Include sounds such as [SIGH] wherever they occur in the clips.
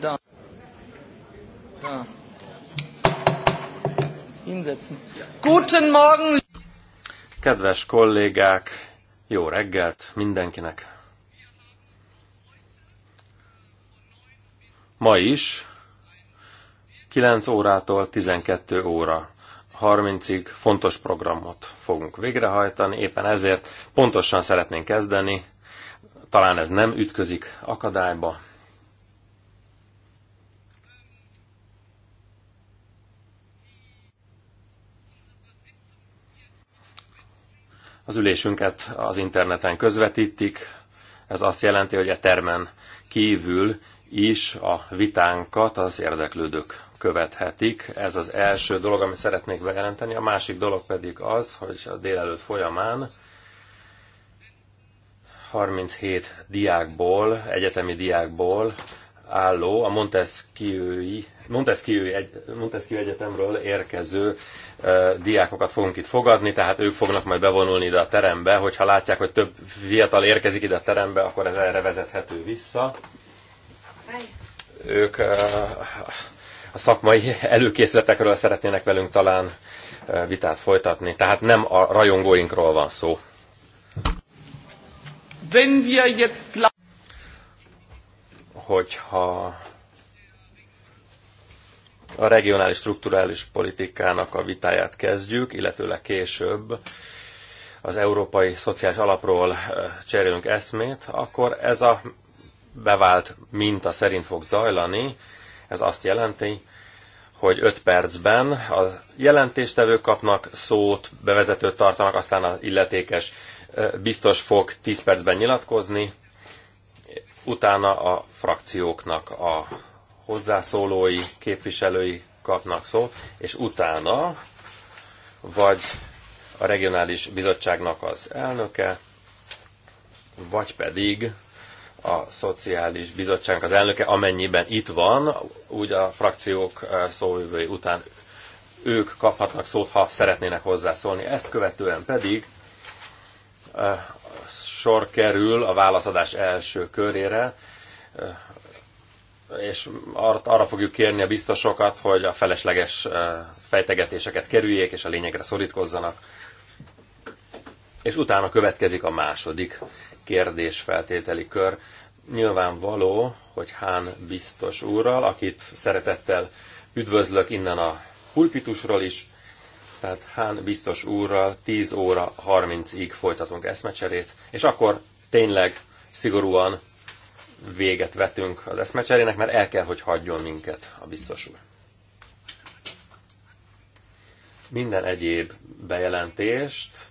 Da. Da. Hinsetzen. Guten Morgen! Kedves kollégák, jó reggelt mindenkinek! Ma is 9 órától 12 óra 30-ig fontos programot fogunk végrehajtani, éppen ezért pontosan szeretnénk kezdeni, talán ez nem ütközik akadályba, Az ülésünket az interneten közvetítik, ez azt jelenti, hogy a termen kívül is a vitánkat az érdeklődők követhetik. Ez az első dolog, amit szeretnék bejelenteni. A másik dolog pedig az, hogy a délelőtt folyamán 37 diákból, egyetemi diákból álló, a Montesquieu-i Montesquieu, egy, Egyetemről érkező diákokat fogunk itt fogadni, tehát ők fognak majd bevonulni ide a terembe, hogyha látják, hogy több fiatal érkezik ide a terembe, akkor ez erre vezethető vissza. Ők a szakmai előkészületekről szeretnének velünk talán ö, vitát folytatni, tehát nem a rajongóinkról van szó. Wenn wir jetzt hogyha a regionális strukturális politikának a vitáját kezdjük, illetőleg később az Európai Szociális Alapról cserélünk eszmét, akkor ez a bevált minta szerint fog zajlani. Ez azt jelenti, hogy 5 percben a jelentéstevők kapnak szót, bevezetőt tartanak, aztán az illetékes biztos fog 10 percben nyilatkozni, utána a frakcióknak a hozzászólói, képviselői kapnak szó, és utána vagy a regionális bizottságnak az elnöke, vagy pedig a Szociális Bizottságnak az elnöke, amennyiben itt van, úgy a frakciók eh, szóvivői után ők kaphatnak szót, ha szeretnének hozzászólni. Ezt követően pedig eh, sor kerül a válaszadás első körére, és arra fogjuk kérni a biztosokat, hogy a felesleges fejtegetéseket kerüljék, és a lényegre szorítkozzanak. És utána következik a második kérdésfeltételi kör. Nyilvánvaló, hogy Hán biztos úrral, akit szeretettel üdvözlök innen a pulpitusról is, tehát Hán biztos úrral 10 óra 30-ig folytatunk eszmecserét, és akkor tényleg szigorúan véget vetünk az eszmecserének, mert el kell, hogy hagyjon minket a biztos úr. Minden egyéb bejelentést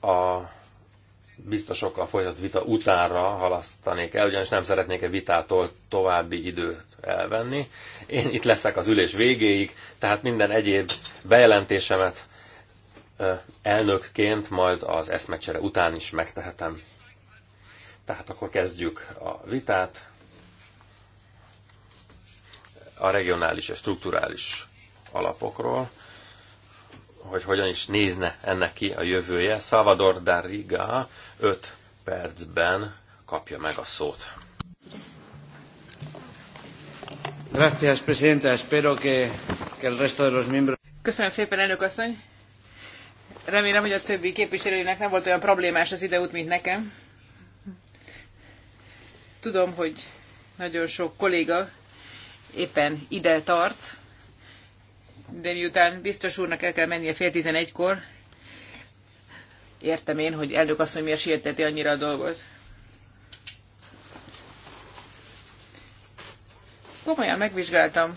a biztosokkal folytatott vita utánra halasztanék el, ugyanis nem szeretnék egy vitától további időt elvenni. Én itt leszek az ülés végéig, tehát minden egyéb bejelentésemet elnökként majd az eszmecsere után is megtehetem. Tehát akkor kezdjük a vitát. A regionális és strukturális alapokról, hogy hogyan is nézne ennek ki a jövője. Salvador Dariga 5 percben kapja meg a szót. Köszönöm szépen, elnök asszony. Remélem, hogy a többi képviselőnek nem volt olyan problémás az ideút, mint nekem. Tudom, hogy nagyon sok kolléga éppen ide tart, de miután biztos úrnak el kell mennie fél tizenegykor, értem én, hogy elnök asszony miért sietteti annyira a dolgot. Komolyan megvizsgáltam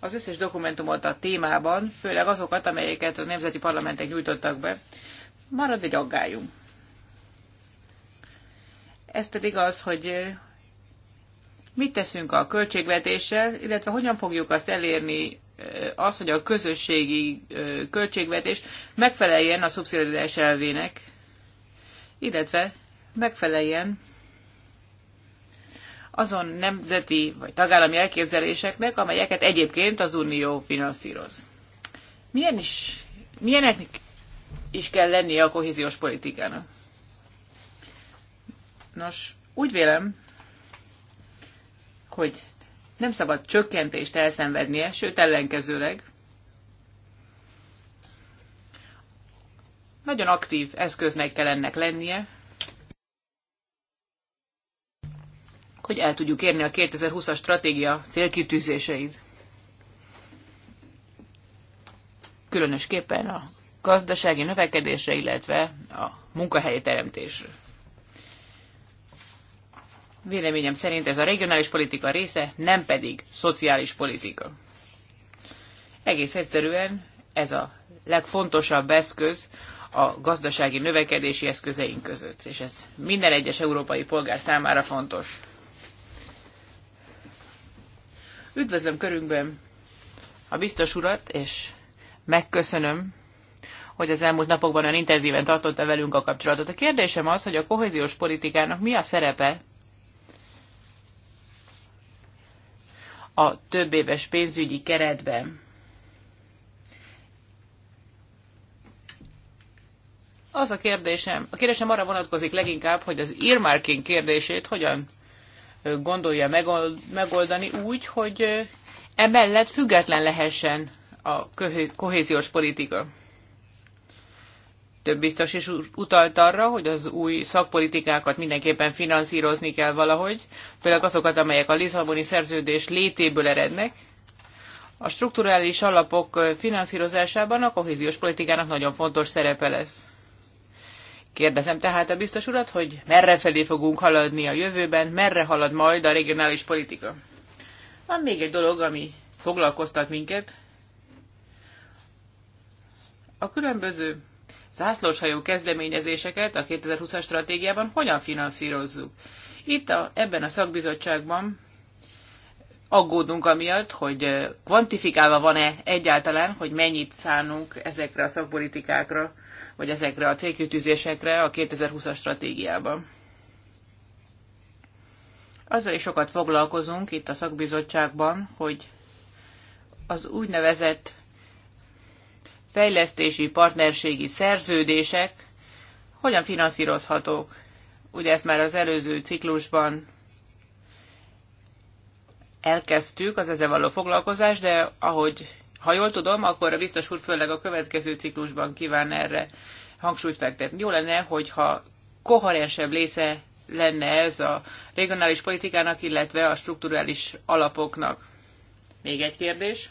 az összes dokumentumot a témában, főleg azokat, amelyeket a nemzeti parlamentek nyújtottak be. Marad egy aggályunk. Ez pedig az, hogy eh, mit teszünk a költségvetéssel, illetve hogyan fogjuk azt elérni, eh, az, hogy a közösségi eh, költségvetés megfeleljen a szubszidiaritás elvének, illetve megfeleljen azon nemzeti vagy tagállami elképzeléseknek, amelyeket egyébként az Unió finanszíroz. Milyen is, milyenek is kell lennie a kohéziós politikának? Nos, úgy vélem, hogy nem szabad csökkentést elszenvednie, sőt ellenkezőleg. Nagyon aktív eszköznek kell ennek lennie, hogy el tudjuk érni a 2020-as stratégia célkitűzéseit. Különösképpen a gazdasági növekedésre, illetve a munkahelyi teremtésre. Véleményem szerint ez a regionális politika része, nem pedig szociális politika. Egész egyszerűen ez a legfontosabb eszköz a gazdasági növekedési eszközeink között, és ez minden egyes európai polgár számára fontos. Üdvözlöm körünkben a biztos urat, és megköszönöm, hogy az elmúlt napokban olyan intenzíven tartotta velünk a kapcsolatot. A kérdésem az, hogy a kohéziós politikának mi a szerepe a több éves pénzügyi keretben. Az a kérdésem, a kérdésem arra vonatkozik leginkább, hogy az earmarking kérdését hogyan gondolja megoldani úgy, hogy emellett független lehessen a kohéziós politika. Több biztos is utalt arra, hogy az új szakpolitikákat mindenképpen finanszírozni kell valahogy, Például azokat, amelyek a Lisszaboni szerződés létéből erednek. A strukturális alapok finanszírozásában a kohéziós politikának nagyon fontos szerepe lesz. Kérdezem tehát a biztos urat, hogy merre felé fogunk haladni a jövőben, merre halad majd a regionális politika. Van még egy dolog, ami foglalkoztat minket. A különböző zászlóshajó kezdeményezéseket a 2020-as stratégiában hogyan finanszírozzuk? Itt a, ebben a szakbizottságban aggódunk amiatt, hogy eh, kvantifikálva van-e egyáltalán, hogy mennyit szánunk ezekre a szakpolitikákra vagy ezekre a célkütűzésekre a 2020-as stratégiában. Azzal is sokat foglalkozunk itt a szakbizottságban, hogy az úgynevezett fejlesztési partnerségi szerződések hogyan finanszírozhatók. Ugye ezt már az előző ciklusban elkezdtük az ezzel való foglalkozást, de ahogy ha jól tudom, akkor a biztos úr főleg a következő ciklusban kíván erre hangsúlyt fektetni. Jó lenne, hogyha koherensebb része lenne ez a regionális politikának, illetve a strukturális alapoknak. Még egy kérdés.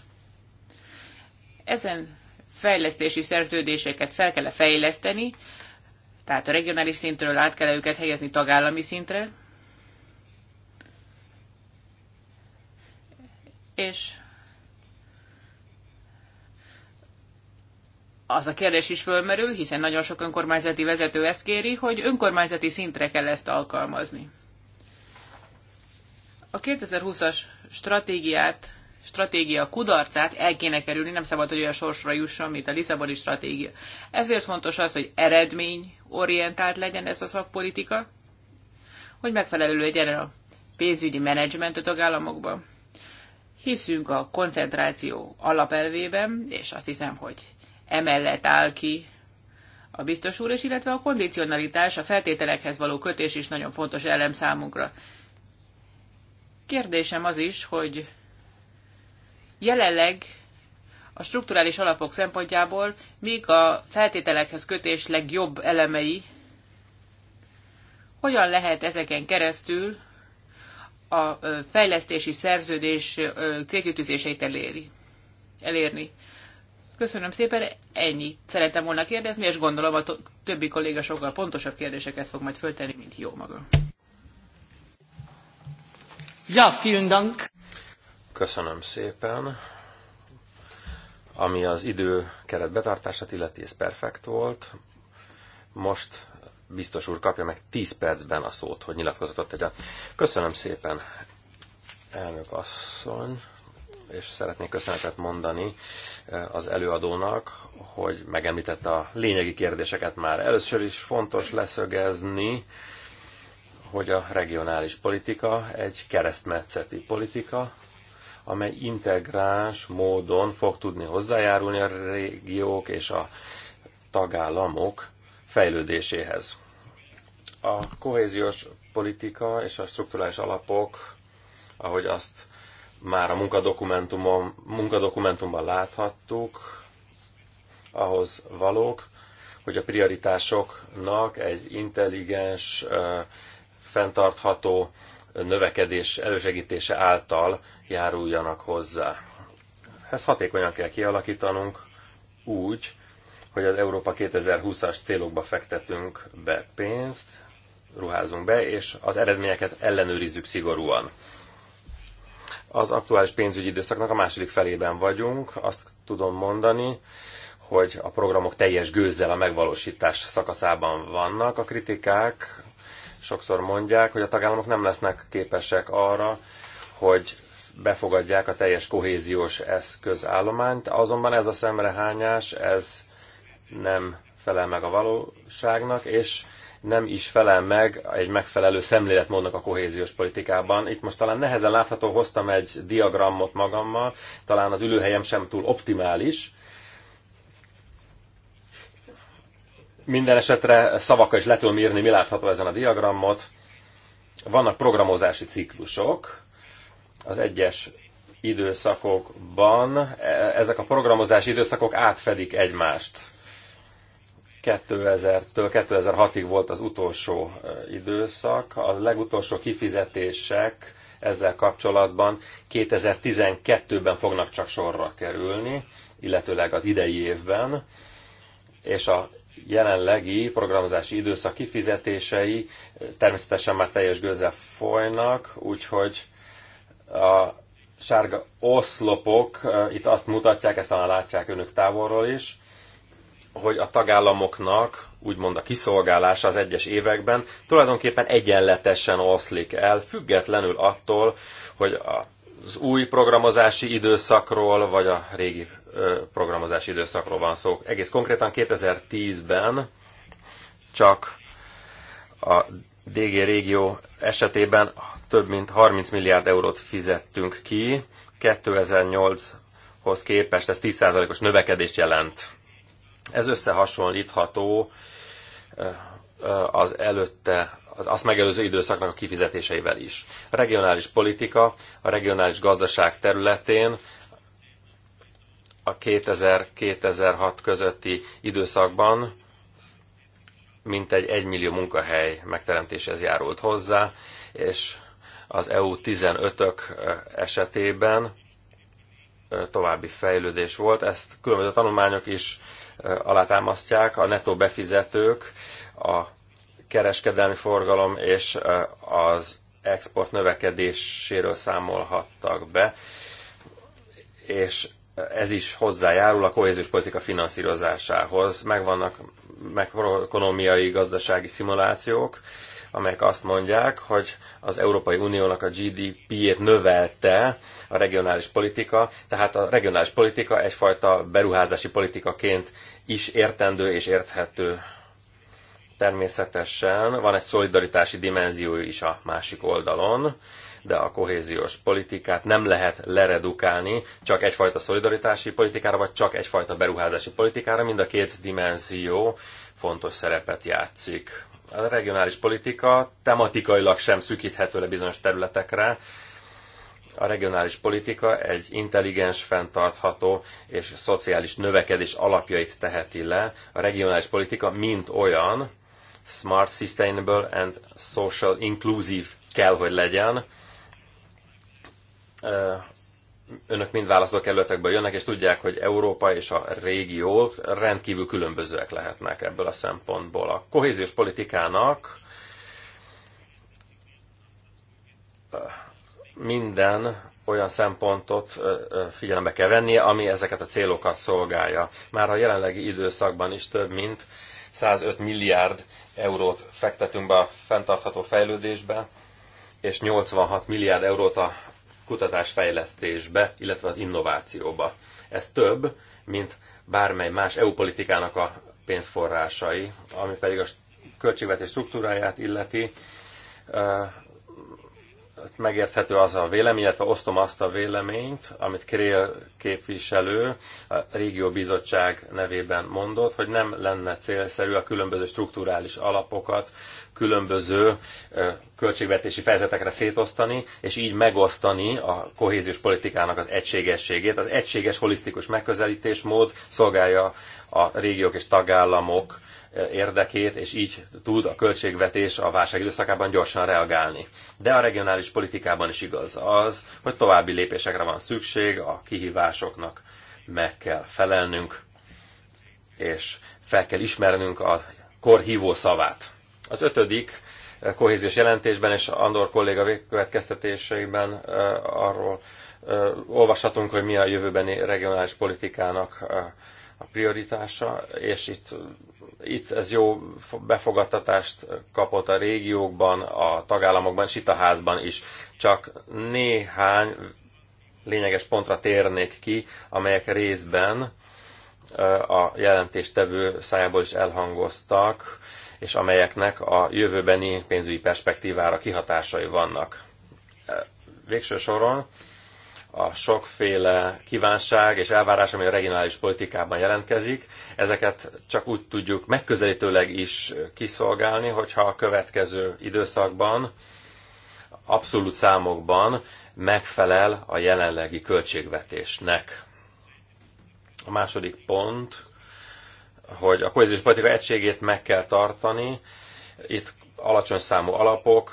Ezen fejlesztési szerződéseket fel kell -e fejleszteni, tehát a regionális szintről át kell -e őket helyezni tagállami szintre, és az a kérdés is fölmerül, hiszen nagyon sok önkormányzati vezető ezt kéri, hogy önkormányzati szintre kell ezt alkalmazni. A 2020-as stratégiát, stratégia kudarcát el kéne kerülni, nem szabad, hogy olyan sorsra jusson, mint a Lisszaboni stratégia. Ezért fontos az, hogy eredményorientált legyen ez a szakpolitika, hogy megfelelő legyen a pénzügyi menedzsment a tagállamokban. Hiszünk a koncentráció alapelvében, és azt hiszem, hogy emellett áll ki a biztos úr, és illetve a kondicionalitás, a feltételekhez való kötés is nagyon fontos elem számunkra. Kérdésem az is, hogy jelenleg a strukturális alapok szempontjából mik a feltételekhez kötés legjobb elemei, hogyan lehet ezeken keresztül a fejlesztési szerződés célkütőzéseit elérni. Köszönöm szépen, Ennyi, szeretem volna kérdezni, és gondolom a többi kolléga sokkal pontosabb kérdéseket fog majd föltenni, mint jó maga. Ja, vielen Dank. Köszönöm szépen. Ami az idő keret betartását illeti, ez perfekt volt. Most biztos úr kapja meg 10 percben a szót, hogy nyilatkozatot tegyen. Köszönöm szépen, elnök asszony és szeretnék köszönetet mondani eh, az előadónak, hogy megemlítette a lényegi kérdéseket már. Először is fontos leszögezni, hogy a regionális politika egy keresztmetszeti politika, amely integráns módon fog tudni hozzájárulni a régiók és a tagállamok fejlődéséhez. A kohéziós politika és a strukturális alapok, ahogy azt már a munkadokumentumon, munkadokumentumban láthattuk, ahhoz valók, hogy a prioritásoknak egy intelligens, fenntartható növekedés elősegítése által járuljanak hozzá. Ezt hatékonyan kell kialakítanunk úgy, hogy az Európa 2020-as célokba fektetünk be pénzt, ruházunk be, és az eredményeket ellenőrizzük szigorúan. Az aktuális pénzügyi időszaknak a második felében vagyunk. Azt tudom mondani, hogy a programok teljes gőzzel a megvalósítás szakaszában vannak. A kritikák sokszor mondják, hogy a tagállamok nem lesznek képesek arra, hogy befogadják a teljes kohéziós eszközállományt, azonban ez a szemrehányás, ez nem felel meg a valóságnak, és nem is felel meg egy megfelelő szemléletmódnak a kohéziós politikában. Itt most talán nehezen látható, hoztam egy diagramot magammal, talán az ülőhelyem sem túl optimális, Minden esetre szavakkal is le tudom írni, mi látható ezen a diagramot. Vannak programozási ciklusok. Az egyes időszakokban e- ezek a programozási időszakok átfedik egymást. 2000-től 2006-ig volt az utolsó időszak. A legutolsó kifizetések ezzel kapcsolatban 2012-ben fognak csak sorra kerülni, illetőleg az idei évben, és a jelenlegi programozási időszak kifizetései természetesen már teljes gőzzel folynak, úgyhogy a sárga oszlopok itt azt mutatják, ezt talán látják önök távolról is, hogy a tagállamoknak úgymond a kiszolgálása az egyes években tulajdonképpen egyenletesen oszlik el, függetlenül attól, hogy az új programozási időszakról, vagy a régi programozási időszakról van szó. Egész konkrétan 2010-ben csak a DG régió esetében több mint 30 milliárd eurót fizettünk ki, 2008-hoz képest ez 10%-os növekedést jelent ez összehasonlítható az előtte, az azt megelőző időszaknak a kifizetéseivel is. A regionális politika a regionális gazdaság területén a 2000-2006 közötti időszakban mintegy 1 millió munkahely megteremtéshez járult hozzá, és az EU 15-ök esetében további fejlődés volt. Ezt különböző tanulmányok is alátámasztják, a netó befizetők, a kereskedelmi forgalom és az export növekedéséről számolhattak be, és ez is hozzájárul a kohéziós politika finanszírozásához. Megvannak makroekonomiai, gazdasági szimulációk, amelyek azt mondják, hogy az Európai Uniónak a GDP-ét növelte a regionális politika, tehát a regionális politika egyfajta beruházási politikaként is értendő és érthető. Természetesen van egy szolidaritási dimenziója is a másik oldalon, de a kohéziós politikát nem lehet leredukálni csak egyfajta szolidaritási politikára, vagy csak egyfajta beruházási politikára, mind a két dimenzió fontos szerepet játszik a regionális politika tematikailag sem szűkíthető le bizonyos területekre. A regionális politika egy intelligens, fenntartható és szociális növekedés alapjait teheti le. A regionális politika mint olyan, smart, sustainable and social inclusive kell, hogy legyen önök mind választókerületekből jönnek, és tudják, hogy Európa és a régió rendkívül különbözőek lehetnek ebből a szempontból. A kohéziós politikának eh, minden olyan szempontot eh, eh, figyelembe kell vennie, ami ezeket a célokat szolgálja. Már a jelenlegi időszakban is több mint 105 milliárd eurót fektetünk be a fenntartható fejlődésbe, és 86 milliárd eurót a kutatásfejlesztésbe, illetve az innovációba. Ez több, mint bármely más EU politikának a pénzforrásai, ami pedig a költségvetés struktúráját illeti, megérthető az a vélemény, illetve osztom azt a véleményt, amit Krél képviselő a régió bizottság nevében mondott, hogy nem lenne célszerű a különböző strukturális alapokat különböző költségvetési fejezetekre szétosztani, és így megosztani a kohéziós politikának az egységességét. Az egységes holisztikus megközelítésmód szolgálja a régiók és tagállamok érdekét, és így tud a költségvetés a válság időszakában gyorsan reagálni. De a regionális politikában is igaz az, hogy további lépésekre van szükség, a kihívásoknak meg kell felelnünk, és fel kell ismernünk a kor hívó szavát. Az ötödik eh, kohéziós jelentésben és Andor kolléga végkövetkeztetéseiben eh, arról eh, olvashatunk, hogy mi a jövőbeni regionális politikának a prioritása, és itt, itt ez jó befogadtatást kapott a régiókban, a tagállamokban, és itt a házban is. Csak néhány lényeges pontra térnék ki, amelyek részben a jelentéstevő szájából is elhangoztak, és amelyeknek a jövőbeni pénzügyi perspektívára kihatásai vannak. Végső soron a sokféle kívánság és elvárás, ami a regionális politikában jelentkezik, ezeket csak úgy tudjuk megközelítőleg is kiszolgálni, hogyha a következő időszakban abszolút számokban megfelel a jelenlegi költségvetésnek. A második pont, hogy a kohéziós politika egységét meg kell tartani, itt alacsony számú alapok,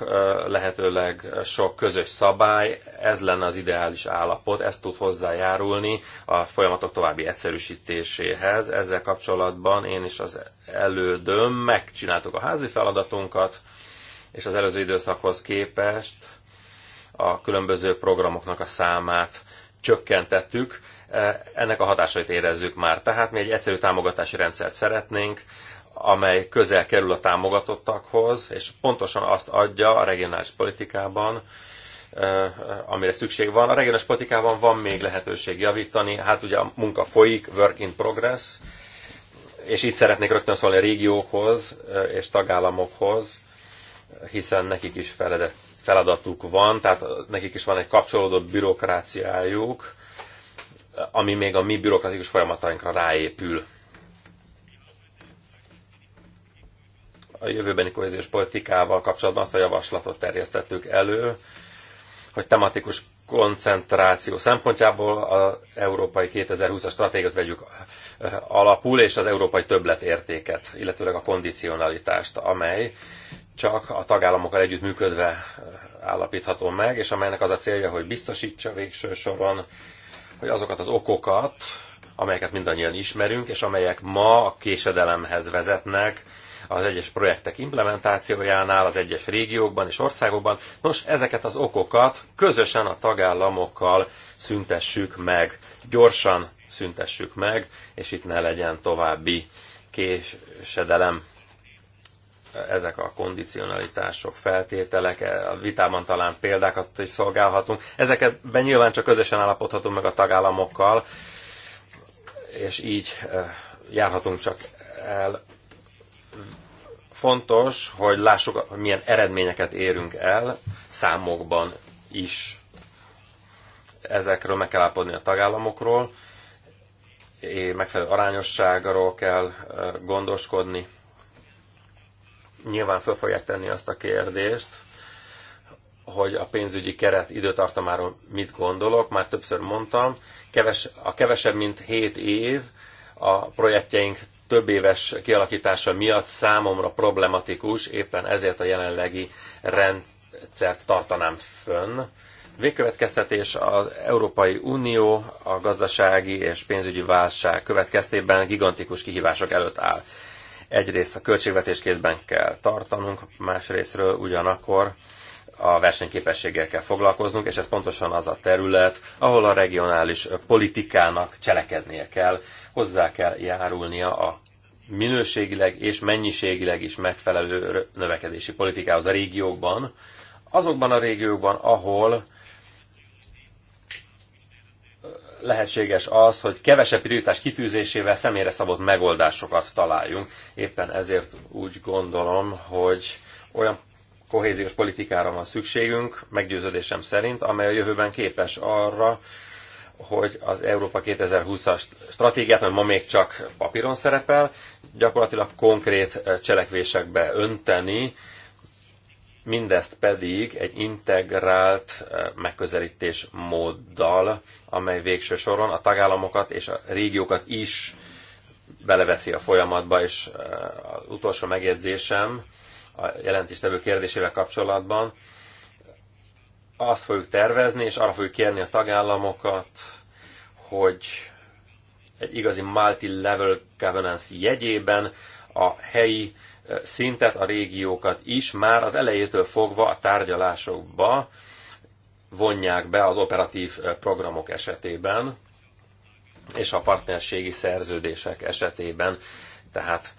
lehetőleg sok közös szabály, ez lenne az ideális állapot, ez tud hozzájárulni a folyamatok további egyszerűsítéséhez. Ezzel kapcsolatban én is az elődöm megcsináltuk a házi feladatunkat, és az előző időszakhoz képest a különböző programoknak a számát csökkentettük, ennek a hatásait érezzük már. Tehát mi egy egyszerű támogatási rendszert szeretnénk, amely közel kerül a támogatottakhoz, és pontosan azt adja a regionális politikában, amire szükség van. A regionális politikában van még lehetőség javítani, hát ugye a munka folyik, work in progress, és itt szeretnék rögtön szólni a régiókhoz és tagállamokhoz, hiszen nekik is feladatuk van, tehát nekik is van egy kapcsolódó bürokráciájuk, ami még a mi bürokratikus folyamatainkra ráépül. a jövőbeni kohéziós politikával kapcsolatban azt a javaslatot terjesztettük elő, hogy tematikus koncentráció szempontjából az Európai 2020-as stratégiát vegyük eh, alapul, és az európai többletértéket, illetőleg a kondicionalitást, amely csak a tagállamokkal együttműködve eh, állapítható meg, és amelynek az a célja, hogy biztosítsa végső soron, hogy azokat az okokat, amelyeket mindannyian ismerünk, és amelyek ma a késedelemhez vezetnek, az egyes projektek implementációjánál, az egyes régiókban és országokban. Nos, ezeket az okokat közösen a tagállamokkal szüntessük meg, gyorsan szüntessük meg, és itt ne legyen további késedelem ezek a kondicionalitások, feltételek, e, a vitában talán példákat is szolgálhatunk. Ezeket nyilván csak közösen állapodhatunk meg a tagállamokkal, és így e, járhatunk csak el fontos, hogy lássuk, hogy milyen eredményeket érünk el számokban is. Ezekről meg kell állapodni a tagállamokról, és megfelelő arányosságról kell gondoskodni. Nyilván föl fogják tenni azt a kérdést, hogy a pénzügyi keret időtartamáról mit gondolok, már többször mondtam, keves, a kevesebb mint 7 év a projektjeink több éves kialakítása miatt számomra problematikus, éppen ezért a jelenlegi rendszert tartanám fönn. Végkövetkeztetés az Európai Unió a gazdasági és pénzügyi válság következtében gigantikus kihívások előtt áll. Egyrészt a költségvetés kézben kell tartanunk, másrésztről ugyanakkor a versenyképességgel kell foglalkoznunk, és ez pontosan az a terület, ahol a regionális politikának cselekednie kell, hozzá kell járulnia a minőségileg és mennyiségileg is megfelelő növekedési politikához a régiókban, azokban a régiókban, ahol lehetséges az, hogy kevesebb prioritás kitűzésével személyre szabott megoldásokat találjunk. Éppen ezért úgy gondolom, hogy olyan kohéziós politikára van szükségünk, meggyőződésem szerint, amely a jövőben képes arra, hogy az Európa 2020-as stratégiát, ami ma még csak papíron szerepel, gyakorlatilag konkrét eh, cselekvésekbe önteni, mindezt pedig egy integrált eh, megközelítés móddal, amely végső soron a tagállamokat és a régiókat is beleveszi a folyamatba, és eh, az utolsó megjegyzésem, a jelentéstevő kérdésével kapcsolatban. Azt fogjuk tervezni, és arra fogjuk kérni a tagállamokat, hogy egy igazi multi-level governance jegyében a helyi szintet, a régiókat is már az elejétől fogva a tárgyalásokba vonják be az operatív programok esetében, és a partnerségi szerződések esetében. Tehát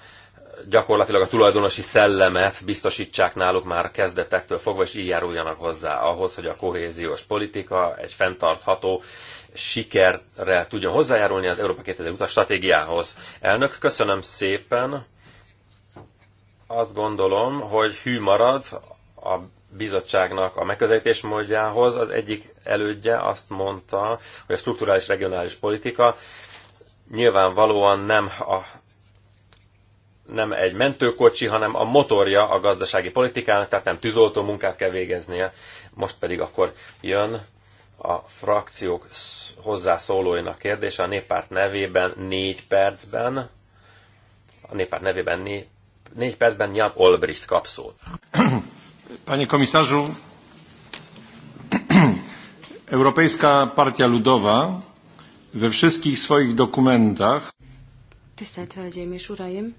gyakorlatilag a tulajdonosi szellemet biztosítsák náluk már kezdetektől fogva, és így járuljanak hozzá ahhoz, hogy a kohéziós politika egy fenntartható sikerre tudjon hozzájárulni az Európa 2000 utas stratégiához. Elnök, köszönöm szépen. Azt gondolom, hogy hű marad a bizottságnak a megközelítés módjához. Az egyik elődje azt mondta, hogy a strukturális regionális politika nyilvánvalóan nem a nem egy mentőkocsi, hanem a motorja a gazdasági politikának, tehát nem tűzoltó munkát kell végeznie. Most pedig akkor jön a frakciók hozzászólóinak kérdése a néppárt nevében négy percben. A néppárt nevében né, négy percben Jan Olbrist kap szót. [CLEARS THROAT] Panie komisarzu, [CLEARS THROAT] Europejska Partia Ludowa we wszystkich swoich dokumentach Tisztelt Hölgyeim és Uraim!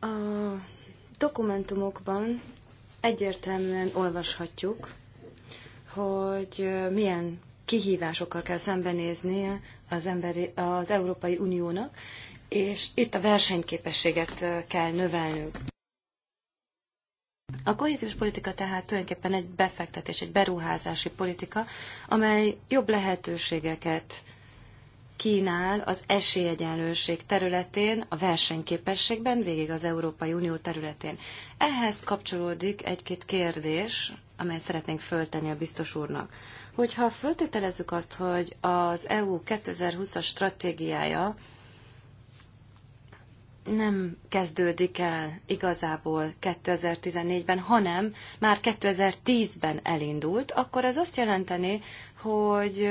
A dokumentumokban egyértelműen olvashatjuk, hogy milyen kihívásokkal kell szembenéznie az, emberi, az Európai Uniónak, és itt a versenyképességet kell növelnünk. A kohéziós politika tehát tulajdonképpen egy befektetés, egy beruházási politika, amely jobb lehetőségeket kínál az esélyegyenlőség területén, a versenyképességben, végig az Európai Unió területén. Ehhez kapcsolódik egy-két kérdés, amelyet szeretnénk föltenni a biztos úrnak. Hogyha föltételezzük azt, hogy az EU 2020-as stratégiája nem kezdődik el igazából 2014-ben, hanem már 2010-ben elindult, akkor ez azt jelenteni, hogy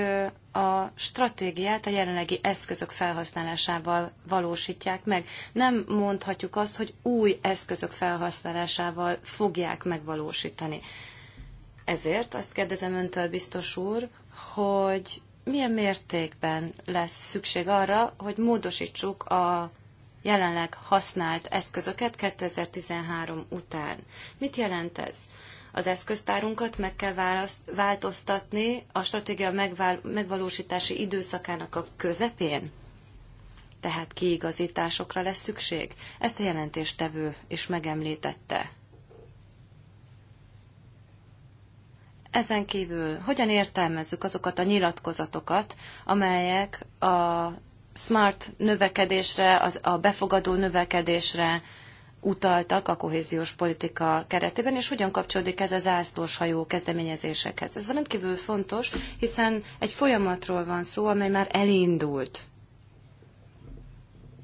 a stratégiát a jelenlegi eszközök felhasználásával valósítják meg. Nem mondhatjuk azt, hogy új eszközök felhasználásával fogják megvalósítani. Ezért azt kérdezem öntől, biztos úr, hogy milyen mértékben lesz szükség arra, hogy módosítsuk a jelenleg használt eszközöket 2013 után. Mit jelent ez? Az eszköztárunkat meg kell választ, változtatni a stratégia megvál, megvalósítási időszakának a közepén? Tehát kiigazításokra lesz szükség? Ezt a jelentéstevő is megemlítette. Ezen kívül hogyan értelmezzük azokat a nyilatkozatokat, amelyek a smart növekedésre, az, a befogadó növekedésre utaltak a kohéziós politika keretében, és hogyan kapcsolódik ez az hajó kezdeményezésekhez. Ez rendkívül fontos, hiszen egy folyamatról van szó, amely már elindult,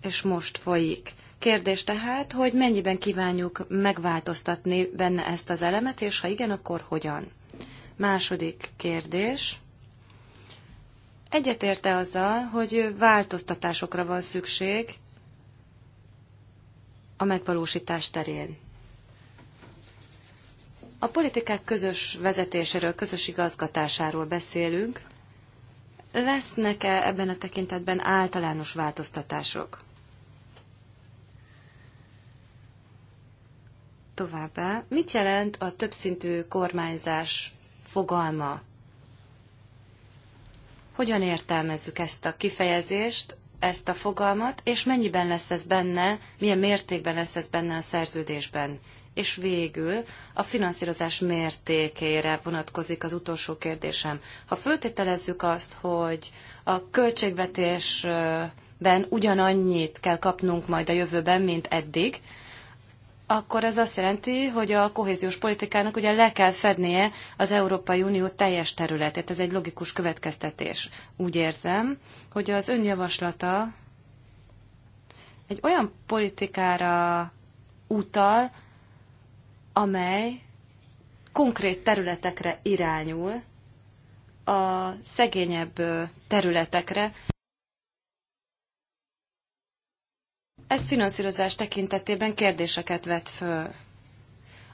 és most folyik. Kérdés tehát, hogy mennyiben kívánjuk megváltoztatni benne ezt az elemet, és ha igen, akkor hogyan? Második kérdés egyetérte azzal, hogy változtatásokra van szükség a megvalósítás terén. A politikák közös vezetéséről, közös igazgatásáról beszélünk. Lesznek-e ebben a tekintetben általános változtatások? Továbbá, mit jelent a többszintű kormányzás fogalma hogyan értelmezzük ezt a kifejezést, ezt a fogalmat, és mennyiben lesz ez benne, milyen mértékben lesz ez benne a szerződésben? És végül a finanszírozás mértékére vonatkozik az utolsó kérdésem. Ha föltételezzük azt, hogy a költségvetésben ugyanannyit kell kapnunk majd a jövőben, mint eddig, akkor ez azt jelenti, hogy a kohéziós politikának ugye le kell fednie az Európai Unió teljes területét. Ez egy logikus következtetés. Úgy érzem, hogy az önjavaslata egy olyan politikára utal, amely konkrét területekre irányul, a szegényebb területekre, Ez finanszírozás tekintetében kérdéseket vet föl.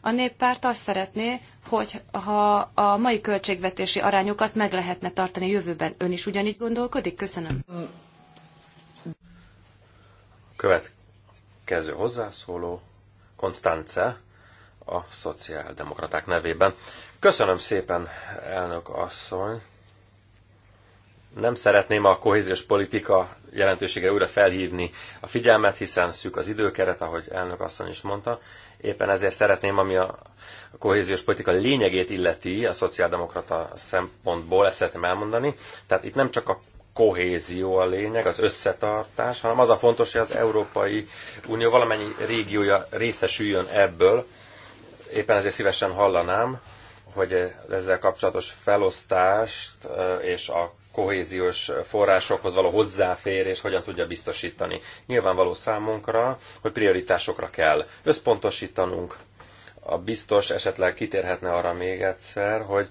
A néppárt azt szeretné, hogy ha a mai költségvetési arányokat meg lehetne tartani jövőben. Ön is ugyanígy gondolkodik? Köszönöm. Következő hozzászóló, Konstance, a szociáldemokraták nevében. Köszönöm szépen, elnök asszony. Nem szeretném a kohéziós politika jelentősége újra felhívni a figyelmet, hiszen szűk az időkeret, ahogy elnök asszony is mondta. Éppen ezért szeretném, ami a kohéziós politika lényegét illeti a szociáldemokrata szempontból, ezt szeretném elmondani. Tehát itt nem csak a kohézió a lényeg, az összetartás, hanem az a fontos, hogy az Európai Unió valamennyi régiója részesüljön ebből. Éppen ezért szívesen hallanám, hogy ezzel kapcsolatos felosztást és a kohéziós forrásokhoz való hozzáférés hogyan tudja biztosítani. Nyilvánvaló számunkra, hogy prioritásokra kell összpontosítanunk. A biztos esetleg kitérhetne arra még egyszer, hogy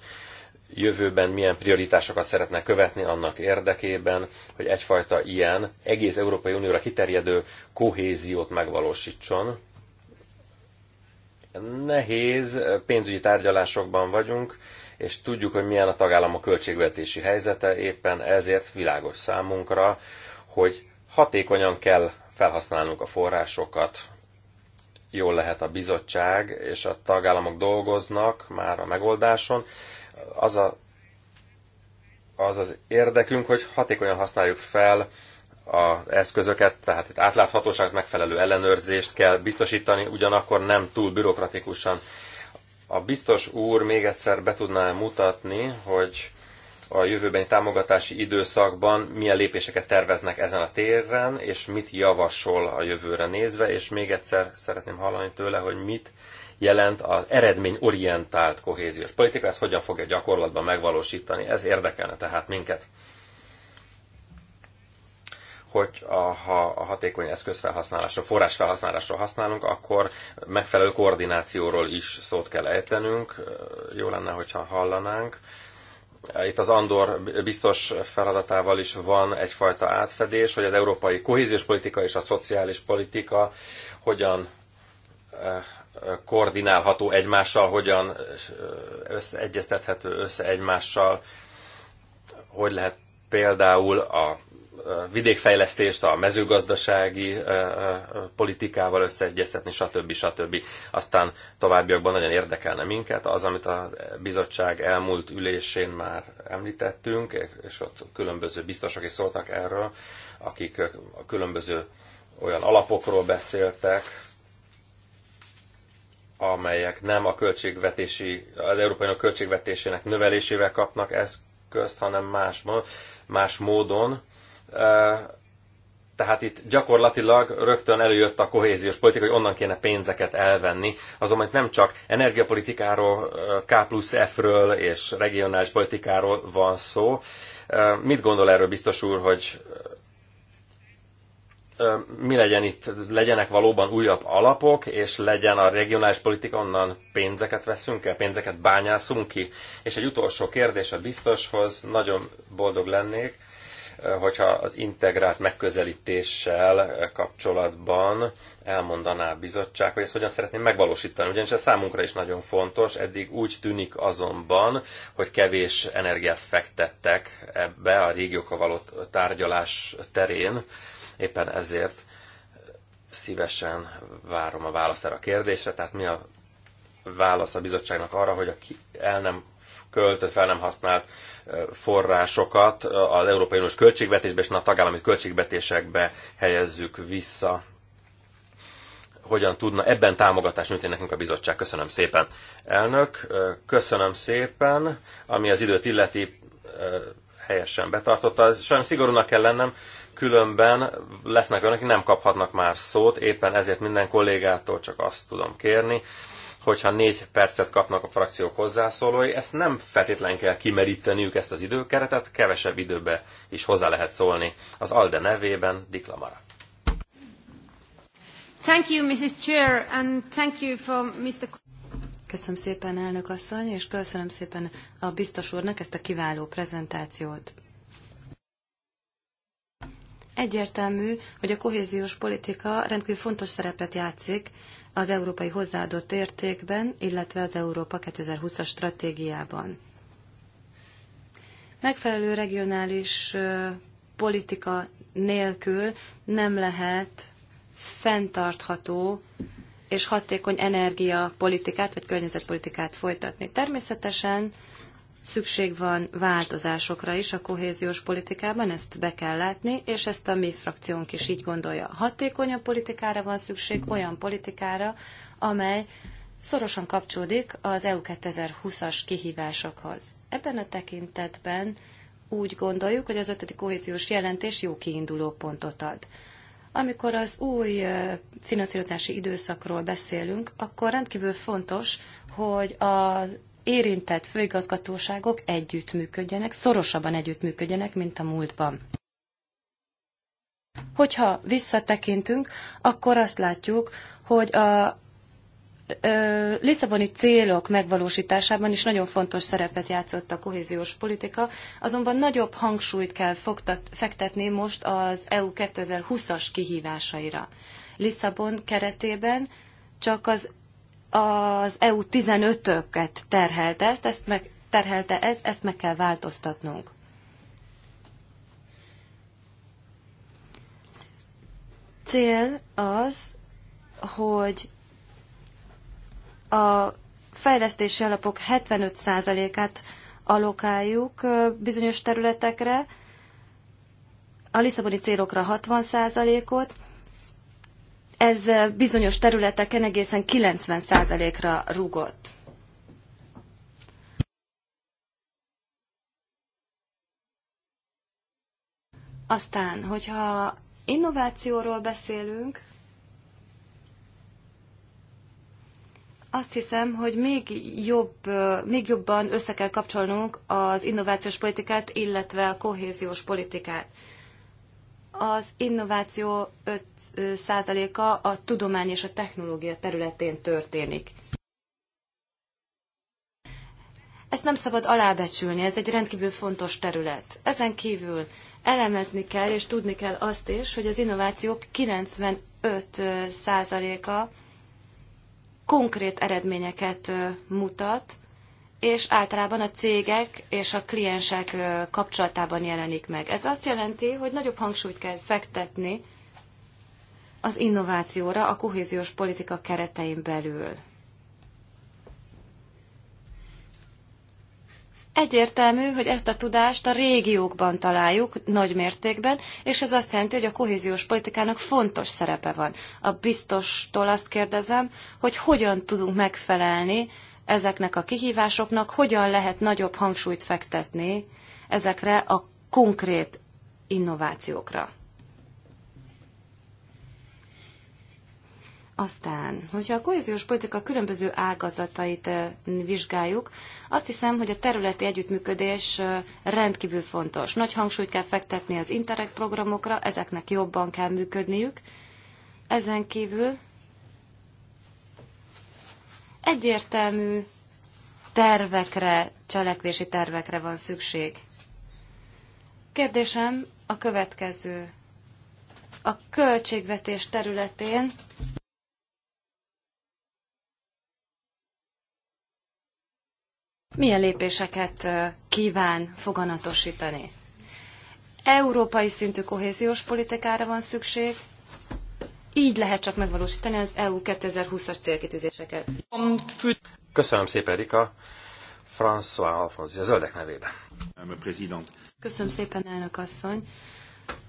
jövőben milyen prioritásokat szeretne követni annak érdekében, hogy egyfajta ilyen egész Európai Unióra kiterjedő kohéziót megvalósítson. Nehéz, pénzügyi tárgyalásokban vagyunk, és tudjuk, hogy milyen a tagállam költségvetési helyzete, éppen ezért világos számunkra, hogy hatékonyan kell felhasználnunk a forrásokat, jól lehet a bizottság, és a tagállamok dolgoznak már a megoldáson. Az a, az, az érdekünk, hogy hatékonyan használjuk fel az eszközöket, tehát itt átláthatóságot, megfelelő ellenőrzést kell biztosítani, ugyanakkor nem túl bürokratikusan a biztos úr még egyszer be tudná mutatni, hogy a jövőbeni támogatási időszakban milyen lépéseket terveznek ezen a téren, és mit javasol a jövőre nézve, és még egyszer szeretném hallani tőle, hogy mit jelent az eredményorientált kohéziós politika, ezt hogyan fogja gyakorlatban megvalósítani. Ez érdekelne tehát minket hogy a, ha a hatékony eszközfelhasználásra, forrásfelhasználásra használunk, akkor megfelelő koordinációról is szót kell ejtenünk. Jó lenne, hogyha hallanánk. Itt az Andor biztos feladatával is van egyfajta átfedés, hogy az európai kohéziós politika és a szociális politika hogyan eh, koordinálható egymással, hogyan eh, összeegyeztethető össze egymással, hogy lehet például a vidékfejlesztést a mezőgazdasági politikával összeegyeztetni, stb. stb. Aztán továbbiakban nagyon érdekelne minket az, amit a bizottság elmúlt ülésén már említettünk, és ott különböző biztosok is szóltak erről, akik a különböző olyan alapokról beszéltek, amelyek nem a költségvetési, az Európai Unió költségvetésének növelésével kapnak eszközt, hanem más, más módon, tehát itt gyakorlatilag rögtön előjött a kohéziós politika, hogy onnan kéne pénzeket elvenni. Azonban itt nem csak energiapolitikáról, K plusz F-ről és regionális politikáról van szó. Mit gondol erről biztos úr, hogy mi legyen itt, legyenek valóban újabb alapok, és legyen a regionális politika, onnan pénzeket veszünk el, pénzeket bányászunk ki. És egy utolsó kérdés a biztoshoz, nagyon boldog lennék, hogyha az integrált megközelítéssel kapcsolatban elmondaná a bizottság, hogy ezt hogyan szeretném megvalósítani. Ugyanis ez számunkra is nagyon fontos, eddig úgy tűnik azonban, hogy kevés energiát fektettek ebbe a régiókkal való tárgyalás terén, éppen ezért szívesen várom a választ erre a kérdésre, tehát mi a válasz a bizottságnak arra, hogy a el nem költött, fel nem használt forrásokat az Európai Uniós költségvetésbe és a tagállami költségvetésekbe helyezzük vissza. Hogyan tudna ebben támogatást nyújtani nekünk a bizottság? Köszönöm szépen. Elnök, köszönöm szépen, ami az időt illeti helyesen betartotta. Sajnos szigorúnak kell lennem, különben lesznek önök, nem kaphatnak már szót, éppen ezért minden kollégától csak azt tudom kérni, hogyha négy percet kapnak a frakciók hozzászólói, ezt nem feltétlen kell kimeríteniük ezt az időkeretet, kevesebb időbe is hozzá lehet szólni. Az ALDE nevében Diklamara. Thank you, Mrs. Chair, and thank you for Mr. Köszönöm szépen, elnök asszony, és köszönöm szépen a biztos úrnak ezt a kiváló prezentációt. Egyértelmű, hogy a kohéziós politika rendkívül fontos szerepet játszik az európai hozzáadott értékben, illetve az Európa 2020-as stratégiában. Megfelelő regionális politika nélkül nem lehet fenntartható és hatékony energiapolitikát vagy környezetpolitikát folytatni. Természetesen szükség van változásokra is a kohéziós politikában, ezt be kell látni, és ezt a mi frakciónk is így gondolja. Hatékonyabb politikára van szükség, olyan politikára, amely szorosan kapcsolódik az EU 2020-as kihívásokhoz. Ebben a tekintetben úgy gondoljuk, hogy az ötödik kohéziós jelentés jó kiinduló pontot ad. Amikor az új finanszírozási időszakról beszélünk, akkor rendkívül fontos, hogy a érintett főigazgatóságok együttműködjenek, szorosabban együttműködjenek, mint a múltban. Hogyha visszatekintünk, akkor azt látjuk, hogy a Lisszaboni célok megvalósításában is nagyon fontos szerepet játszott a kohéziós politika, azonban nagyobb hangsúlyt kell fogtat, fektetni most az EU 2020-as kihívásaira. Lisszabon keretében csak az az EU 15-öket terhelte ezt, ezt meg, terhelte ez, ezt meg kell változtatnunk. Cél az, hogy a fejlesztési alapok 75%-át alokáljuk bizonyos területekre, a Lisszaboni célokra 60%-ot, ez bizonyos területeken egészen 90%-ra rúgott. Aztán, hogyha innovációról beszélünk, azt hiszem, hogy még, jobb, még jobban össze kell kapcsolnunk az innovációs politikát, illetve a kohéziós politikát az innováció 5%-a a tudomány és a technológia területén történik. Ezt nem szabad alábecsülni, ez egy rendkívül fontos terület. Ezen kívül elemezni kell, és tudni kell azt is, hogy az innovációk 95%-a konkrét eredményeket mutat, és általában a cégek és a kliensek kapcsolatában jelenik meg. Ez azt jelenti, hogy nagyobb hangsúlyt kell fektetni az innovációra a kohéziós politika keretein belül. Egyértelmű, hogy ezt a tudást a régiókban találjuk nagy mértékben, és ez azt jelenti, hogy a kohéziós politikának fontos szerepe van. A biztostól azt kérdezem, hogy hogyan tudunk megfelelni ezeknek a kihívásoknak, hogyan lehet nagyobb hangsúlyt fektetni ezekre a konkrét innovációkra. Aztán, hogyha a kohéziós politika különböző ágazatait vizsgáljuk, azt hiszem, hogy a területi együttműködés rendkívül fontos. Nagy hangsúlyt kell fektetni az interreg programokra, ezeknek jobban kell működniük. Ezen kívül Egyértelmű tervekre, cselekvési tervekre van szükség. Kérdésem a következő. A költségvetés területén milyen lépéseket kíván foganatosítani? Európai szintű kohéziós politikára van szükség, így lehet csak megvalósítani az EU 2020-as célkitűzéseket. Köszönöm szépen, Rika. François Alfonsi, a zöldek nevében. Köszönöm szépen, elnök asszony.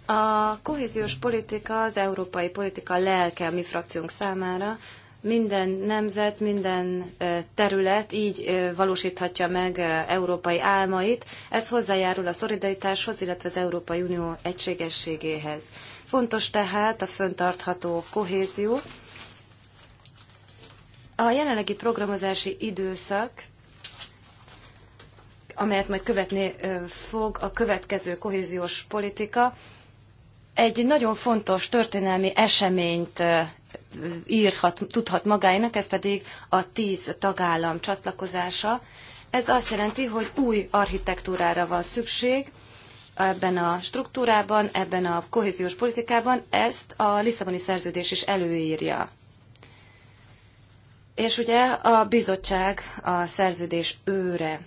A kohéziós politika az európai politika lelke a mi frakciónk számára. Minden nemzet, minden terület így valósíthatja meg európai álmait. Ez hozzájárul a szolidaritáshoz, illetve az Európai Unió egységességéhez. Fontos tehát a föntartható kohézió. A jelenlegi programozási időszak, amelyet majd követni fog a következő kohéziós politika, egy nagyon fontos történelmi eseményt írhat, tudhat magáénak, ez pedig a tíz tagállam csatlakozása. Ez azt jelenti, hogy új architektúrára van szükség, ebben a struktúrában, ebben a kohéziós politikában, ezt a Lisszaboni szerződés is előírja. És ugye a bizottság a szerződés őre.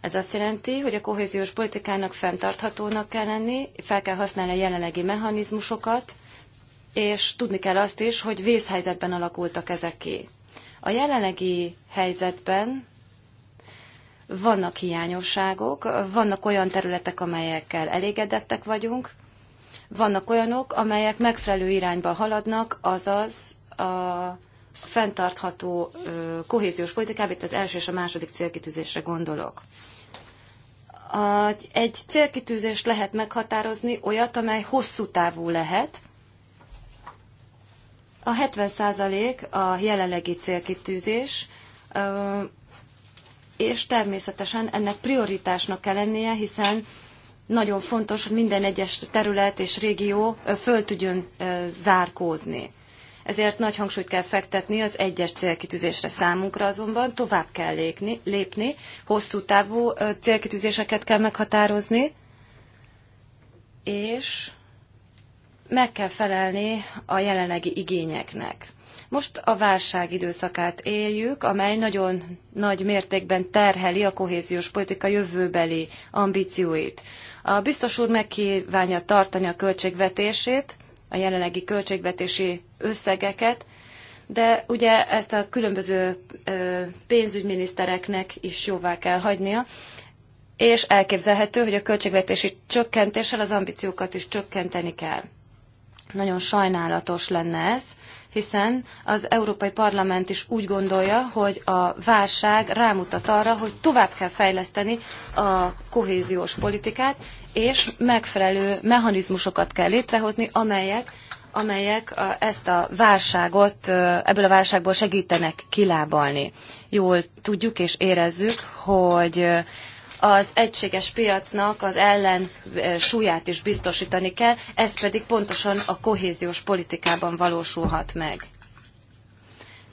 Ez azt jelenti, hogy a kohéziós politikának fenntarthatónak kell lenni, fel kell használni a jelenlegi mechanizmusokat, és tudni kell azt is, hogy vészhelyzetben alakultak ezek ki. A jelenlegi helyzetben vannak hiányosságok, vannak olyan területek, amelyekkel elégedettek vagyunk, vannak olyanok, amelyek megfelelő irányba haladnak, azaz a fenntartható kohéziós politikában, itt az első és a második célkitűzésre gondolok. Egy célkitűzést lehet meghatározni, olyat, amely hosszú távú lehet. A 70% a jelenlegi célkitűzés, és természetesen ennek prioritásnak kell lennie, hiszen nagyon fontos, hogy minden egyes terület és régió föl tudjon zárkózni. Ezért nagy hangsúlyt kell fektetni az egyes célkitűzésre számunkra azonban, tovább kell lépni, lépni hosszú távú célkitűzéseket kell meghatározni, és meg kell felelni a jelenlegi igényeknek. Most a válság időszakát éljük, amely nagyon nagy mértékben terheli a kohéziós politika jövőbeli ambícióit. A biztos úr megkívánja tartani a költségvetését, a jelenlegi költségvetési összegeket, de ugye ezt a különböző pénzügyminisztereknek is jóvá kell hagynia, és elképzelhető, hogy a költségvetési csökkentéssel az ambíciókat is csökkenteni kell. Nagyon sajnálatos lenne ez, hiszen az Európai Parlament is úgy gondolja, hogy a válság rámutat arra, hogy tovább kell fejleszteni a kohéziós politikát, és megfelelő mechanizmusokat kell létrehozni, amelyek amelyek ezt a válságot, ebből a válságból segítenek kilábalni. Jól tudjuk és érezzük, hogy az egységes piacnak az ellen súlyát is biztosítani kell, ez pedig pontosan a kohéziós politikában valósulhat meg.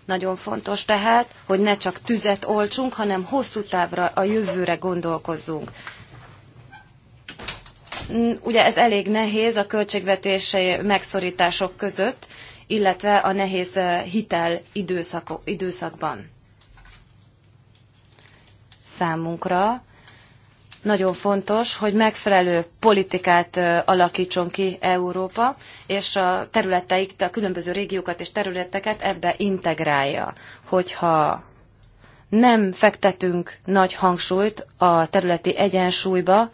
Nagyon fontos tehát, hogy ne csak tüzet olcsunk, hanem hosszú távra a jövőre gondolkozzunk. Ugye ez elég nehéz a költségvetési megszorítások között, illetve a nehéz hitel időszakban. Számunkra nagyon fontos, hogy megfelelő politikát alakítson ki Európa, és a területeik, a különböző régiókat és területeket ebbe integrálja. Hogyha nem fektetünk nagy hangsúlyt a területi egyensúlyba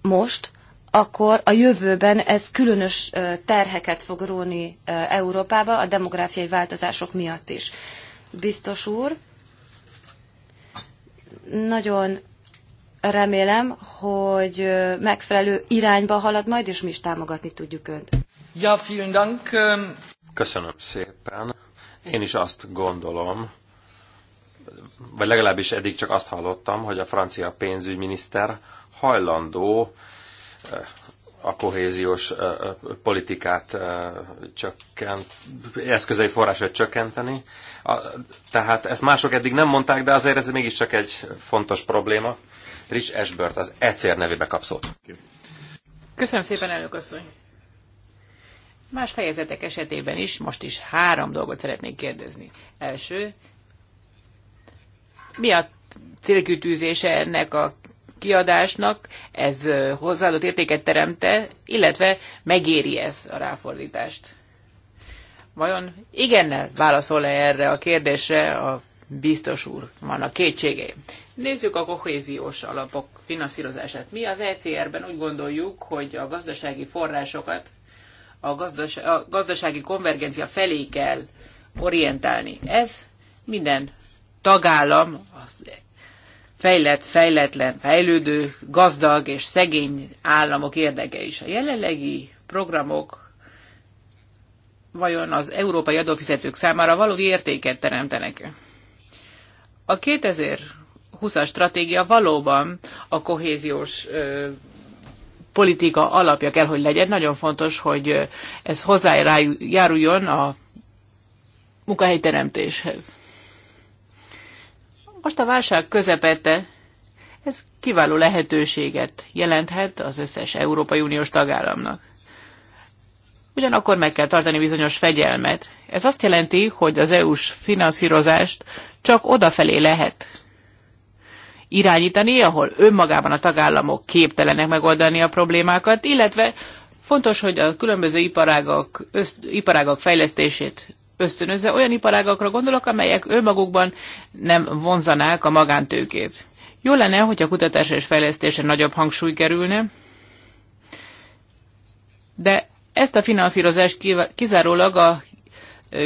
most, akkor a jövőben ez különös terheket fog róni Európába a demográfiai változások miatt is. Biztos úr, nagyon remélem, hogy megfelelő irányba halad majd, és mi is támogatni tudjuk Önt. Ja, vielen Dank. Ähm. Köszönöm szépen. Én is azt gondolom, vagy legalábbis eddig csak azt hallottam, hogy a francia pénzügyminiszter hajlandó a kohéziós politikát csökkent, eszközei forrásait csökkenteni. Tehát ezt mások eddig nem mondták, de azért ez mégiscsak egy fontos probléma. Rich Ashburt az ECR e nevébe kap szót. Köszönöm szépen, elnök asszony. Más fejezetek esetében is most is három dolgot szeretnék kérdezni. Első, mi a célkütűzése ennek a kiadásnak, ez hozzáadott értéket teremte, illetve megéri ez a ráfordítást. Vajon igennel válaszol-e erre a kérdésre a biztos úr, vannak kétségei. Nézzük a kohéziós alapok finanszírozását. Mi az ECR-ben úgy gondoljuk, hogy a gazdasági forrásokat a, gazdas- a gazdasági konvergencia felé kell orientálni. Ez minden tagállam az fejlett, fejletlen, fejlődő, gazdag és szegény államok érdeke is. A jelenlegi programok vajon az európai adófizetők számára valódi értéket teremtenek? A 2020-as stratégia valóban a kohéziós ö, politika alapja kell, hogy legyen. Nagyon fontos, hogy ez hozzájáruljon a munkahelyteremtéshez. Most a válság közepette ez kiváló lehetőséget jelenthet az összes Európai Uniós tagállamnak. Ugyanakkor meg kell tartani bizonyos fegyelmet. Ez azt jelenti, hogy az EU-s finanszírozást csak odafelé lehet irányítani, ahol önmagában a tagállamok képtelenek megoldani a problémákat, illetve fontos, hogy a különböző iparágak, öszt, iparágak fejlesztését ösztönözze. Olyan iparágakra gondolok, amelyek önmagukban nem vonzanák a magántőkét. Jó lenne, hogy a kutatás és fejlesztése nagyobb hangsúly kerülne, de ezt a finanszírozást kizárólag a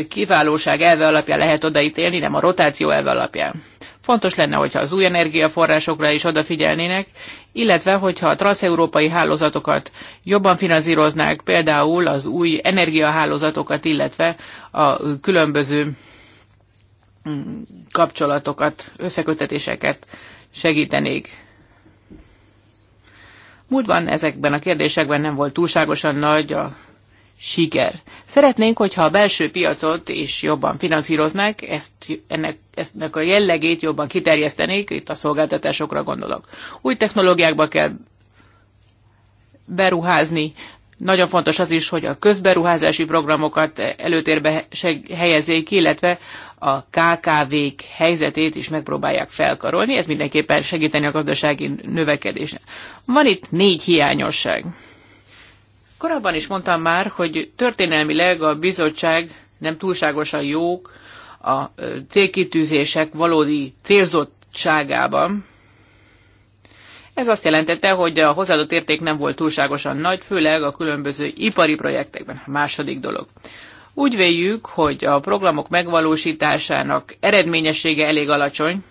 kiválóság elve alapján lehet odaítélni, nem a rotáció elve alapján. Fontos lenne, hogyha az új energiaforrásokra is odafigyelnének, illetve hogyha a transeurópai hálózatokat jobban finanszíroznák, például az új energiahálózatokat, illetve a különböző mm, kapcsolatokat, összekötetéseket segítenék. Múltban ezekben a kérdésekben nem volt túlságosan nagy a siker. Szeretnénk, hogyha a belső piacot is jobban finanszíroznák, ezt, ennek, ennek a jellegét jobban kiterjesztenék, itt a szolgáltatásokra gondolok. Új technológiákba kell beruházni, nagyon fontos az is, hogy a közberuházási programokat előtérbe helyezzék, illetve a KKV-k helyzetét is megpróbálják felkarolni. Ez mindenképpen segíteni a gazdasági növekedésnek. Van itt négy hiányosság. Korábban is mondtam már, hogy történelmileg a bizottság nem túlságosan jók a célkitűzések valódi célzottságában. Ez azt jelentette, hogy a hozzáadott érték nem volt túlságosan nagy, főleg a különböző ipari projektekben. A második dolog. Úgy véljük, hogy a programok megvalósításának eredményessége elég alacsony.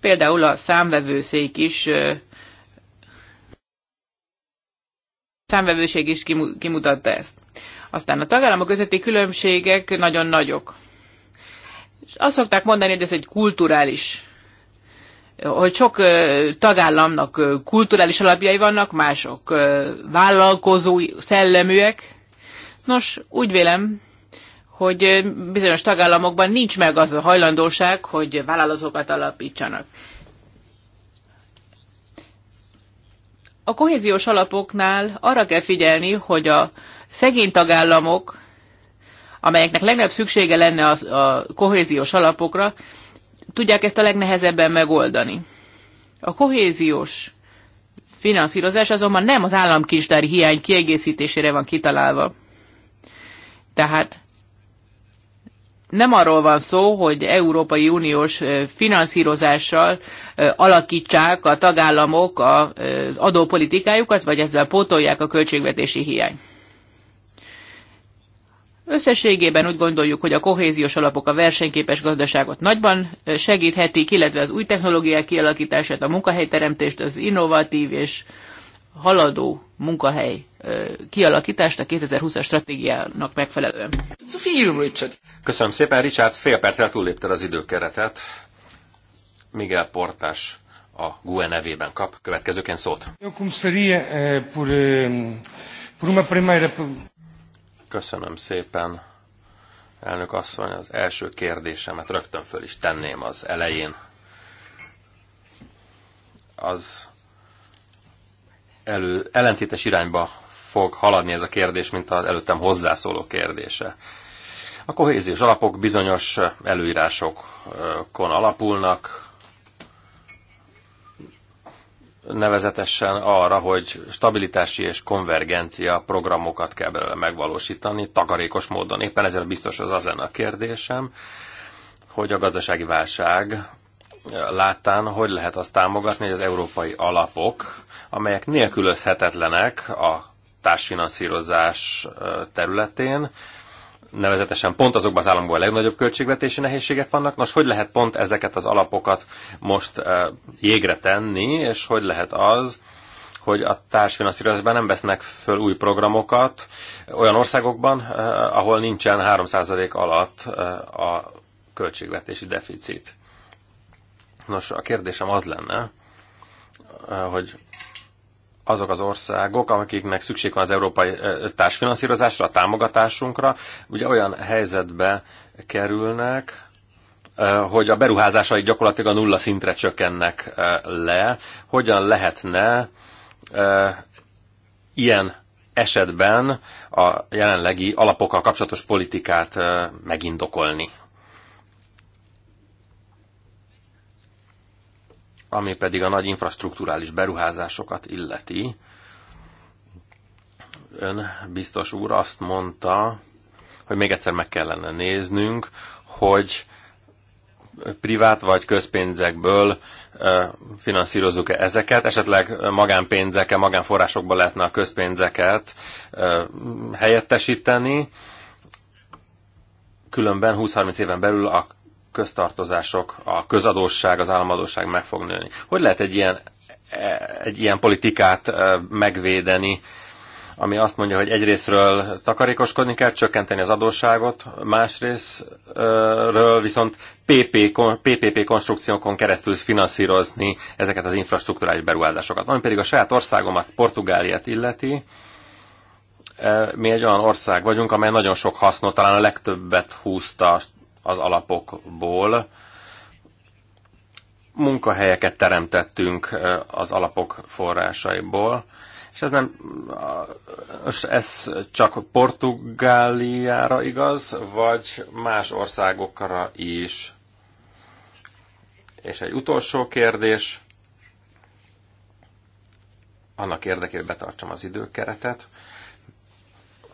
Például a számvevőszék is számvevőség is kimutatta ezt. Aztán a tagállamok közötti különbségek nagyon nagyok. És azt szokták mondani, hogy ez egy kulturális hogy sok tagállamnak kulturális alapjai vannak, mások vállalkozói szelleműek. Nos, úgy vélem, hogy bizonyos tagállamokban nincs meg az a hajlandóság, hogy vállalatokat alapítsanak. a kohéziós alapoknál arra kell figyelni, hogy a szegény tagállamok, amelyeknek legnagyobb szüksége lenne a, a kohéziós alapokra, tudják ezt a legnehezebben megoldani. A kohéziós finanszírozás azonban nem az államkincstári hiány kiegészítésére van kitalálva. Tehát nem arról van szó, hogy Európai Uniós finanszírozással alakítsák a tagállamok az adópolitikájukat, vagy ezzel pótolják a költségvetési hiányt. Összességében úgy gondoljuk, hogy a kohéziós alapok a versenyképes gazdaságot nagyban segíthetik, illetve az új technológiák kialakítását, a munkahelyteremtést, az innovatív és haladó munkahely kialakítást a 2020-as stratégiának megfelelően. Köszönöm szépen, Richard, fél perccel túllépted az időkeretet. Miguel Portás a GUE nevében kap következőként szót. Eh, eh, Köszönöm szépen, elnök asszony. Az első kérdésemet rögtön föl is tenném az elején. Az elő, ellentétes irányba fog haladni ez a kérdés, mint az előttem hozzászóló kérdése. A kohéziós alapok bizonyos előírásokon alapulnak, nevezetesen arra, hogy stabilitási és konvergencia programokat kell belőle megvalósítani, takarékos módon. Éppen ezért biztos az az lenne a kérdésem, hogy a gazdasági válság eh, láttán hogy lehet azt támogatni, hogy az európai alapok, amelyek nélkülözhetetlenek a társfinanszírozás eh, területén, nevezetesen pont azokban az államokban a legnagyobb költségvetési nehézségek vannak. Nos, hogy lehet pont ezeket az alapokat most e, jégre tenni, és hogy lehet az, hogy a társfinanszírozásban nem vesznek föl új programokat olyan országokban, e, ahol nincsen 3% alatt e, a költségvetési deficit. Nos, a kérdésem az lenne, hogy azok az országok, akiknek szükség van az európai társfinanszírozásra, a támogatásunkra, ugye olyan helyzetbe kerülnek, hogy a beruházásai gyakorlatilag a nulla szintre csökkennek le. Hogyan lehetne ilyen esetben a jelenlegi alapokkal kapcsolatos politikát megindokolni? Ami pedig a nagy infrastruktúrális beruházásokat illeti, ön biztos úr azt mondta, hogy még egyszer meg kellene néznünk, hogy privát vagy közpénzekből finanszírozzuk e ezeket, esetleg magánpénzeket, magánforrásokból lehetne a közpénzeket helyettesíteni, különben 20-30 éven belül a köztartozások, a közadósság, az államadóság meg fog nőni. Hogy lehet egy ilyen, e, egy ilyen politikát e, megvédeni, ami azt mondja, hogy egyrésztről takarékoskodni kell, csökkenteni az adósságot, másrésztről viszont PP, PPP konstrukciókon keresztül finanszírozni ezeket az infrastruktúrális beruházásokat. Ami pedig a saját országomat, Portugáliát illeti, e, mi egy olyan ország vagyunk, amely nagyon sok hasznot, talán a legtöbbet húzta az alapokból. Munkahelyeket teremtettünk az alapok forrásaiból, és ez nem, és ez csak Portugáliára igaz, vagy más országokra is. És egy utolsó kérdés, annak érdekében tartsam az időkeretet.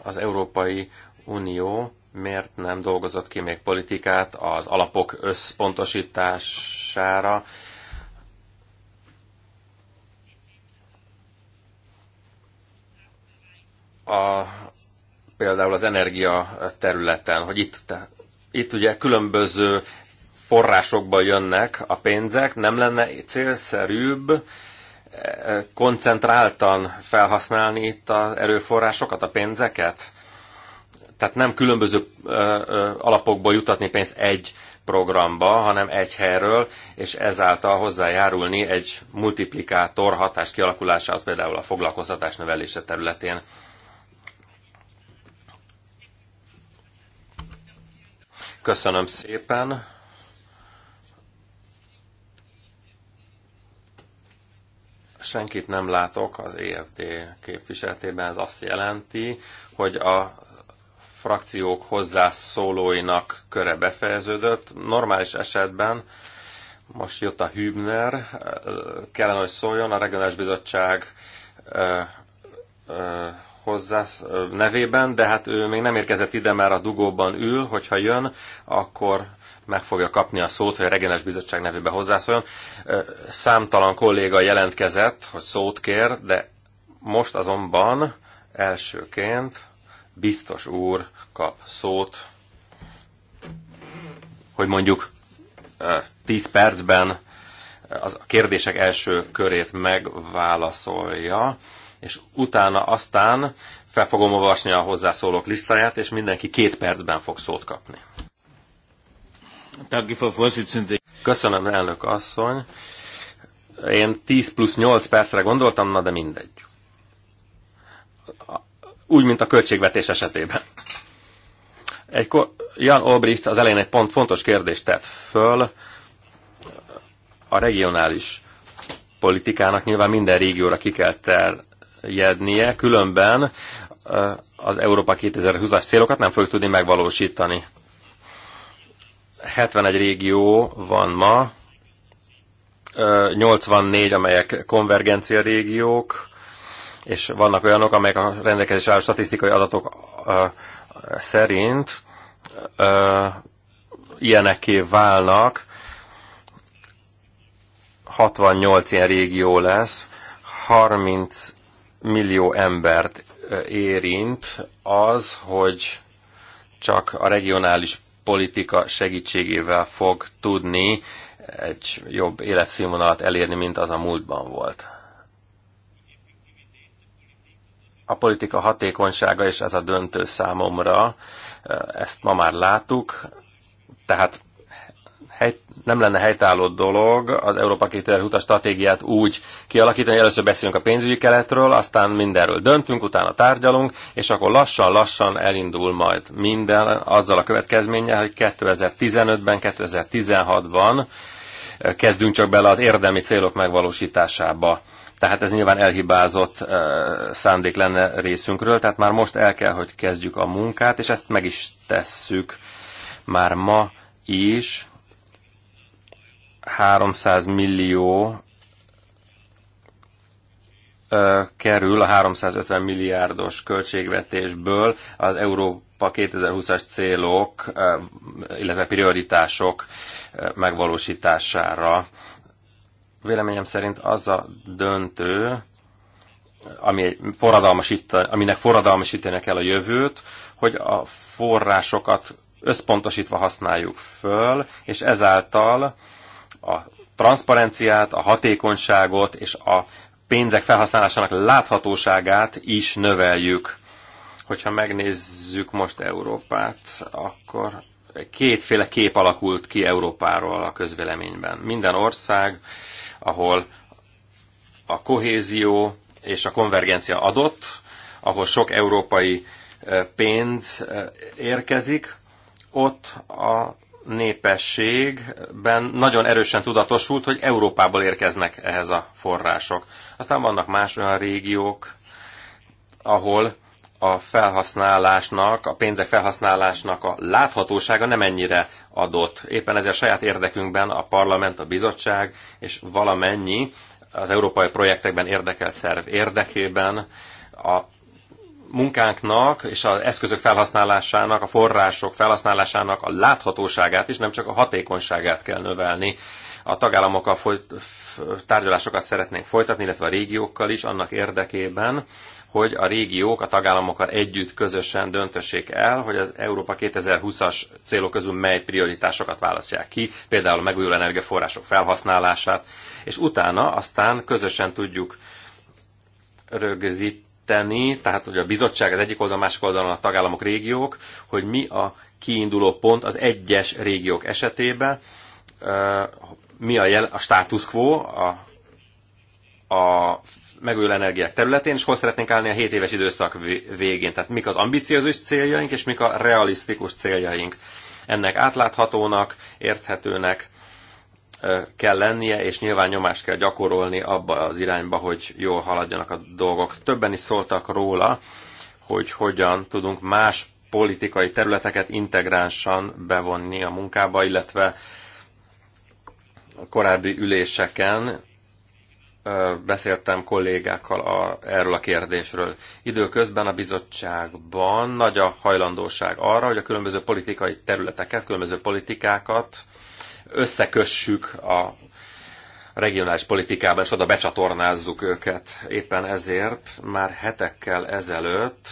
Az Európai Unió miért nem dolgozott ki még politikát az alapok összpontosítására, a, például az energia területen, hogy itt, te, itt ugye különböző forrásokba jönnek a pénzek, nem lenne célszerűbb eh, koncentráltan felhasználni itt az erőforrásokat, a pénzeket? Tehát nem különböző alapokból jutatni pénzt egy programba, hanem egy helyről, és ezáltal hozzájárulni egy multiplikátor hatás kialakulásához, például a foglalkoztatás növelése területén. Köszönöm szépen. Senkit nem látok az EFD képviseletében, ez azt jelenti, hogy a frakciók hozzászólóinak köre befejeződött. Normális esetben most jött a Hübner, kellene, hogy szóljon a regionális bizottság hozzá nevében, de hát ő még nem érkezett ide, már a dugóban ül, hogyha jön, akkor meg fogja kapni a szót, hogy a Regenes Bizottság nevében hozzászóljon. Számtalan kolléga jelentkezett, hogy szót kér, de most azonban elsőként biztos úr kap szót, hogy mondjuk 10 percben a kérdések első körét megválaszolja, és utána aztán fel fogom olvasni a hozzászólók listáját, és mindenki két percben fog szót kapni. Köszönöm, elnök asszony. Én 10 plusz 8 percre gondoltam, na de mindegy úgy, mint a költségvetés esetében. Egykor Jan Olbricht az elején egy pont fontos kérdést tett föl, a regionális politikának nyilván minden régióra ki kell terjednie, különben eh, az Európa 2020-as célokat nem fogjuk tudni megvalósítani. 71 régió van ma, 84, eh, amelyek konvergencia régiók, és vannak olyanok, amelyek a rendelkezés álló statisztikai adatok szerint ilyenekké válnak, 68 ilyen régió lesz, 30 millió embert érint az, hogy csak a regionális politika segítségével fog tudni egy jobb életszínvonalat elérni, mint az a múltban volt. a politika hatékonysága, és ez a döntő számomra, ezt ma már láttuk, tehát hely, nem lenne helytálló dolog az Európa 2020 stratégiát úgy kialakítani, hogy először beszélünk a pénzügyi keletről, aztán mindenről döntünk, utána tárgyalunk, és akkor lassan-lassan elindul majd minden azzal a következménye, hogy 2015-ben, 2016-ban kezdünk csak bele az érdemi célok megvalósításába. Tehát ez nyilván elhibázott szándék lenne részünkről, tehát már most el kell, hogy kezdjük a munkát, és ezt meg is tesszük már ma is. 300 millió kerül a 350 milliárdos költségvetésből az Európa 2020-as célok, illetve prioritások megvalósítására. Véleményem szerint az a döntő, ami forradalmasít, aminek forradalmasítani kell a jövőt, hogy a forrásokat összpontosítva használjuk föl, és ezáltal a transzparenciát, a hatékonyságot és a pénzek felhasználásának láthatóságát is növeljük. Hogyha megnézzük most Európát, akkor kétféle kép alakult ki Európáról a közvéleményben. Minden ország ahol a kohézió és a konvergencia adott, ahol sok európai pénz érkezik, ott a népességben nagyon erősen tudatosult, hogy Európából érkeznek ehhez a források. Aztán vannak más olyan régiók, ahol a felhasználásnak, a pénzek felhasználásnak a láthatósága nem ennyire adott. Éppen ezért a saját érdekünkben a parlament, a bizottság és valamennyi az európai projektekben érdekelt szerv érdekében a munkánknak és az eszközök felhasználásának, a források felhasználásának a láthatóságát is, nem csak a hatékonyságát kell növelni. A tagállamokkal folyt, tárgyalásokat szeretnénk folytatni, illetve a régiókkal is annak érdekében, hogy a régiók a tagállamokkal együtt közösen döntössék el, hogy az Európa 2020-as célok közül mely prioritásokat választják ki, például a megújuló energiaforrások felhasználását, és utána aztán közösen tudjuk rögzíteni, tehát hogy a bizottság az egyik oldalon, másik oldalon a tagállamok, régiók, hogy mi a kiinduló pont az egyes régiók esetében, mi a, jel, a status quo, a, a megújuló energiák területén, és hol szeretnénk állni a 7 éves időszak végén. Tehát mik az ambiciózus céljaink, és mik a realisztikus céljaink. Ennek átláthatónak, érthetőnek kell lennie, és nyilván nyomást kell gyakorolni abba az irányba, hogy jól haladjanak a dolgok. Többen is szóltak róla, hogy hogyan tudunk más politikai területeket integránsan bevonni a munkába, illetve a korábbi üléseken beszéltem kollégákkal a, erről a kérdésről. Időközben a bizottságban nagy a hajlandóság arra, hogy a különböző politikai területeket, különböző politikákat összekössük a regionális politikában, és oda becsatornázzuk őket. Éppen ezért már hetekkel ezelőtt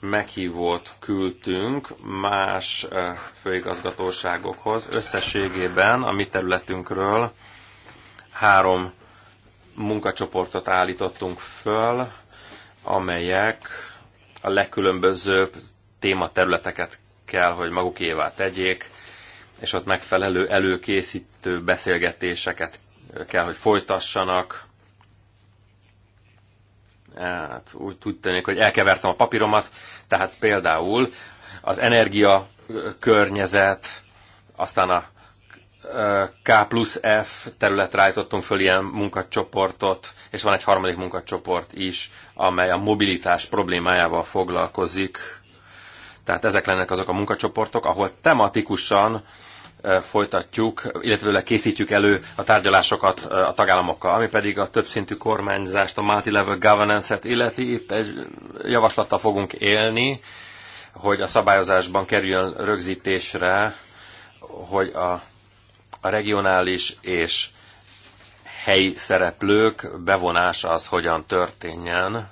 meghívót küldtünk más főigazgatóságokhoz. Összességében a mi területünkről Három munkacsoportot állítottunk föl, amelyek a legkülönbözőbb tématerületeket kell, hogy magukévá tegyék, és ott megfelelő előkészítő beszélgetéseket kell, hogy folytassanak. Hát, úgy tudnék, hogy elkevertem a papíromat, tehát például az energia környezet, aztán a K plusz F területre állítottunk föl ilyen munkacsoportot, és van egy harmadik munkacsoport is, amely a mobilitás problémájával foglalkozik. Tehát ezek lennek azok a munkacsoportok, ahol tematikusan folytatjuk, illetve készítjük elő a tárgyalásokat a tagállamokkal, ami pedig a többszintű kormányzást, a multi-level governance-et illeti. Itt egy javaslattal fogunk élni, hogy a szabályozásban kerüljön rögzítésre, hogy a a regionális és helyi szereplők bevonása az hogyan történjen.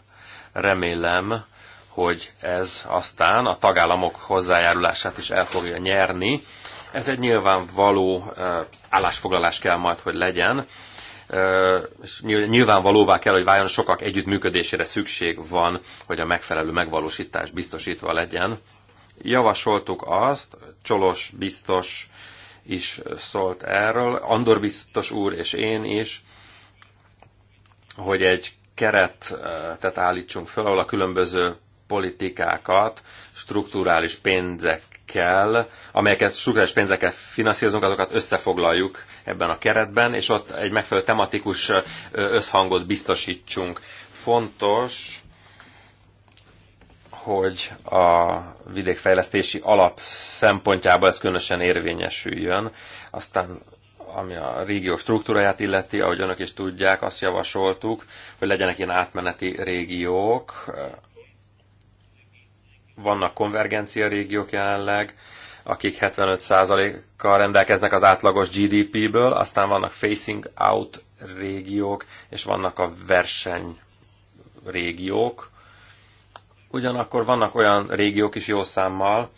Remélem, hogy ez aztán a tagállamok hozzájárulását is el fogja nyerni. Ez egy nyilvánvaló állásfoglalás kell majd, hogy legyen. Nyilvánvalóvá kell, hogy váljon sokak együttműködésére szükség van, hogy a megfelelő megvalósítás biztosítva legyen. Javasoltuk azt, Csolos biztos is szólt erről, Andor biztos úr és én is, hogy egy keretet állítsunk fel, ahol a különböző politikákat strukturális pénzekkel, amelyeket strukturális pénzekkel finanszírozunk, azokat összefoglaljuk ebben a keretben, és ott egy megfelelő tematikus összhangot biztosítsunk. Fontos, hogy a vidékfejlesztési alap szempontjából ez különösen érvényesüljön. Aztán ami a régió struktúráját illeti, ahogy önök is tudják, azt javasoltuk, hogy legyenek ilyen átmeneti régiók. Vannak konvergencia régiók jelenleg, akik 75%-kal rendelkeznek az átlagos GDP-ből, aztán vannak facing out régiók, és vannak a verseny régiók, Ugyanakkor vannak olyan régiók is jó számmal,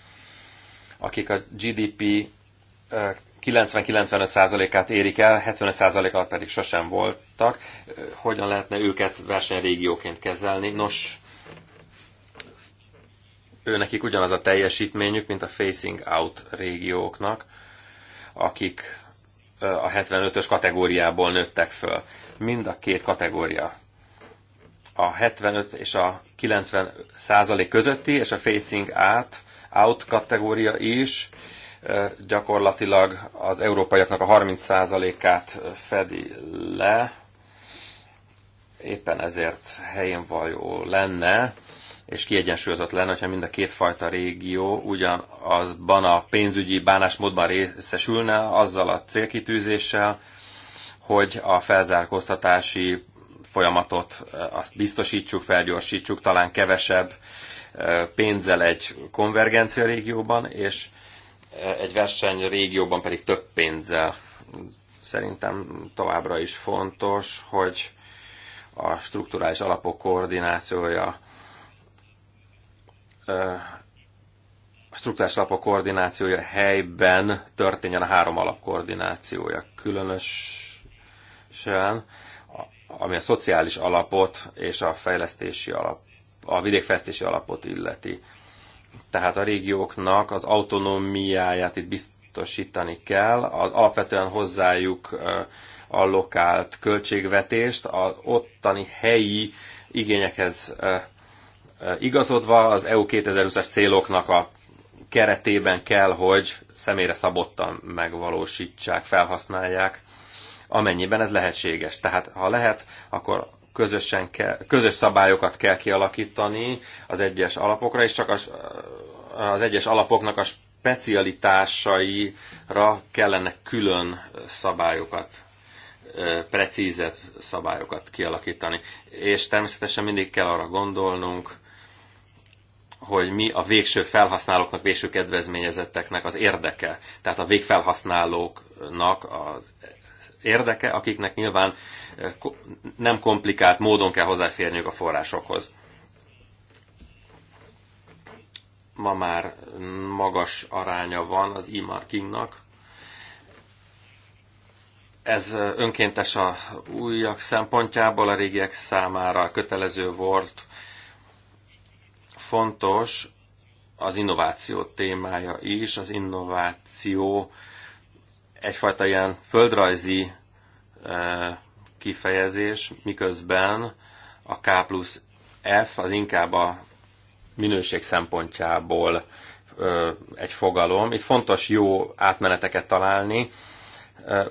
akik a GDP 90-95%-át érik el, 75%-at pedig sosem voltak. Hogyan lehetne őket versenyrégióként kezelni? Nos, ő nekik ugyanaz a teljesítményük, mint a facing out régióknak, akik a 75-ös kategóriából nőttek föl. Mind a két kategória. A 75 és a 90% közötti, és a facing out, out kategória is gyakorlatilag az európaiaknak a 30%-át fedi le. Éppen ezért helyén való lenne, és kiegyensúlyozott lenne, hogyha mind a kétfajta régió ugyanazban a pénzügyi bánásmódban részesülne, azzal a célkitűzéssel, hogy a felzárkóztatási folyamatot eh, azt biztosítsuk, felgyorsítsuk, talán kevesebb eh, pénzzel egy konvergencia régióban, és eh, egy verseny régióban pedig több pénzzel. Szerintem továbbra is fontos, hogy a strukturális alapok koordinációja a struktúrás alapok koordinációja helyben történjen a három alap koordinációja. Különösen ami a szociális alapot és a fejlesztési alap, a vidékfejlesztési alapot illeti. Tehát a régióknak az autonómiáját itt biztosítani kell, az alapvetően hozzájuk allokált költségvetést az ottani helyi igényekhez igazodva az EU 2020-as céloknak a keretében kell, hogy személyre szabottan megvalósítsák, felhasználják amennyiben ez lehetséges. Tehát ha lehet, akkor közösen kell, közös szabályokat kell kialakítani az egyes alapokra, és csak az, az egyes alapoknak a specialitásaira kellene külön szabályokat, precízebb szabályokat kialakítani. És természetesen mindig kell arra gondolnunk, hogy mi a végső felhasználóknak, végső kedvezményezetteknek az érdeke. Tehát a végfelhasználóknak, az érdeke, akiknek nyilván eh, nem komplikált módon kell hozzáférniük a forrásokhoz. Ma már magas aránya van az e-markingnak. Ez eh, önkéntes a újak szempontjából, a régiek számára kötelező volt. Fontos az innováció témája is, az innováció egyfajta ilyen földrajzi eh, kifejezés, miközben a K plusz F az inkább a minőség szempontjából egy fogalom. Itt fontos jó átmeneteket találni,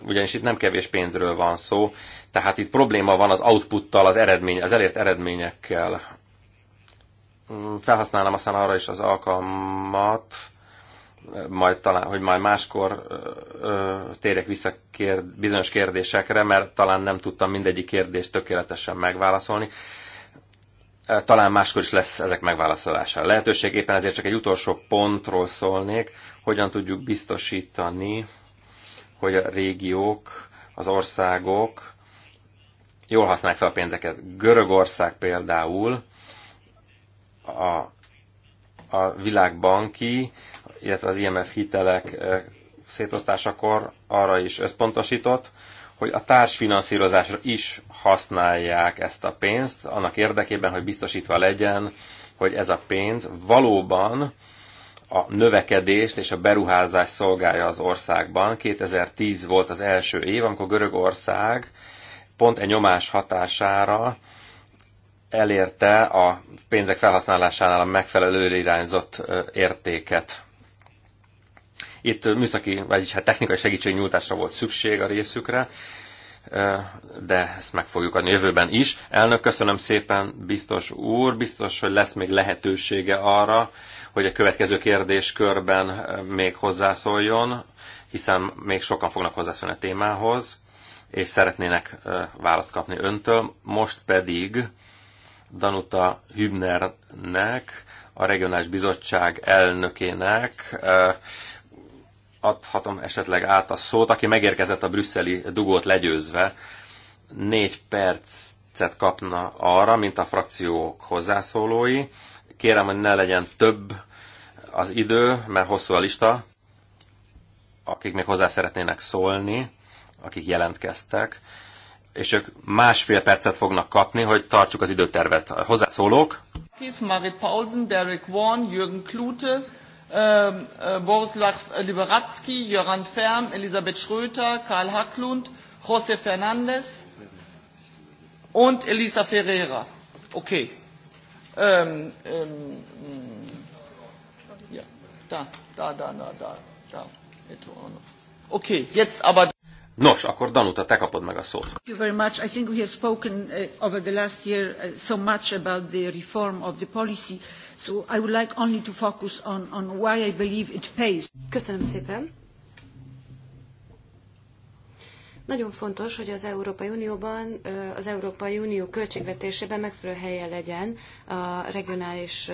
ugyanis itt nem kevés pénzről van szó, tehát itt probléma van az outputtal, az, eredmény, az elért eredményekkel. Felhasználom aztán arra is az alkalmat, majd talán, hogy majd máskor ö, térek vissza kér, bizonyos kérdésekre, mert talán nem tudtam mindegyik kérdést tökéletesen megválaszolni. Talán máskor is lesz ezek megválaszolása lehetőség. Éppen ezért csak egy utolsó pontról szólnék, hogyan tudjuk biztosítani, hogy a régiók, az országok jól használják fel a pénzeket. Görögország például a, a világbanki illetve az IMF hitelek szétosztásakor arra is összpontosított, hogy a társfinanszírozásra is használják ezt a pénzt, annak érdekében, hogy biztosítva legyen, hogy ez a pénz valóban a növekedést és a beruházás szolgálja az országban. 2010 volt az első év, amikor Görögország pont egy nyomás hatására elérte a pénzek felhasználásánál a megfelelő irányzott értéket. Itt műszaki, vagyis hát technikai segítségnyújtásra volt szükség a részükre, de ezt meg fogjuk adni jövőben is. Elnök, köszönöm szépen, biztos úr, biztos, hogy lesz még lehetősége arra, hogy a következő kérdéskörben még hozzászóljon, hiszen még sokan fognak hozzászólni a témához, és szeretnének választ kapni öntől. Most pedig Danuta Hübnernek, a regionális bizottság elnökének adhatom esetleg át a szót, aki megérkezett a brüsszeli dugót legyőzve, négy percet kapna arra, mint a frakciók hozzászólói. Kérem, hogy ne legyen több az idő, mert hosszú a lista, akik még hozzá szeretnének szólni, akik jelentkeztek, és ők másfél percet fognak kapni, hogy tartsuk az időtervet. A hozzászólók. Marit Paulsen, Derek Warren, Jürgen Klute, Ähm, äh, Borislav Liberatzki, Joran Färm, Elisabeth Schröter, Karl Hacklund, José Fernandes und Elisa Ferreira. Okay. Ähm, ähm, ja, da, da, da, da, da, da. Okay, jetzt aber... Nos, akkor Danuta, te kapod meg a szót. Thank you very much. I think we have spoken uh, over the last year uh, so much about the reform of the policy. Uh, So I would like only to focus on, on why I believe it pays. Köszönöm szépen. Nagyon fontos, hogy az Európai Unióban, az Európai Unió költségvetésében megfelelő helye legyen a regionális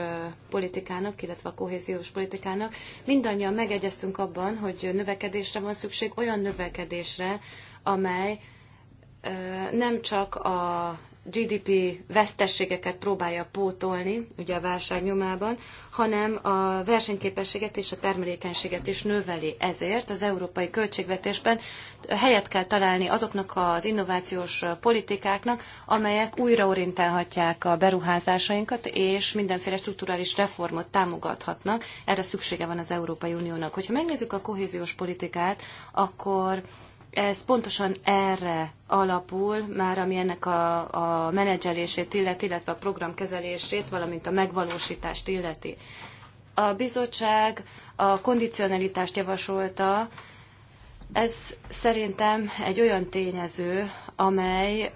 politikának, illetve a kohéziós politikának. Mindannyian megegyeztünk abban, hogy növekedésre van szükség, olyan növekedésre, amely nem csak a GDP vesztességeket próbálja pótolni, ugye a válság nyomában, hanem a versenyképességet és a termelékenységet is növeli. Ezért az európai költségvetésben helyet kell találni azoknak az innovációs politikáknak, amelyek újraorientálhatják a beruházásainkat, és mindenféle strukturális reformot támogathatnak. Erre szüksége van az Európai Uniónak. Hogyha megnézzük a kohéziós politikát, akkor ez pontosan erre alapul, már ami ennek a, a menedzselését illeti, illetve a programkezelését, valamint a megvalósítást illeti. A bizottság a kondicionalitást javasolta, ez szerintem egy olyan tényező, amely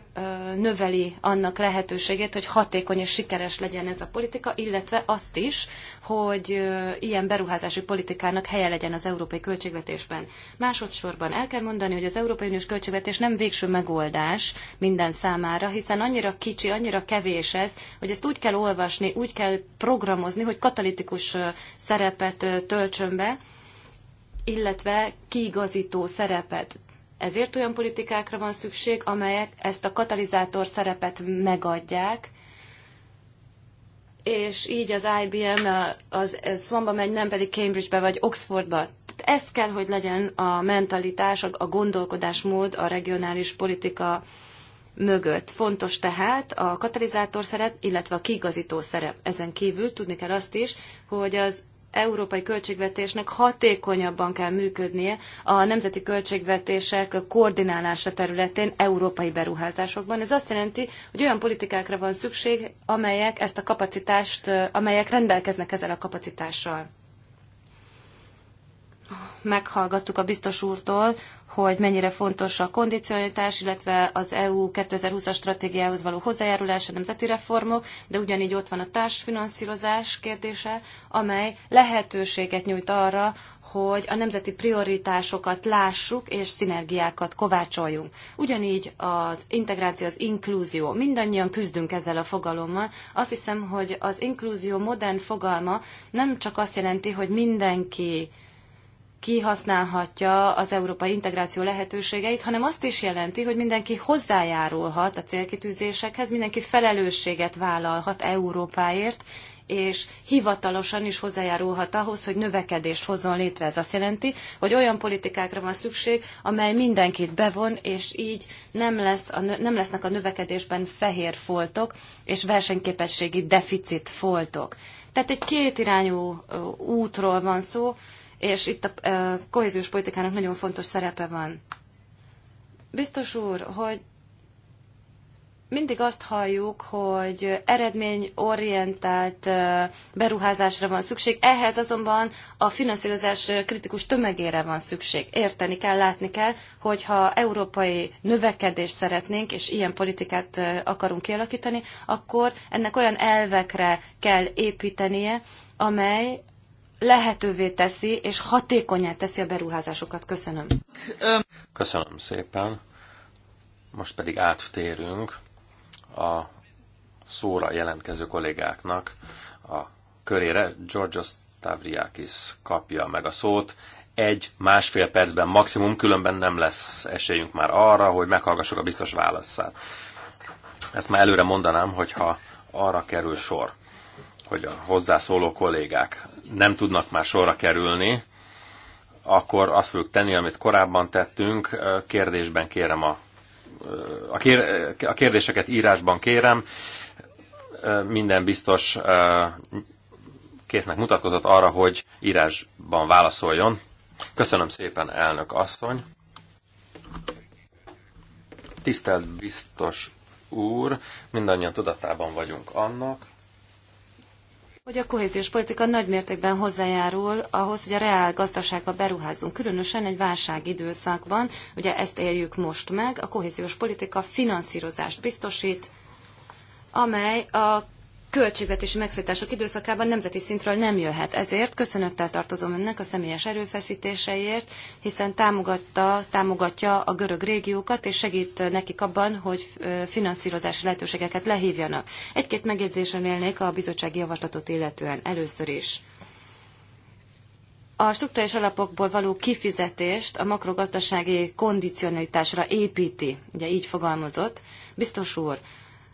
növeli annak lehetőségét, hogy hatékony és sikeres legyen ez a politika, illetve azt is, hogy ilyen beruházási politikának helye legyen az európai költségvetésben. Másodszorban el kell mondani, hogy az Európai Uniós költségvetés nem végső megoldás minden számára, hiszen annyira kicsi, annyira kevés ez, hogy ezt úgy kell olvasni, úgy kell programozni, hogy katalitikus szerepet töltsön be, illetve kiigazító szerepet. Ezért olyan politikákra van szükség, amelyek ezt a katalizátor szerepet megadják, és így az IBM az Swanba megy, nem pedig Cambridgebe vagy Oxfordba. Tehát ez kell, hogy legyen a mentalitás, a gondolkodásmód a regionális politika mögött. Fontos tehát a katalizátor szerep, illetve a kiigazító szerep. Ezen kívül tudni kell azt is, hogy az európai költségvetésnek hatékonyabban kell működnie a nemzeti költségvetések koordinálása területén európai beruházásokban. Ez azt jelenti, hogy olyan politikákra van szükség, amelyek ezt a kapacitást, amelyek rendelkeznek ezzel a kapacitással. Meghallgattuk a biztos úrtól, hogy mennyire fontos a kondicionalitás, illetve az EU 2020-as stratégiához való hozzájárulás, a nemzeti reformok, de ugyanígy ott van a társfinanszírozás kérdése, amely lehetőséget nyújt arra, hogy a nemzeti prioritásokat lássuk és szinergiákat kovácsoljunk. Ugyanígy az integráció, az inklúzió. Mindannyian küzdünk ezzel a fogalommal. Azt hiszem, hogy az inklúzió modern fogalma nem csak azt jelenti, hogy mindenki kihasználhatja az európai integráció lehetőségeit, hanem azt is jelenti, hogy mindenki hozzájárulhat a célkitűzésekhez, mindenki felelősséget vállalhat Európáért, és hivatalosan is hozzájárulhat ahhoz, hogy növekedést hozzon létre. Ez azt jelenti, hogy olyan politikákra van szükség, amely mindenkit bevon, és így nem, lesz a, nem lesznek a növekedésben fehér foltok és versenyképességi deficit foltok. Tehát egy kétirányú útról van szó, és itt a e, kohéziós politikának nagyon fontos szerepe van. Biztos úr, hogy mindig azt halljuk, hogy eredményorientált e, beruházásra van szükség, ehhez azonban a finanszírozás kritikus tömegére van szükség. Érteni kell, látni kell, hogyha európai növekedést szeretnénk, és ilyen politikát e, akarunk kialakítani, akkor ennek olyan elvekre kell építenie, amely lehetővé teszi és hatékonyá teszi a beruházásokat. Köszönöm. Köszönöm szépen. Most pedig áttérünk a szóra jelentkező kollégáknak a körére. Georgios Tavriakis kapja meg a szót. Egy, másfél percben maximum, különben nem lesz esélyünk már arra, hogy meghallgassuk a biztos válaszát. Ezt már előre mondanám, hogyha arra kerül sor, hogy a hozzászóló kollégák nem tudnak már sorra kerülni, akkor azt fogjuk tenni, amit korábban tettünk. Kérdésben kérem a, a, kér, a kérdéseket írásban kérem. Minden biztos késznek mutatkozott arra, hogy írásban válaszoljon. Köszönöm szépen, elnök asszony. Tisztelt biztos úr, mindannyian tudatában vagyunk annak, hogy a kohéziós politika nagy mértékben hozzájárul ahhoz, hogy a reál gazdaságba beruházunk, különösen egy időszakban. ugye ezt éljük most meg, a kohéziós politika finanszírozást biztosít, amely a költségvetési megszorítások időszakában nemzeti szintről nem jöhet. Ezért köszönettel tartozom önnek a személyes erőfeszítéseiért, hiszen támogatta, támogatja a görög régiókat, és segít nekik abban, hogy finanszírozási lehetőségeket lehívjanak. Egy-két megjegyzésem élnék a bizottsági javaslatot illetően először is. A struktúrális alapokból való kifizetést a makrogazdasági kondicionalitásra építi, ugye így fogalmazott. Biztos úr,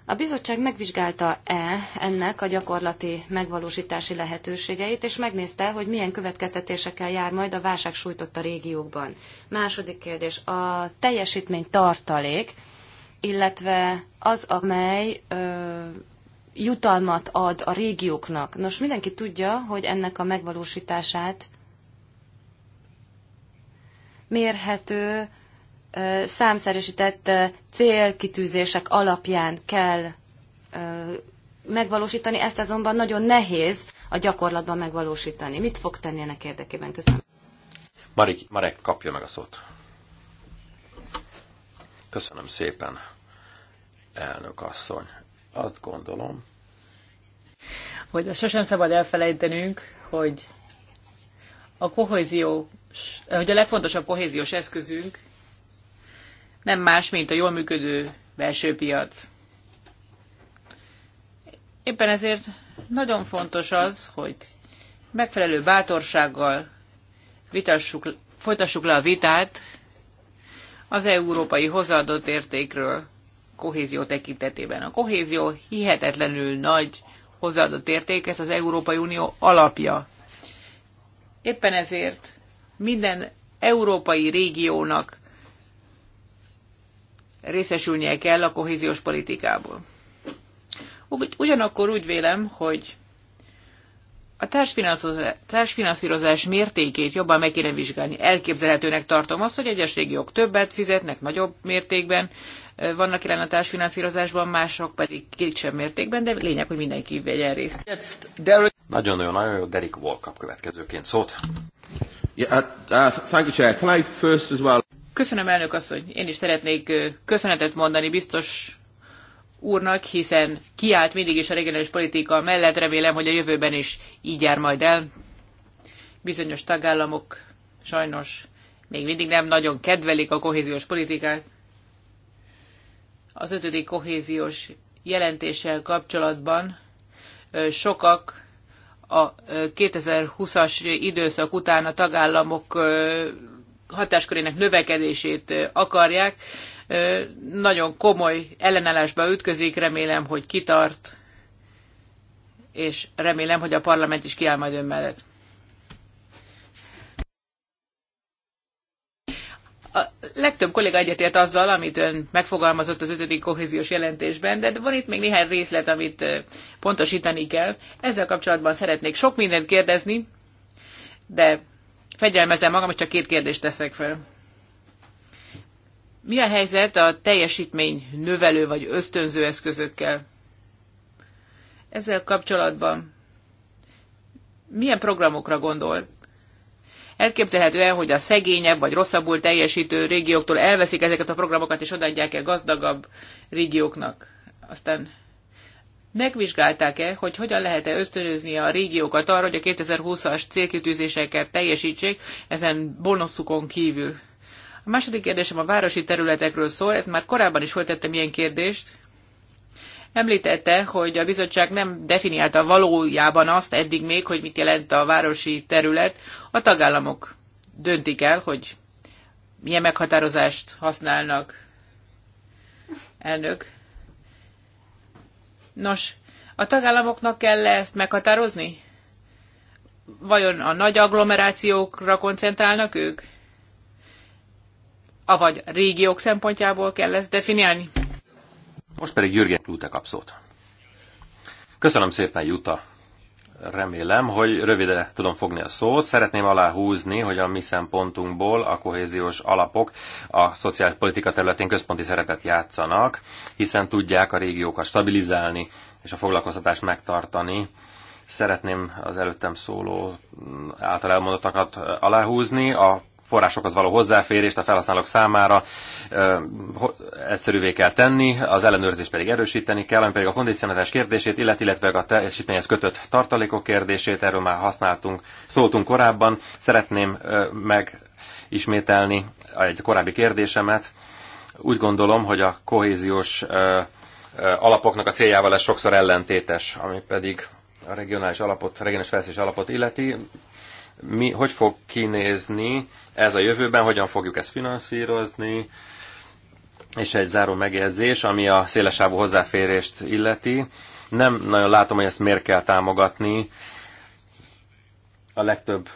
a bizottság megvizsgálta-e ennek a gyakorlati megvalósítási lehetőségeit, és megnézte, hogy milyen következtetésekkel jár majd a válság sújtotta régiókban. Második kérdés, a teljesítmény tartalék, illetve az, amely ö, jutalmat ad a régióknak. Nos, mindenki tudja, hogy ennek a megvalósítását mérhető számszerűsített célkitűzések alapján kell megvalósítani, ezt azonban nagyon nehéz a gyakorlatban megvalósítani. Mit fog tenni ennek érdekében? Köszönöm. Marik, Marek kapja meg a szót. Köszönöm szépen, elnök asszony. Azt gondolom, hogy azt sosem szabad elfelejtenünk, hogy a kohézió, hogy a legfontosabb kohéziós eszközünk nem más, mint a jól működő belső piac. Éppen ezért nagyon fontos az, hogy megfelelő bátorsággal vitassuk, folytassuk le a vitát az európai hozzáadott értékről kohézió tekintetében. A kohézió hihetetlenül nagy hozzáadott érték, ez az Európai Unió alapja. Éppen ezért minden európai régiónak részesülnie kell a kohéziós politikából. Ugyanakkor úgy vélem, hogy a társfinanszírozás mértékét jobban meg kéne vizsgálni. Elképzelhetőnek tartom azt, hogy egyes régiók többet fizetnek, nagyobb mértékben vannak jelen a társfinanszírozásban, mások pedig kicsebb mértékben, de lényeg, hogy mindenki vegyen részt. Nagyon-nagyon nagyon jó, Derek Wall kap következőként szót. Yeah, uh, uh, thank you, Chair. Can I first as well... Köszönöm, elnök asszony. Én is szeretnék köszönetet mondani biztos úrnak, hiszen kiállt mindig is a regionális politika mellett, remélem, hogy a jövőben is így jár majd el. Bizonyos tagállamok sajnos még mindig nem nagyon kedvelik a kohéziós politikát. Az ötödik kohéziós jelentéssel kapcsolatban sokak a 2020-as időszak után a tagállamok hatáskörének növekedését akarják. Nagyon komoly ellenállásba ütközik, remélem, hogy kitart, és remélem, hogy a parlament is kiáll majd ön mellett. A legtöbb kolléga egyetért azzal, amit ön megfogalmazott az ötödik kohéziós jelentésben, de van itt még néhány részlet, amit pontosítani kell. Ezzel kapcsolatban szeretnék sok mindent kérdezni, de fegyelmezem magam, és csak két kérdést teszek fel. Mi a helyzet a teljesítmény növelő vagy ösztönző eszközökkel? Ezzel kapcsolatban milyen programokra gondol? Elképzelhető el, hogy a szegényebb vagy rosszabbul teljesítő régióktól elveszik ezeket a programokat, és odaadják el gazdagabb régióknak. Aztán Megvizsgálták-e, hogy hogyan lehet-e ösztönözni a régiókat arra, hogy a 2020-as célkitűzéseket teljesítsék ezen bonuszukon kívül? A második kérdésem a városi területekről szól, ezt már korábban is föltettem ilyen kérdést. Említette, hogy a bizottság nem definiálta valójában azt eddig még, hogy mit jelent a városi terület. A tagállamok döntik el, hogy milyen meghatározást használnak. Elnök, Nos, a tagállamoknak kell -e ezt meghatározni? Vajon a nagy agglomerációkra koncentrálnak ők? Avagy régiók szempontjából kell ezt definiálni? Most pedig Jürgen Klute kap szót. Köszönöm szépen, Juta Remélem, hogy rövide tudom fogni a szót. Szeretném aláhúzni, hogy a mi szempontunkból a kohéziós alapok a szociális politika területén központi szerepet játszanak, hiszen tudják a régiókat stabilizálni és a foglalkoztatást megtartani. Szeretném az előttem szóló által elmondottakat aláhúzni. A forrásokhoz való hozzáférést a felhasználók számára egyszerűvé kell tenni, az ellenőrzést pedig erősíteni kell, ami pedig a kondicionálás kérdését, illet, illetve a teljesítményhez kötött tartalékok kérdését, erről már használtunk, szóltunk korábban. Szeretném megismételni egy korábbi kérdésemet. Úgy gondolom, hogy a kohéziós alapoknak a céljával ez sokszor ellentétes, ami pedig a regionális alapot, regionális fejlesztés alapot illeti mi hogy fog kinézni ez a jövőben, hogyan fogjuk ezt finanszírozni, és egy záró megjegyzés, ami a szélesávú hozzáférést illeti. Nem nagyon látom, hogy ezt miért kell támogatni. A legtöbb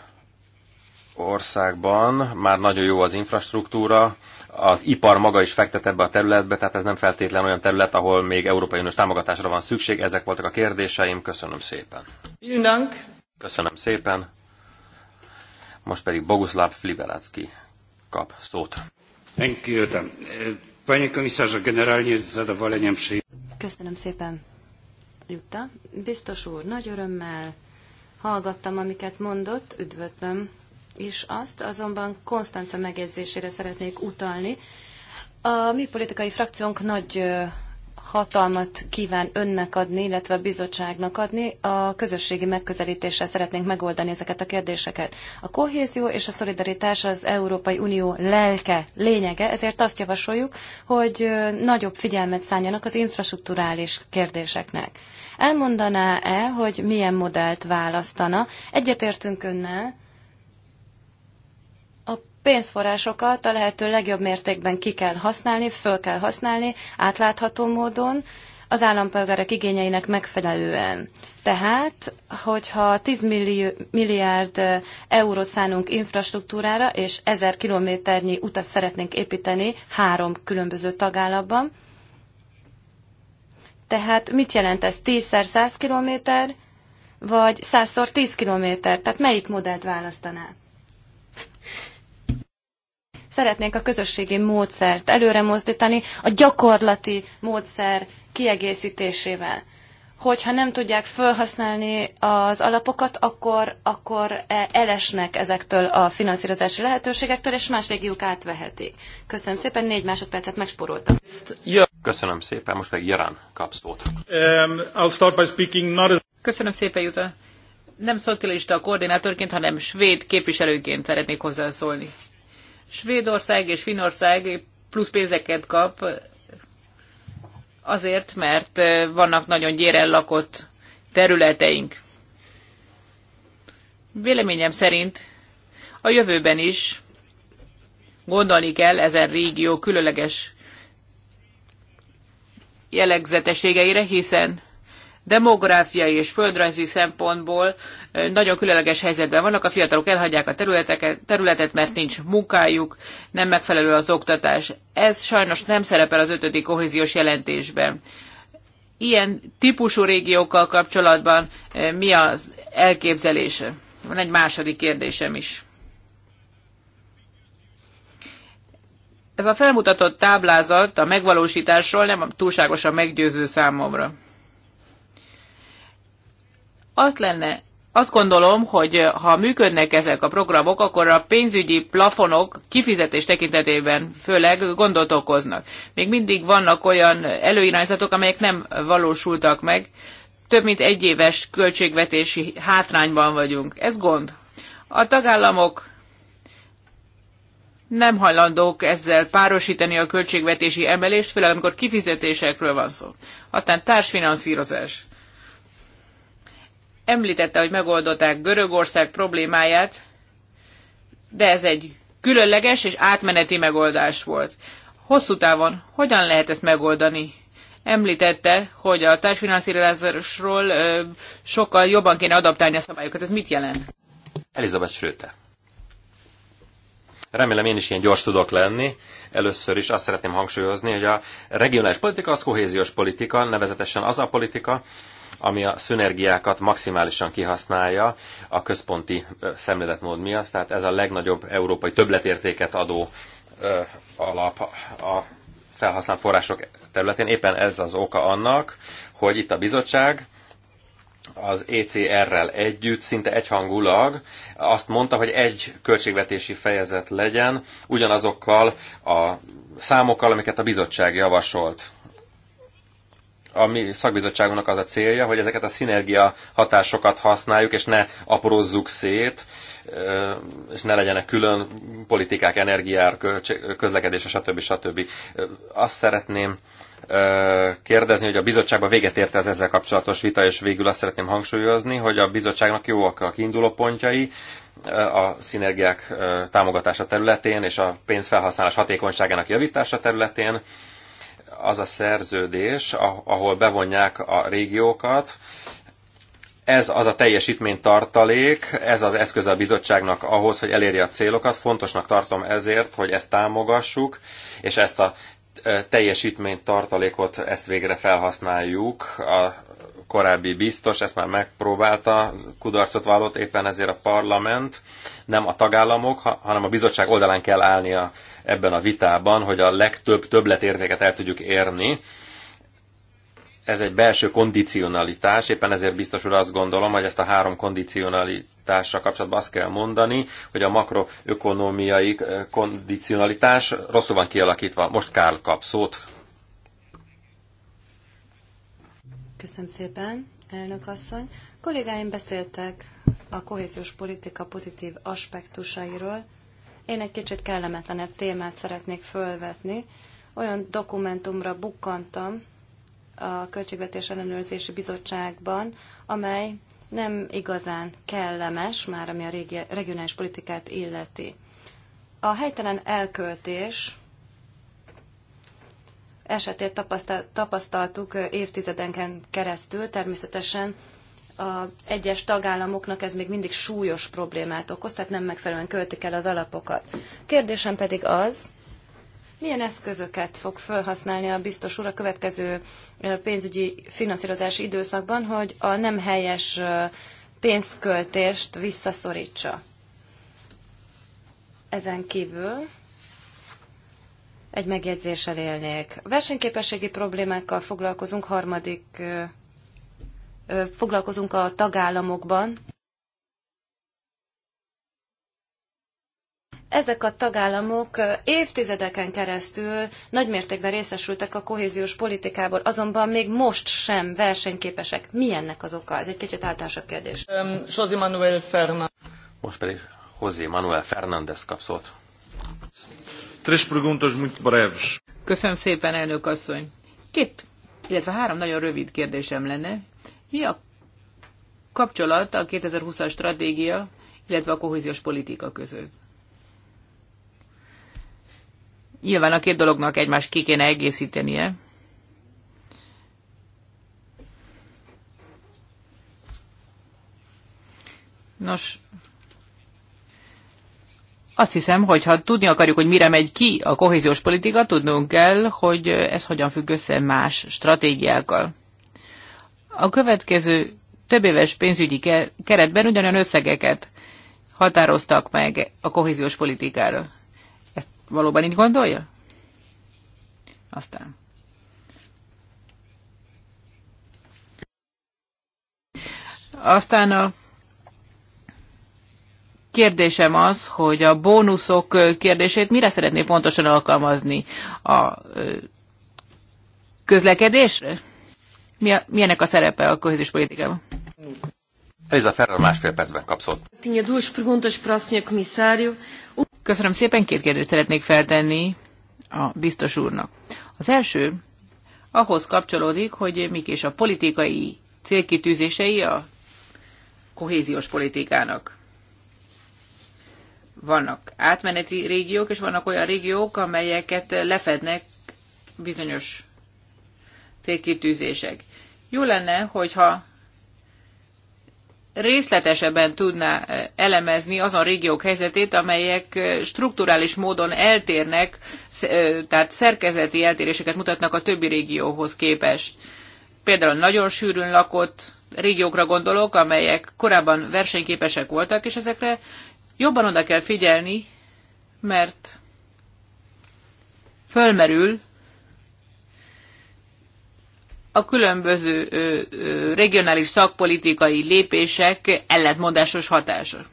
országban már nagyon jó az infrastruktúra, az ipar maga is fektet ebbe a területbe, tehát ez nem feltétlen olyan terület, ahol még Európai Uniós támogatásra van szükség. Ezek voltak a kérdéseim, köszönöm szépen. Köszönöm szépen. Most pedig Boguslav Flibelácki kap szót. Köszönöm szépen, Jutta. Biztos úr, nagy örömmel hallgattam, amiket mondott, üdvözlöm is azt, azonban Konstanca megjegyzésére szeretnék utalni. A mi politikai frakciónk nagy hatalmat kíván önnek adni, illetve a bizottságnak adni. A közösségi megközelítéssel szeretnénk megoldani ezeket a kérdéseket. A kohézió és a szolidaritás az Európai Unió lelke, lényege, ezért azt javasoljuk, hogy nagyobb figyelmet szánjanak az infrastruktúrális kérdéseknek. Elmondaná-e, hogy milyen modellt választana? Egyetértünk önnel, pénzforrásokat a lehető legjobb mértékben ki kell használni, föl kell használni, átlátható módon, az állampolgárok igényeinek megfelelően. Tehát, hogyha 10 milliárd eurót szánunk infrastruktúrára, és 1000 kilométernyi utat szeretnénk építeni három különböző tagállamban, tehát mit jelent ez? 10-szer 100 kilométer, vagy 100-szor 10 kilométer? Tehát melyik modellt választaná? Szeretnénk a közösségi módszert előre mozdítani a gyakorlati módszer kiegészítésével. Hogyha nem tudják felhasználni az alapokat, akkor, akkor e, elesnek ezektől a finanszírozási lehetőségektől, és más régiók átvehetik. Köszönöm szépen, négy másodpercet megspóroltam. Köszönöm szépen, most meg Jarán kapsz szót. Um, as... Köszönöm szépen, Juta. Nem szocialista koordinátorként, hanem svéd képviselőként szeretnék hozzászólni. Svédország és Finország plusz pénzeket kap azért, mert vannak nagyon gyéren lakott területeink. Véleményem szerint a jövőben is gondolni kell ezen régió különleges jellegzetességeire, hiszen demográfiai és földrajzi szempontból nagyon különleges helyzetben vannak. A fiatalok elhagyják a területet, mert nincs munkájuk, nem megfelelő az oktatás. Ez sajnos nem szerepel az ötödik kohéziós jelentésben. Ilyen típusú régiókkal kapcsolatban mi az elképzelése? Van egy második kérdésem is. Ez a felmutatott táblázat a megvalósításról nem túlságosan meggyőző számomra. Azt lenne, azt gondolom, hogy eh, ha működnek ezek a programok, akkor a pénzügyi plafonok kifizetés tekintetében főleg gondot okoznak. Még mindig vannak olyan előirányzatok, amelyek nem valósultak meg. Több mint egy éves költségvetési hátrányban vagyunk. Ez gond. A tagállamok nem hajlandók ezzel párosítani a költségvetési emelést, főleg amikor kifizetésekről van szó. Aztán társfinanszírozás. Említette, hogy megoldották Görögország problémáját, de ez egy különleges és átmeneti megoldás volt. Hosszú távon hogyan lehet ezt megoldani? Említette, hogy a társfinanszírozásról sokkal jobban kéne adaptálni a szabályokat. Ez mit jelent? Elizabeth Schröter. Remélem én is ilyen gyors tudok lenni. Először is azt szeretném hangsúlyozni, hogy a regionális politika az kohéziós politika, nevezetesen az a politika, ami a szünergiákat maximálisan kihasználja a központi szemléletmód miatt, tehát ez a legnagyobb európai többletértéket adó alap a felhasznált források területén. Éppen ez az oka annak, hogy itt a bizottság az ECR-rel együtt, szinte egyhangulag azt mondta, hogy egy költségvetési fejezet legyen ugyanazokkal a számokkal, amiket a bizottság javasolt a mi szakbizottságunknak az a célja, hogy ezeket a szinergia hatásokat használjuk, és ne aprózzuk szét, és ne legyenek külön politikák, energiár, közlekedés, stb. stb. Azt szeretném kérdezni, hogy a bizottságban véget érte az ezzel kapcsolatos vita, és végül azt szeretném hangsúlyozni, hogy a bizottságnak jó a kiinduló pontjai, a szinergiák támogatása területén és a pénzfelhasználás hatékonyságának javítása területén, az a szerződés, ahol bevonják a régiókat, ez az a teljesítménytartalék, ez az eszköz a bizottságnak ahhoz, hogy elérje a célokat. Fontosnak tartom ezért, hogy ezt támogassuk, és ezt a teljesítménytartalékot, ezt végre felhasználjuk a korábbi biztos ezt már megpróbálta, kudarcot vallott, éppen ezért a parlament, nem a tagállamok, hanem a bizottság oldalán kell állnia ebben a vitában, hogy a legtöbb többletértéket el tudjuk érni. Ez egy belső kondicionalitás, éppen ezért biztos úr azt gondolom, hogy ezt a három kondicionalitással kapcsolatban azt kell mondani, hogy a makroökonomiai eh, kondicionalitás rosszul van kialakítva. Most Kárl kap szót. Köszönöm szépen, elnök asszony. A kollégáim beszéltek a kohéziós politika pozitív aspektusairól. Én egy kicsit kellemetlenebb témát szeretnék fölvetni. Olyan dokumentumra bukkantam a Költségvetés Ellenőrzési Bizottságban, amely nem igazán kellemes, már ami a regionális politikát illeti. A helytelen elköltés esetét tapasztaltuk évtizedenken keresztül, természetesen a egyes tagállamoknak ez még mindig súlyos problémát okoz, tehát nem megfelelően költik el az alapokat. Kérdésem pedig az, milyen eszközöket fog felhasználni a biztos úr a következő pénzügyi finanszírozási időszakban, hogy a nem helyes pénzköltést visszaszorítsa? Ezen kívül egy megjegyzéssel élnék. Versenyképességi problémákkal foglalkozunk harmadik, ö, ö, foglalkozunk a tagállamokban. Ezek a tagállamok évtizedeken keresztül nagymértékben részesültek a kohéziós politikából, azonban még most sem versenyképesek. Mi ennek az oka? Ez egy kicsit általánosabb kérdés. Um, José Manuel Fernández. Most pedig José Manuel Fernández kap szót. Três perguntas muito breves. Köszönöm szépen, elnök asszony. Két, illetve három nagyon rövid kérdésem lenne. Mi a kapcsolat a 2020-as stratégia, illetve a kohéziós politika között? Nyilván a két dolognak egymást ki kéne egészítenie. Nos, azt hiszem, hogy ha tudni akarjuk, hogy mire megy ki a kohéziós politika, tudnunk kell, hogy ez hogyan függ össze más stratégiákkal. A következő több éves pénzügyi keretben ugyanolyan összegeket határoztak meg a kohéziós politikára. Ezt valóban így gondolja? Aztán. Aztán a kérdésem az, hogy a bónuszok kérdését mire szeretné pontosan alkalmazni a közlekedésre? Mi a, milyenek a szerepe a kohézis politikában? Eliza Ferrer másfél percben kapszott. Um- Köszönöm szépen, két kérdést szeretnék feltenni a biztos úrnak. Az első ahhoz kapcsolódik, hogy mik és a politikai célkitűzései a kohéziós politikának. Vannak átmeneti régiók, és vannak olyan régiók, amelyeket lefednek bizonyos célkitűzések. Jó lenne, hogyha részletesebben tudná eh, elemezni azon régiók helyzetét, amelyek eh, strukturális módon eltérnek, eh, tehát szerkezeti eltéréseket mutatnak a többi régióhoz képest. Például nagyon sűrűn lakott régiókra gondolok, amelyek korábban versenyképesek voltak, és ezekre Jobban oda kell figyelni, mert fölmerül a különböző regionális szakpolitikai lépések ellentmondásos hatása.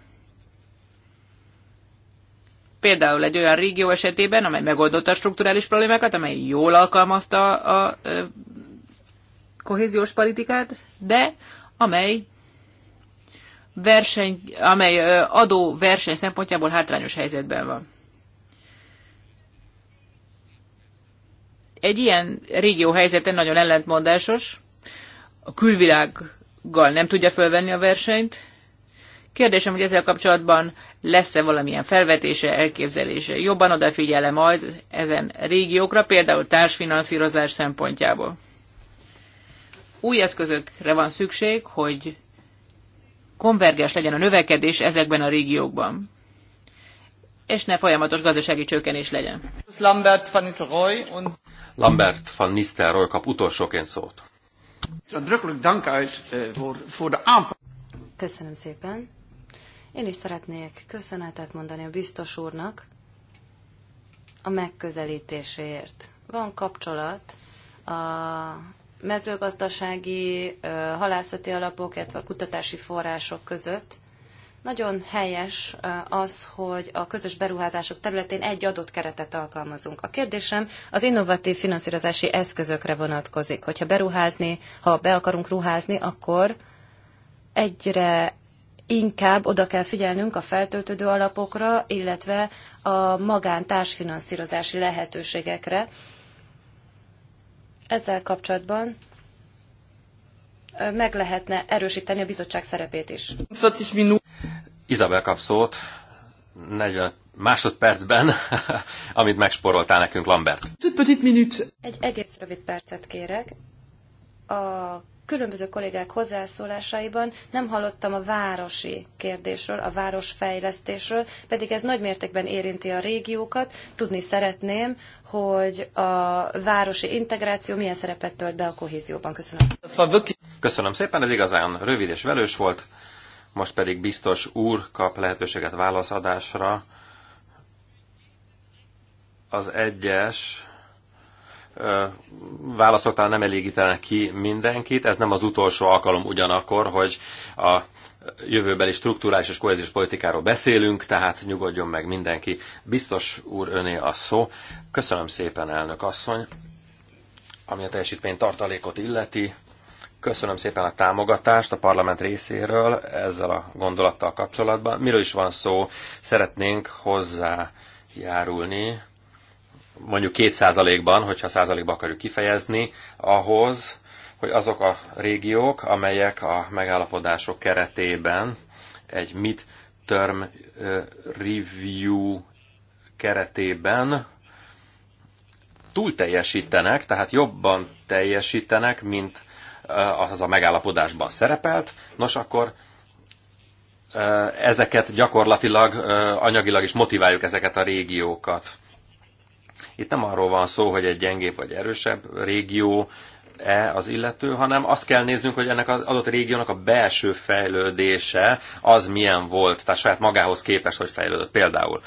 Például egy olyan régió esetében, amely megoldotta a strukturális problémákat, amely jól alkalmazta a kohéziós politikát, de amely verseny, amely adó verseny szempontjából hátrányos helyzetben van. Egy ilyen régió helyzete nagyon ellentmondásos, a külvilággal nem tudja fölvenni a versenyt. Kérdésem, hogy ezzel kapcsolatban lesz-e valamilyen felvetése, elképzelése. Jobban odafigyele majd ezen régiókra, például társfinanszírozás szempontjából. Új eszközökre van szükség, hogy konvergens legyen a növekedés ezekben a régiókban és ne folyamatos gazdasági csökkenés legyen. Lambert van Nistelrooy, und... Lambert van Nistelrooy kap utolsóként szót. Eh, Köszönöm szépen. Én is szeretnék köszönetet mondani a biztos úrnak a megközelítéséért. Van kapcsolat a mezőgazdasági, halászati alapok, illetve a kutatási források között. Nagyon helyes az, hogy a közös beruházások területén egy adott keretet alkalmazunk. A kérdésem az innovatív finanszírozási eszközökre vonatkozik. Hogyha beruházni, ha be akarunk ruházni, akkor egyre inkább oda kell figyelnünk a feltöltődő alapokra, illetve a magántársfinanszírozási lehetőségekre ezzel kapcsolatban meg lehetne erősíteni a bizottság szerepét is. Izabel kap szót 40 másodpercben, [LAUGHS] amit megsporoltál nekünk, Lambert. Egy egész rövid percet kérek. A különböző kollégák hozzászólásaiban nem hallottam a városi kérdésről, a városfejlesztésről, pedig ez nagy mértékben érinti a régiókat. Tudni szeretném, hogy a városi integráció milyen szerepet tölt be a kohézióban. Köszönöm. Köszönöm szépen, ez igazán rövid és velős volt. Most pedig biztos úr kap lehetőséget válaszadásra. Az egyes válaszok nem elégítenek ki mindenkit. Ez nem az utolsó alkalom ugyanakkor, hogy a jövőbeli struktúrális és kohéziós politikáról beszélünk, tehát nyugodjon meg mindenki. Biztos úr öné a szó. Köszönöm szépen, elnök asszony, ami a teljesítmény tartalékot illeti. Köszönöm szépen a támogatást a parlament részéről ezzel a gondolattal kapcsolatban. Miről is van szó? Szeretnénk hozzájárulni mondjuk két ban hogyha százalékban akarjuk kifejezni, ahhoz, hogy azok a régiók, amelyek a megállapodások keretében egy mid-term review keretében túl teljesítenek, tehát jobban teljesítenek, mint az a megállapodásban szerepelt, nos akkor ezeket gyakorlatilag anyagilag is motiváljuk ezeket a régiókat. Itt nem arról van szó, hogy egy gyengébb vagy erősebb régió, e az illető, hanem azt kell néznünk, hogy ennek az adott régiónak a belső fejlődése az milyen volt, tehát saját magához képes, hogy fejlődött. Például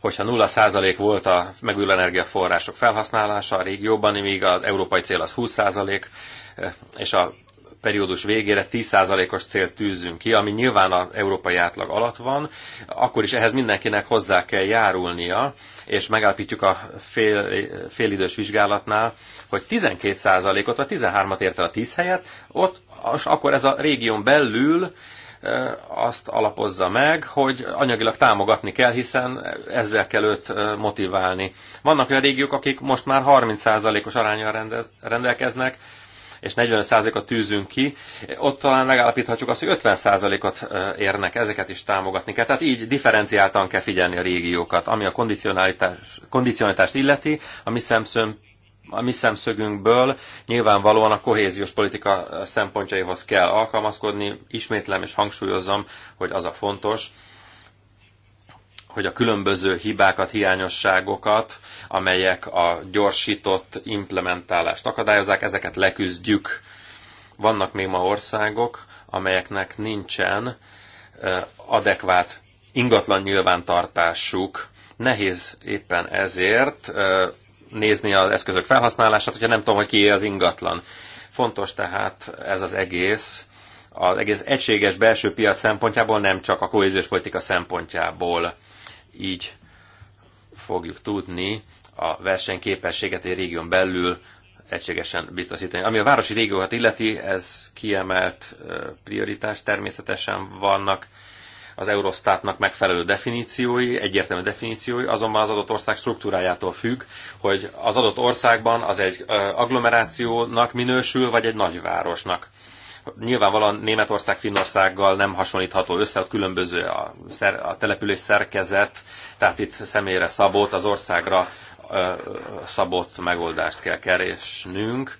hogyha 0% volt a megújuló energiaforrások felhasználása a régióban, míg az európai cél az 20%, és a periódus végére 10%-os célt tűzünk ki, ami nyilván az európai átlag alatt van, akkor is ehhez mindenkinek hozzá kell járulnia, és megállapítjuk a fél, félidős vizsgálatnál, hogy 12%-ot, vagy 13-at ért el a 10 helyet, ott, és akkor ez a régión belül azt alapozza meg, hogy anyagilag támogatni kell, hiszen ezzel kell őt motiválni. Vannak olyan régiók, akik most már 30%-os arányal rendelkeznek, és 45%-at tűzünk ki, ott talán megállapíthatjuk azt, hogy 50 ot érnek, ezeket is támogatni kell. Tehát így differenciáltan kell figyelni a régiókat. Ami a kondicionalitást illeti, a mi szemszön a mi szemszögünkből nyilvánvalóan a kohéziós politika szempontjaihoz kell alkalmazkodni. Ismétlem és hangsúlyozom, hogy az a fontos, hogy a különböző hibákat, hiányosságokat, amelyek a gyorsított implementálást akadályozák, ezeket leküzdjük. Vannak még ma országok, amelyeknek nincsen adekvát ingatlan nyilvántartásuk. Nehéz éppen ezért nézni az eszközök felhasználását, hogyha nem tudom, hogy kié az ingatlan. Fontos tehát ez az egész, az egész egységes belső piac szempontjából, nem csak a kohéziós politika szempontjából így fogjuk tudni a versenyképességet egy régión belül egységesen biztosítani. Ami a városi régiókat illeti, ez kiemelt prioritás. Természetesen vannak az Eurostatnak megfelelő definíciói, egyértelmű definíciói, azonban az adott ország struktúrájától függ, hogy az adott országban az egy agglomerációnak minősül, vagy egy nagyvárosnak nyilvánvalóan Németország Finnországgal nem hasonlítható össze, ott különböző a, szer, a település szerkezet, tehát itt személyre szabott, az országra ö, szabott megoldást kell keresnünk,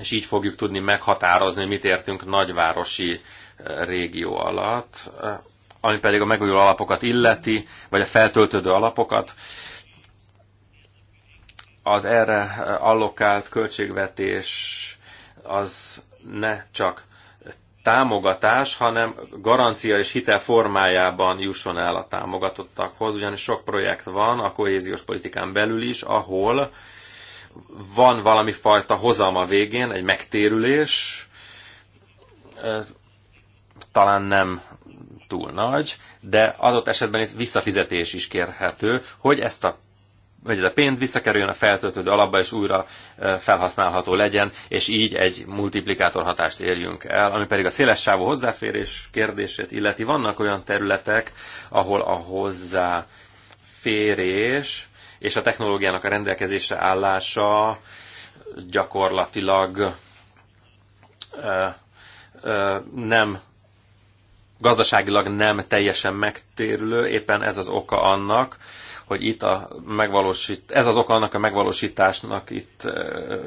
és így fogjuk tudni meghatározni, mit értünk nagyvárosi régió alatt, ami pedig a megújuló alapokat illeti, vagy a feltöltődő alapokat az erre allokált költségvetés az ne csak támogatás, hanem garancia és hitel formájában jusson el a támogatottakhoz, ugyanis sok projekt van a kohéziós politikán belül is, ahol van valami fajta hozama végén, egy megtérülés, talán nem túl nagy, de adott esetben itt visszafizetés is kérhető, hogy ezt a vagy ez a pénz visszakerüljön a feltöltődő alapba, és újra e, felhasználható legyen, és így egy multiplikátor hatást érjünk el, ami pedig a széles sávú hozzáférés kérdését illeti. Vannak olyan területek, ahol a hozzáférés és a technológiának a rendelkezésre állása gyakorlatilag ö, e, ö, e, nem gazdaságilag nem teljesen megtérülő, éppen ez az oka annak, hogy itt a megvalósít, ez az oka annak a megvalósításnak itt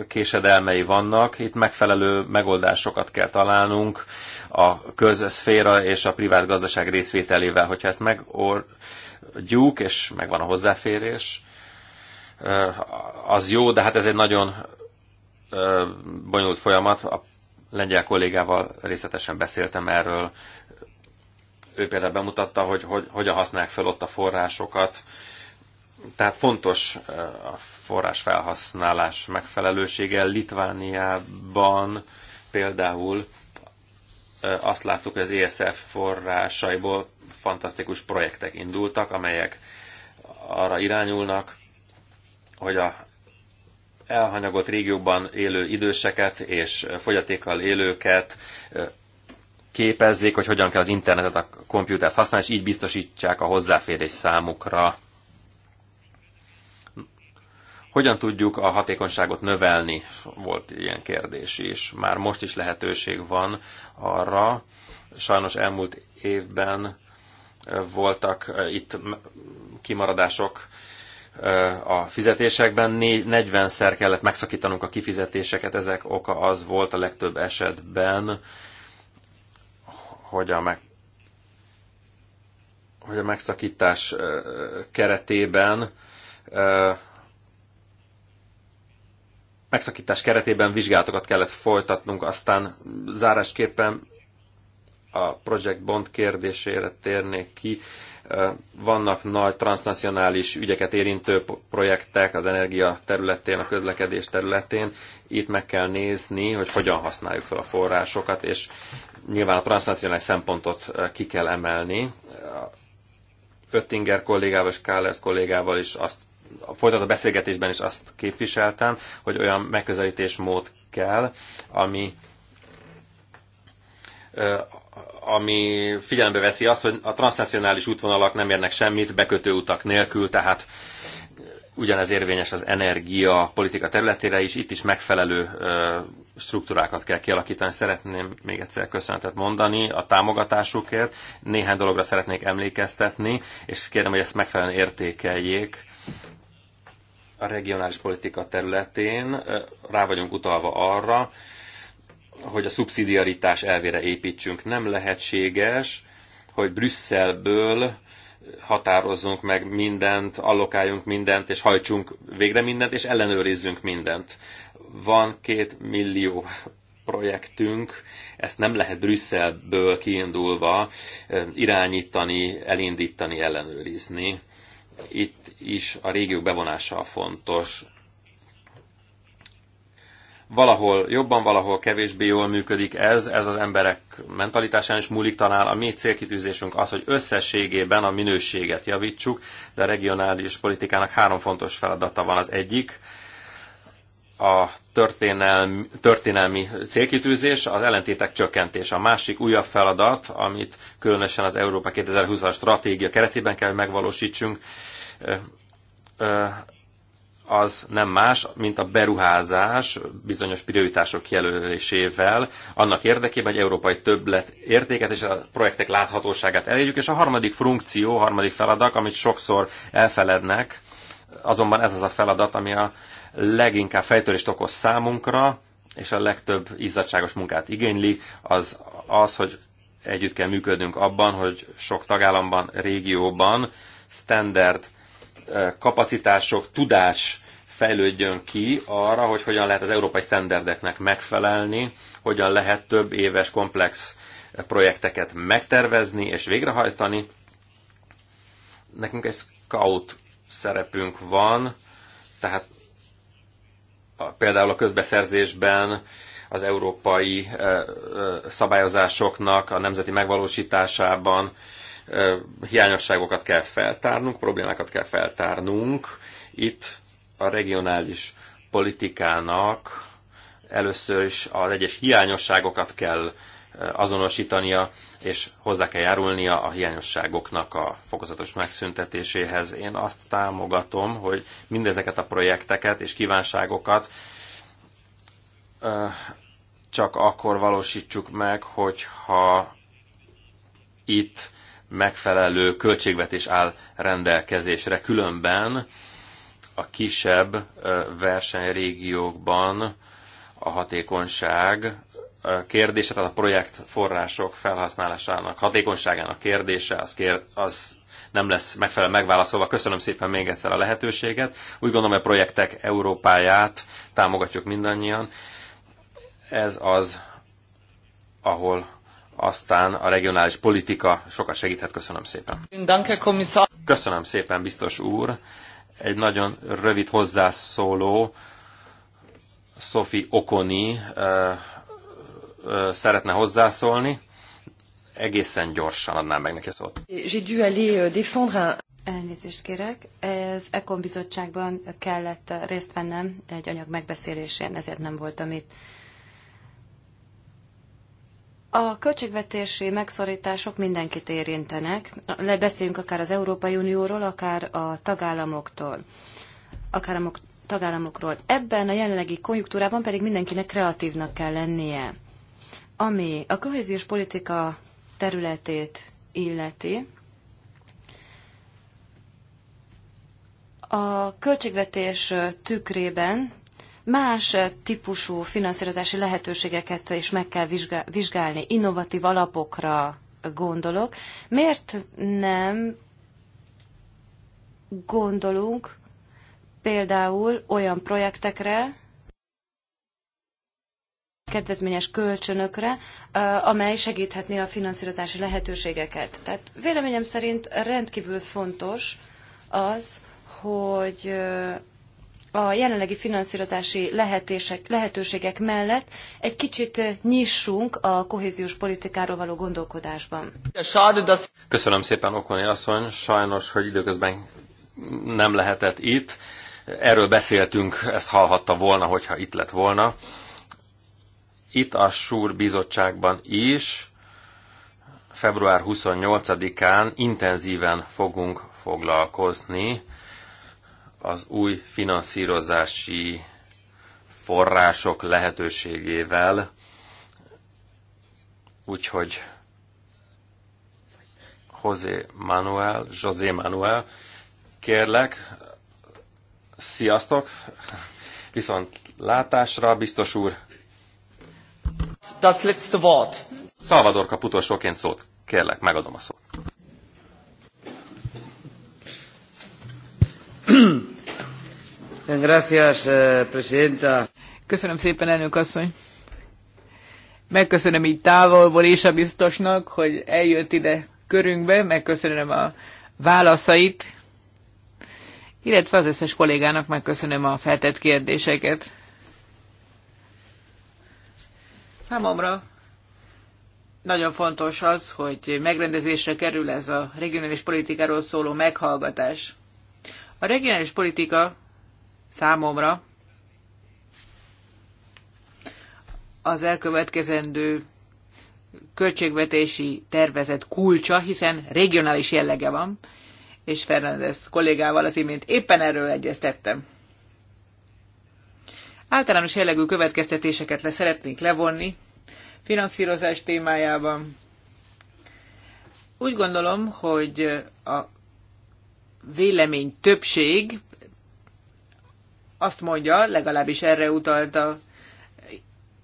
késedelmei vannak, itt megfelelő megoldásokat kell találnunk a közszféra és a privát gazdaság részvételével, hogyha ezt megoldjuk, és megvan a hozzáférés, az jó, de hát ez egy nagyon bonyolult folyamat. A lengyel kollégával részletesen beszéltem erről. Ő például bemutatta, hogy, hogy hogyan használják fel ott a forrásokat, tehát fontos a forrás felhasználás megfelelősége. Litvániában például azt láttuk, hogy az ESF forrásaiból fantasztikus projektek indultak, amelyek arra irányulnak, hogy a elhanyagolt régióban élő időseket és fogyatékkal élőket képezzék, hogy hogyan kell az internetet, a komputert használni, és így biztosítsák a hozzáférés számukra. Hogyan tudjuk a hatékonyságot növelni? Volt ilyen kérdés is. Már most is lehetőség van arra. Sajnos elmúlt évben voltak itt kimaradások a fizetésekben. 40-szer kellett megszakítanunk a kifizetéseket. Ezek oka az volt a legtöbb esetben, hogy a meg hogy a megszakítás keretében megszakítás keretében vizsgálatokat kellett folytatnunk, aztán zárásképpen a Project Bond kérdésére térnék ki. Vannak nagy transnacionális ügyeket érintő projektek az energia területén, a közlekedés területén. Itt meg kell nézni, hogy hogyan használjuk fel a forrásokat, és nyilván a transnacionális szempontot ki kell emelni. Öttinger kollégával és Kállers kollégával is azt a folytatott beszélgetésben is azt képviseltem, hogy olyan megközelítésmód kell, ami ami figyelembe veszi azt, hogy a transnacionális útvonalak nem érnek semmit bekötőutak nélkül, tehát ugyanez érvényes az energia politika területére is, itt is megfelelő struktúrákat kell kialakítani. Szeretném még egyszer köszönetet mondani a támogatásukért, néhány dologra szeretnék emlékeztetni, és kérem, hogy ezt megfelelően értékeljék a regionális politika területén rá vagyunk utalva arra, hogy a szubszidiaritás elvére építsünk. Nem lehetséges, hogy Brüsszelből határozzunk meg mindent, allokáljunk mindent, és hajtsunk végre mindent, és ellenőrizzünk mindent. Van két millió projektünk, ezt nem lehet Brüsszelből kiindulva irányítani, elindítani, ellenőrizni itt is a régiók bevonása a fontos. Valahol jobban, valahol kevésbé jól működik ez, ez az emberek mentalitásán is múlik talán. A mi célkitűzésünk az, hogy összességében a minőséget javítsuk, de a regionális politikának három fontos feladata van. Az egyik, a történelmi, történelmi célkitűzés, az ellentétek csökkentése. A másik újabb feladat, amit különösen az Európa 2020-as stratégia keretében kell megvalósítsunk, az nem más, mint a beruházás bizonyos prioritások jelölésével, annak érdekében, hogy európai többlet értéket és a projektek láthatóságát elérjük, és a harmadik funkció, a harmadik feladat, amit sokszor elfelednek, Azonban ez az a feladat, ami a leginkább fejtörést okoz számunkra, és a legtöbb izzadságos munkát igényli, az az, hogy együtt kell működnünk abban, hogy sok tagállamban, régióban standard kapacitások, tudás fejlődjön ki arra, hogy hogyan lehet az európai standardeknek megfelelni, hogyan lehet több éves komplex projekteket megtervezni és végrehajtani. Nekünk egy scout szerepünk van, tehát a, például a közbeszerzésben az európai ö, ö, szabályozásoknak a nemzeti megvalósításában ö, hiányosságokat kell feltárnunk, problémákat kell feltárnunk. Itt a regionális politikának először is az egyes hiányosságokat kell azonosítania, és hozzá kell járulnia a hiányosságoknak a fokozatos megszüntetéséhez. Én azt támogatom, hogy mindezeket a projekteket és kívánságokat csak akkor valósítsuk meg, hogyha itt megfelelő költségvetés áll rendelkezésre. Különben a kisebb versenyrégiókban a hatékonyság kérdése, tehát a projekt források felhasználásának, hatékonyságának kérdése, az, kér, az nem lesz megfelelően megválaszolva. Köszönöm szépen még egyszer a lehetőséget. Úgy gondolom, hogy a projektek Európáját támogatjuk mindannyian. Ez az, ahol aztán a regionális politika sokat segíthet. Köszönöm szépen. Köszönöm szépen, biztos úr. Egy nagyon rövid hozzászóló, Sophie Okoni eh, szeretne hozzászólni, egészen gyorsan adnám meg neki a szót. Euh, Elnézést kérek, az Ekon bizottságban kellett részt vennem egy anyag megbeszélésén, ezért nem voltam itt. A költségvetési megszorítások mindenkit érintenek. Beszéljünk akár az Európai Unióról, akár a tagállamoktól. Akár a tagállamokról. Ebben a jelenlegi konjunktúrában pedig mindenkinek kreatívnak kell lennie. Ami a kohéziós politika területét illeti, a költségvetés tükrében más típusú finanszírozási lehetőségeket is meg kell vizsgálni, innovatív alapokra gondolok. Miért nem gondolunk például olyan projektekre, kedvezményes kölcsönökre, amely segíthetné a finanszírozási lehetőségeket. Tehát véleményem szerint rendkívül fontos az, hogy a jelenlegi finanszírozási lehetések, lehetőségek mellett egy kicsit nyissunk a kohéziós politikáról való gondolkodásban. Köszönöm szépen, Okoni asszony. Sajnos, hogy időközben nem lehetett itt. Erről beszéltünk, ezt hallhatta volna, hogyha itt lett volna itt a Súr bizottságban is február 28-án intenzíven fogunk foglalkozni az új finanszírozási források lehetőségével. Úgyhogy José Manuel, José Manuel, kérlek, sziasztok, viszont látásra, biztos úr, das letzte Wort. Salvador kap utolsóként szót. Kérlek, megadom a szót. Gracias, eh, presidenta. Köszönöm szépen, elnök asszony. Megköszönöm így távolból és a biztosnak, hogy eljött ide körünkbe, megköszönöm a válaszait, illetve az összes kollégának megköszönöm a feltett kérdéseket. Számomra nagyon fontos az, hogy megrendezésre kerül ez a regionális politikáról szóló meghallgatás. A regionális politika számomra az elkövetkezendő költségvetési tervezet kulcsa, hiszen regionális jellege van, és Fernández kollégával az imént éppen erről egyeztettem. Általános jellegű következtetéseket le szeretnénk levonni finanszírozás témájában. Úgy gondolom, hogy a vélemény többség azt mondja, legalábbis erre utalt a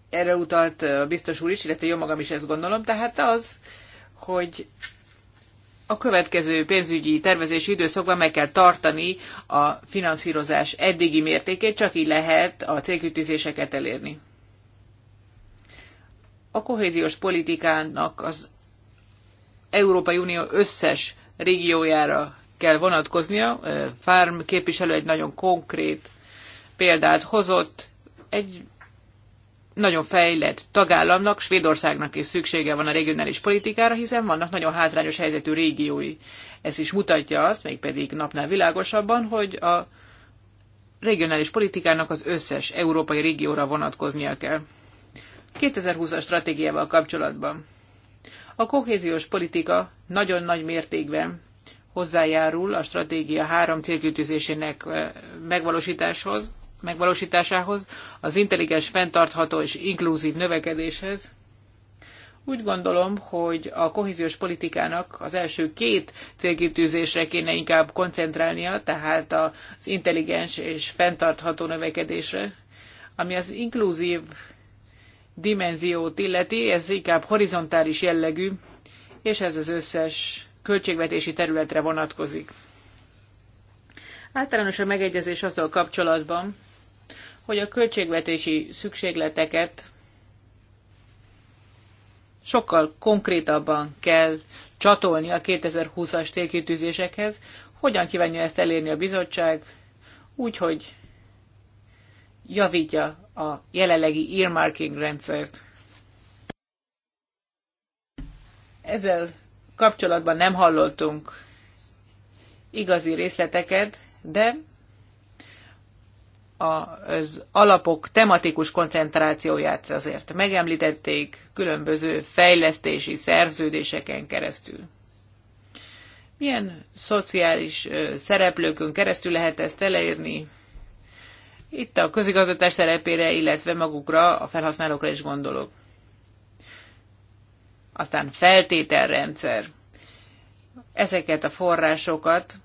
erre utalt a biztos úr is, illetve jó magam is ezt gondolom, tehát az, hogy a következő pénzügyi tervezési időszakban meg kell tartani a finanszírozás eddigi mértékét, csak így lehet a célkütőzéseket elérni. A kohéziós politikának az Európai Unió összes régiójára kell vonatkoznia. Farm képviselő egy nagyon konkrét példát hozott. Egy nagyon fejlett tagállamnak, Svédországnak is szüksége van a regionális politikára, hiszen vannak nagyon hátrányos helyzetű régiói. Ez is mutatja azt, mégpedig napnál világosabban, hogy a regionális politikának az összes európai régióra vonatkoznia kell. 2020-as stratégiával kapcsolatban. A kohéziós politika nagyon nagy mértékben hozzájárul a stratégia három célkütőzésének eh, megvalósításhoz, megvalósításához, az intelligens, fenntartható és inkluzív növekedéshez. Úgy gondolom, hogy a kohéziós politikának az első két célkitűzésre kéne inkább koncentrálnia, tehát az intelligens és fenntartható növekedésre, ami az inkluzív dimenziót illeti, ez inkább horizontális jellegű, és ez az összes költségvetési területre vonatkozik. Általános a megegyezés azzal kapcsolatban, hogy a költségvetési szükségleteket sokkal konkrétabban kell csatolni a 2020-as célkitűzésekhez. Hogyan kívánja ezt elérni a bizottság? Úgy, hogy javítja a jelenlegi earmarking rendszert. Ezzel kapcsolatban nem hallottunk igazi részleteket, de az alapok tematikus koncentrációját azért megemlítették különböző fejlesztési szerződéseken keresztül. Milyen szociális szereplőkön keresztül lehet ezt elérni? Itt a közigazgatás szerepére, illetve magukra, a felhasználókra is gondolok. Aztán feltételrendszer. Ezeket a forrásokat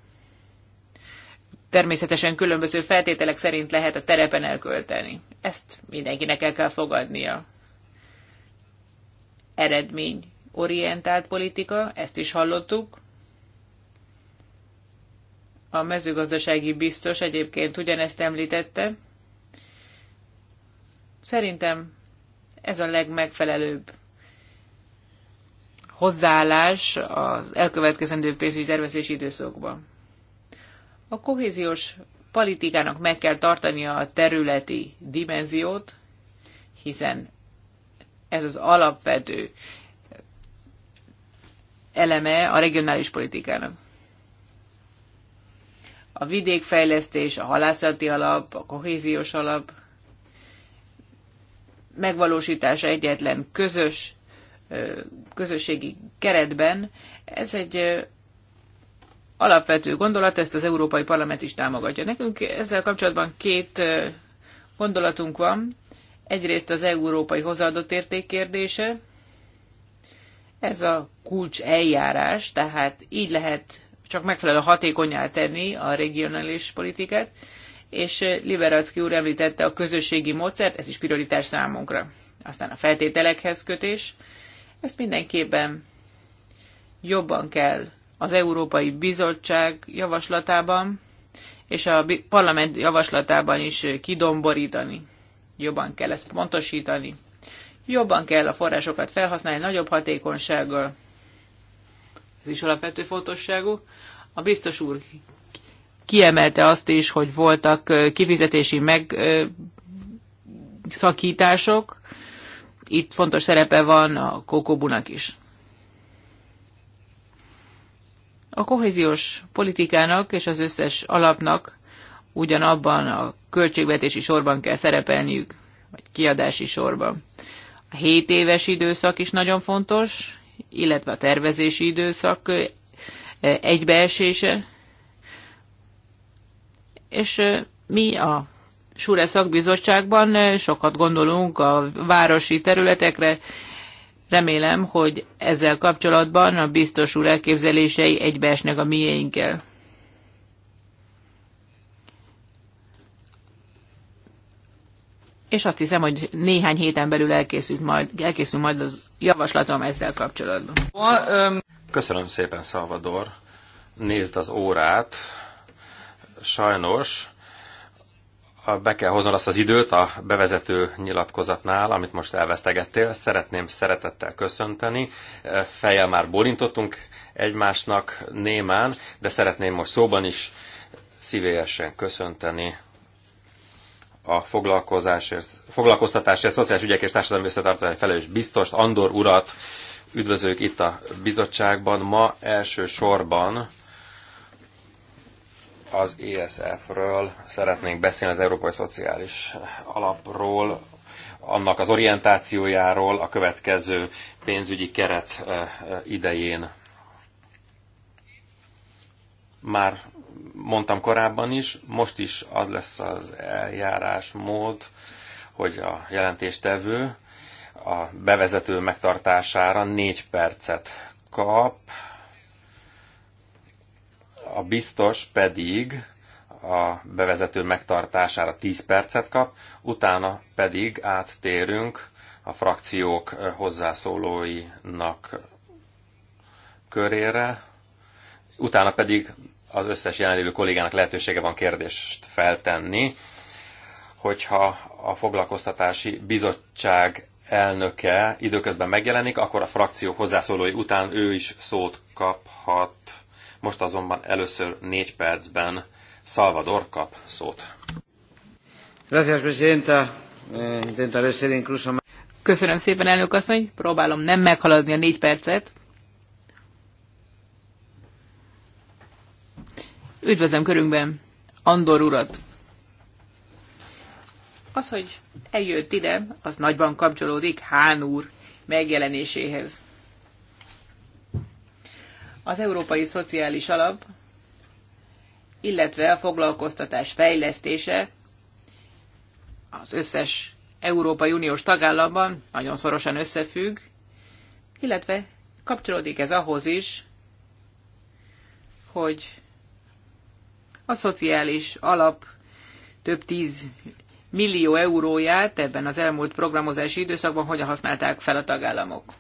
természetesen különböző feltételek szerint lehet a terepen elkölteni. Ezt mindenkinek el kell fogadnia. Eredmény orientált politika, ezt is hallottuk. A mezőgazdasági biztos egyébként ugyanezt említette. Szerintem ez a legmegfelelőbb hozzáállás az elkövetkezendő pénzügyi tervezési időszakban. A kohéziós politikának meg kell tartania a területi dimenziót, hiszen ez az alapvető eleme a regionális politikának. A vidékfejlesztés, a halászati alap, a kohéziós alap megvalósítása egyetlen közös közösségi keretben, ez egy alapvető gondolat, ezt az Európai Parlament is támogatja. Nekünk ezzel kapcsolatban két gondolatunk van. Egyrészt az európai hozzáadott érték kérdése, ez a kulcs eljárás, tehát így lehet csak megfelelő hatékonyá tenni a regionális politikát, és Liberacki úr említette a közösségi módszert, ez is prioritás számunkra. Aztán a feltételekhez kötés, ezt mindenképpen jobban kell az Európai Bizottság javaslatában és a parlament javaslatában is kidomborítani. Jobban kell ezt pontosítani. Jobban kell a forrásokat felhasználni, nagyobb hatékonysággal. Ez is alapvető fontosságú. A biztos úr kiemelte azt is, hogy voltak kifizetési megszakítások. Itt fontos szerepe van a kokobunak is. A kohéziós politikának és az összes alapnak ugyanabban a költségvetési sorban kell szerepelniük, vagy kiadási sorban. A 7 éves időszak is nagyon fontos, illetve a tervezési időszak egybeesése, és mi a Sure szakbizottságban sokat gondolunk a városi területekre, Remélem, hogy ezzel kapcsolatban a biztos úr elképzelései egybeesnek a miénkkel. És azt hiszem, hogy néhány héten belül elkészült majd, elkészül majd az javaslatom ezzel kapcsolatban. Köszönöm szépen, Salvador. Nézd az órát. Sajnos be kell hoznod azt az időt a bevezető nyilatkozatnál, amit most elvesztegettél. Szeretném szeretettel köszönteni. E, fejjel már borintottunk egymásnak némán, de szeretném most szóban is szívélyesen köszönteni a foglalkozásért, foglalkoztatásért, szociális ügyek és társadalmi összetartozás felelős biztos Andor urat üdvözöljük itt a bizottságban. Ma elsősorban az ESF-ről szeretnénk beszélni, az Európai Szociális Alapról, annak az orientációjáról a következő pénzügyi keret idején. Már mondtam korábban is, most is az lesz az eljárásmód, hogy a jelentéstevő a bevezető megtartására négy percet kap, a biztos pedig a bevezető megtartására 10 percet kap, utána pedig áttérünk a frakciók hozzászólóinak körére, utána pedig az összes jelenlévő kollégának lehetősége van kérdést feltenni, hogyha a foglalkoztatási bizottság elnöke időközben megjelenik, akkor a frakciók hozzászólói után ő is szót kaphat most azonban először négy percben Salvador kap szót. Gracias, Presidenta. Eh, intentaré ser incluso Köszönöm szépen, elnök asszony. Próbálom nem meghaladni a négy percet. Üdvözlöm körünkben Andor urat. Az, hogy eljött ide, az nagyban kapcsolódik Hán úr megjelenéséhez az Európai Szociális Alap, illetve a foglalkoztatás fejlesztése az összes Európai Uniós tagállamban nagyon szorosan összefügg, illetve kapcsolódik ez ahhoz is, hogy a szociális alap több tíz millió euróját ebben az elmúlt programozási időszakban hogyan használták fel a tagállamok.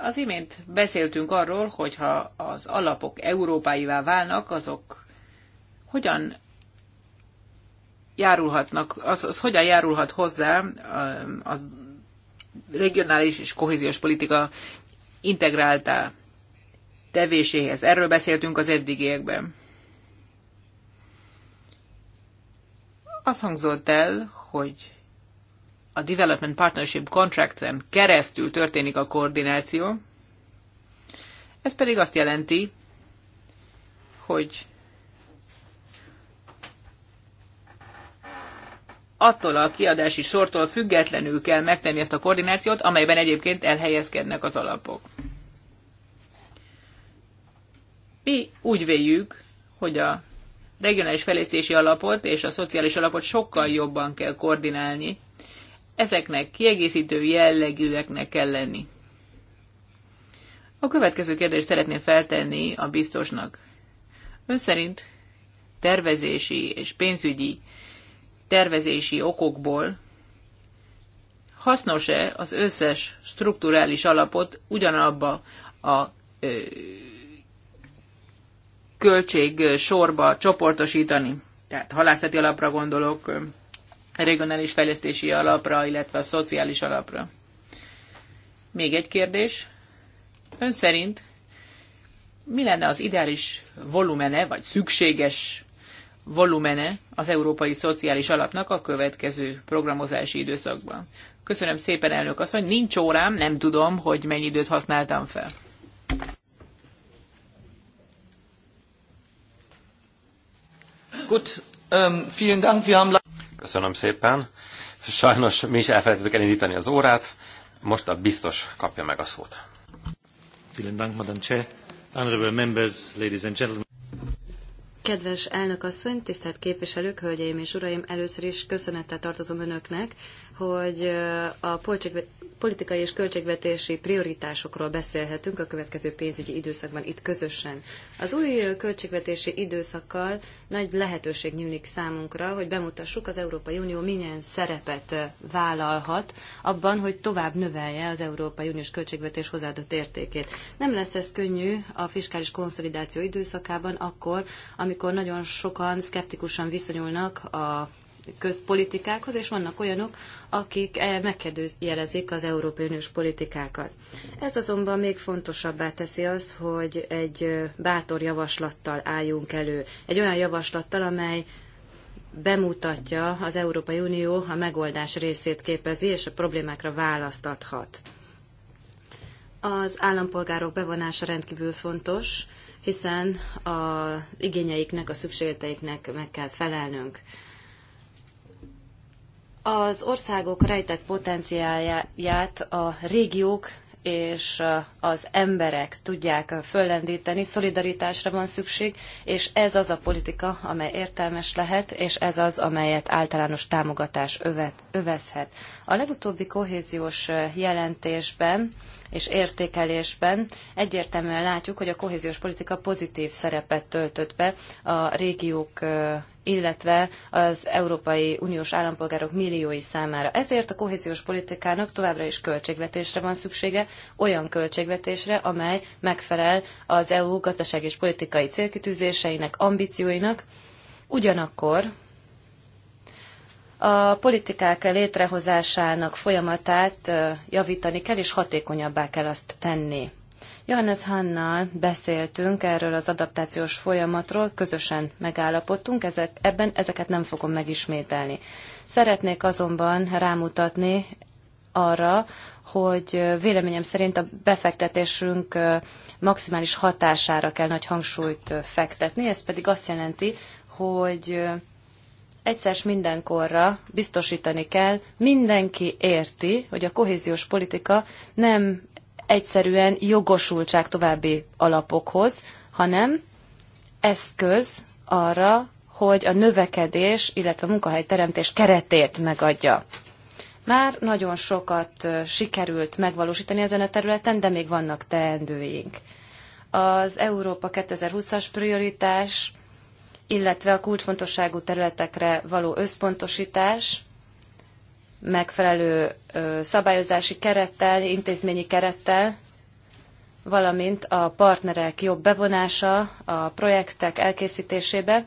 Az imént beszéltünk arról, hogyha az alapok európáivá válnak, azok hogyan járulhatnak, az, az hogyan járulhat hozzá a, a regionális és kohéziós politika integráltá tevéséhez. Erről beszéltünk az eddigiekben. Az hangzott el, hogy a Development Partnership contract en keresztül történik a koordináció. Ez pedig azt jelenti, hogy attól a kiadási sortól függetlenül kell megtenni ezt a koordinációt, amelyben egyébként elhelyezkednek az alapok. Mi úgy véljük, hogy a regionális fejlesztési alapot és a szociális alapot sokkal jobban kell koordinálni, ezeknek kiegészítő jellegűeknek kell lenni. A következő kérdést szeretném feltenni a biztosnak. Ön szerint tervezési és pénzügyi tervezési okokból hasznos-e az összes strukturális alapot ugyanabba a ö, költség sorba csoportosítani? Tehát halászati alapra gondolok, regionális fejlesztési alapra, illetve a szociális alapra. Még egy kérdés. Ön szerint mi lenne az ideális volumene, vagy szükséges volumene az Európai Szociális Alapnak a következő programozási időszakban? Köszönöm szépen, elnök asszony. Nincs órám, nem tudom, hogy mennyi időt használtam fel. Gut, ähm, vielen Dank. Wir haben Köszönöm szépen. Sajnos mi is elfelejtettük elindítani az órát. Most a biztos kapja meg a szót. Kedves elnök asszony, tisztelt képviselők, hölgyeim és uraim, először is köszönettel tartozom önöknek hogy a politikai és költségvetési prioritásokról beszélhetünk a következő pénzügyi időszakban itt közösen. Az új költségvetési időszakkal nagy lehetőség nyílik számunkra, hogy bemutassuk az Európai Unió milyen szerepet vállalhat abban, hogy tovább növelje az Európai Uniós költségvetés hozzáadott értékét. Nem lesz ez könnyű a fiskális konszolidáció időszakában, akkor, amikor nagyon sokan szkeptikusan viszonyulnak a közpolitikákhoz, és vannak olyanok, akik eh, megkérdőjelezik az Európai Uniós politikákat. Ez azonban még fontosabbá teszi azt, hogy egy eh, bátor javaslattal álljunk elő. Egy olyan javaslattal, amely bemutatja az Európai Unió a megoldás részét képezi, és a problémákra választ adhat. Az állampolgárok bevonása rendkívül fontos, hiszen az igényeiknek, a szükségleteiknek meg kell felelnünk az országok rejtett potenciálját a régiók és az emberek tudják föllendíteni, szolidaritásra van szükség, és ez az a politika, amely értelmes lehet, és ez az, amelyet általános támogatás övet, övezhet. A legutóbbi kohéziós jelentésben és értékelésben egyértelműen látjuk, hogy a kohéziós politika pozitív szerepet töltött be a régiók illetve az Európai Uniós állampolgárok milliói számára. Ezért a kohéziós politikának továbbra is költségvetésre van szüksége, olyan költségvetésre, amely megfelel az EU gazdasági és politikai célkitűzéseinek, ambícióinak, ugyanakkor a politikák létrehozásának folyamatát javítani kell, és hatékonyabbá kell azt tenni. Johannes Hannal beszéltünk erről az adaptációs folyamatról, közösen megállapodtunk, ezek, ebben ezeket nem fogom megismételni. Szeretnék azonban rámutatni arra, hogy véleményem szerint a befektetésünk maximális hatására kell nagy hangsúlyt fektetni, ez pedig azt jelenti, hogy egyszer mindenkorra biztosítani kell, mindenki érti, hogy a kohéziós politika nem egyszerűen jogosultság további alapokhoz, hanem eszköz arra, hogy a növekedés, illetve a munkahelyteremtés keretét megadja. Már nagyon sokat sikerült megvalósítani ezen a területen, de még vannak teendőink. Az Európa 2020-as prioritás, illetve a kulcsfontosságú területekre való összpontosítás megfelelő szabályozási kerettel, intézményi kerettel, valamint a partnerek jobb bevonása a projektek elkészítésébe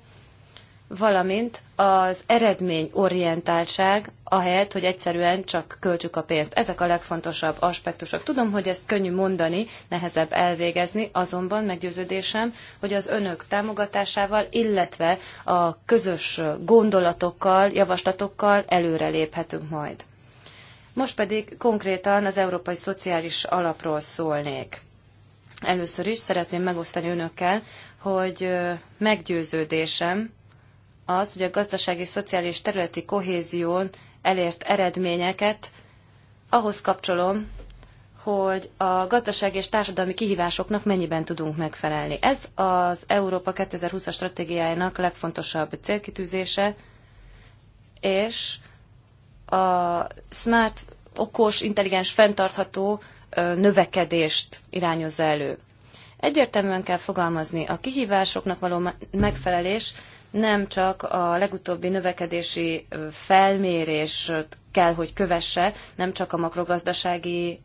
valamint az eredményorientáltság, ahelyett, hogy egyszerűen csak költsük a pénzt. Ezek a legfontosabb aspektusok. Tudom, hogy ezt könnyű mondani, nehezebb elvégezni, azonban meggyőződésem, hogy az önök támogatásával, illetve a közös gondolatokkal, javaslatokkal előreléphetünk majd. Most pedig konkrétan az Európai Szociális Alapról szólnék. Először is szeretném megosztani önökkel, hogy meggyőződésem, az, hogy a gazdasági, szociális területi kohézión elért eredményeket ahhoz kapcsolom, hogy a gazdasági és társadalmi kihívásoknak mennyiben tudunk megfelelni. Ez az Európa 2020-as stratégiájának legfontosabb célkitűzése, és a smart, okos, intelligens, fenntartható növekedést irányozza elő. Egyértelműen kell fogalmazni, a kihívásoknak való megfelelés nem csak a legutóbbi növekedési felmérés kell, hogy kövesse, nem csak a makrogazdasági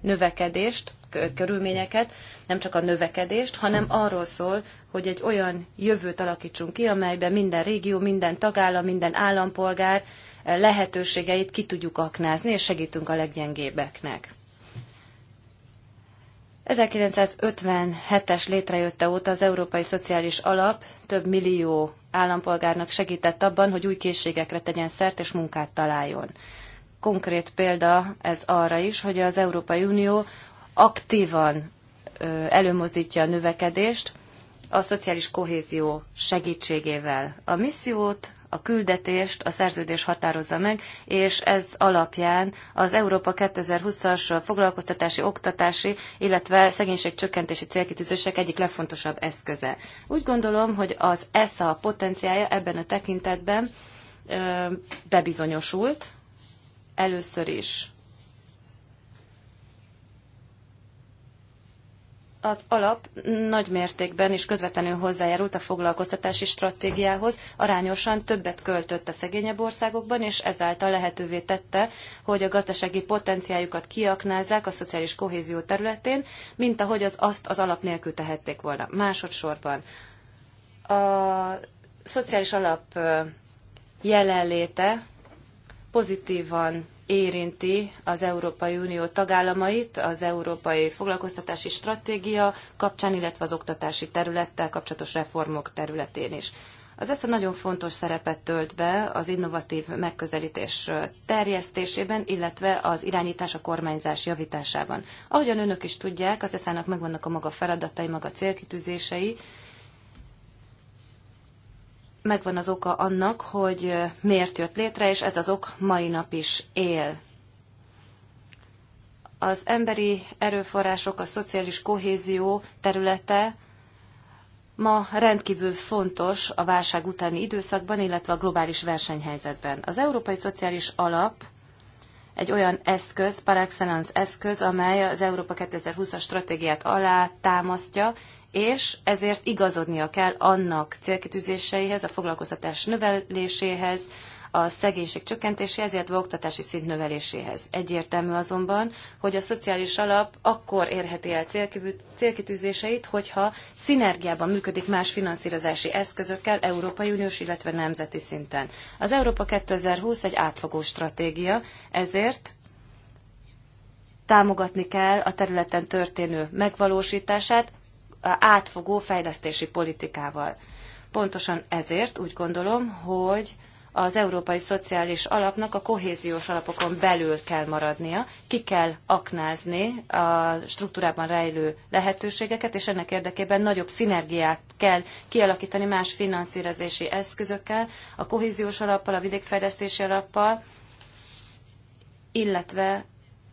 növekedést, körülményeket, nem csak a növekedést, hanem arról szól, hogy egy olyan jövőt alakítsunk ki, amelyben minden régió, minden tagállam, minden állampolgár lehetőségeit ki tudjuk aknázni, és segítünk a leggyengébbeknek. 1957-es létrejötte óta az Európai Szociális Alap több millió állampolgárnak segített abban, hogy új készségekre tegyen szert és munkát találjon. Konkrét példa ez arra is, hogy az Európai Unió aktívan előmozdítja a növekedést a szociális kohézió segítségével. A missziót a küldetést a szerződés határozza meg, és ez alapján az Európa 2020-as foglalkoztatási, oktatási, illetve szegénységcsökkentési célkitűzések egyik legfontosabb eszköze. Úgy gondolom, hogy az ESA potenciája ebben a tekintetben bebizonyosult először is az alap nagy mértékben és közvetlenül hozzájárult a foglalkoztatási stratégiához, arányosan többet költött a szegényebb országokban, és ezáltal lehetővé tette, hogy a gazdasági potenciáljukat kiaknázzák a szociális kohézió területén, mint ahogy az azt az alap nélkül tehették volna. Másodszorban a szociális alap jelenléte pozitívan érinti az Európai Unió tagállamait az Európai Foglalkoztatási Stratégia kapcsán, illetve az oktatási területtel kapcsolatos reformok területén is. Az ESZA nagyon fontos szerepet tölt be az innovatív megközelítés terjesztésében, illetve az irányítás, a kormányzás javításában. Ahogyan önök is tudják, az ESZA-nak megvannak a maga feladatai, maga célkitűzései, megvan az oka annak, hogy miért jött létre, és ez az ok mai nap is él. Az emberi erőforrások, a szociális kohézió területe ma rendkívül fontos a válság utáni időszakban, illetve a globális versenyhelyzetben. Az Európai Szociális Alap egy olyan eszköz, par excellence eszköz, amely az Európa 2020-as stratégiát alá támasztja, és ezért igazodnia kell annak célkitűzéseihez, a foglalkoztatás növeléséhez, a szegénység csökkentéséhez, a oktatási szint növeléséhez. Egyértelmű azonban, hogy a szociális alap akkor érheti el célkitűzéseit, hogyha szinergiában működik más finanszírozási eszközökkel Európai Uniós, illetve nemzeti szinten. Az Európa 2020 egy átfogó stratégia, ezért támogatni kell a területen történő megvalósítását, átfogó fejlesztési politikával. Pontosan ezért úgy gondolom, hogy az Európai Szociális Alapnak a kohéziós alapokon belül kell maradnia, ki kell aknázni a struktúrában rejlő lehetőségeket, és ennek érdekében nagyobb szinergiát kell kialakítani más finanszírozási eszközökkel, a kohéziós alappal, a vidékfejlesztési alappal, illetve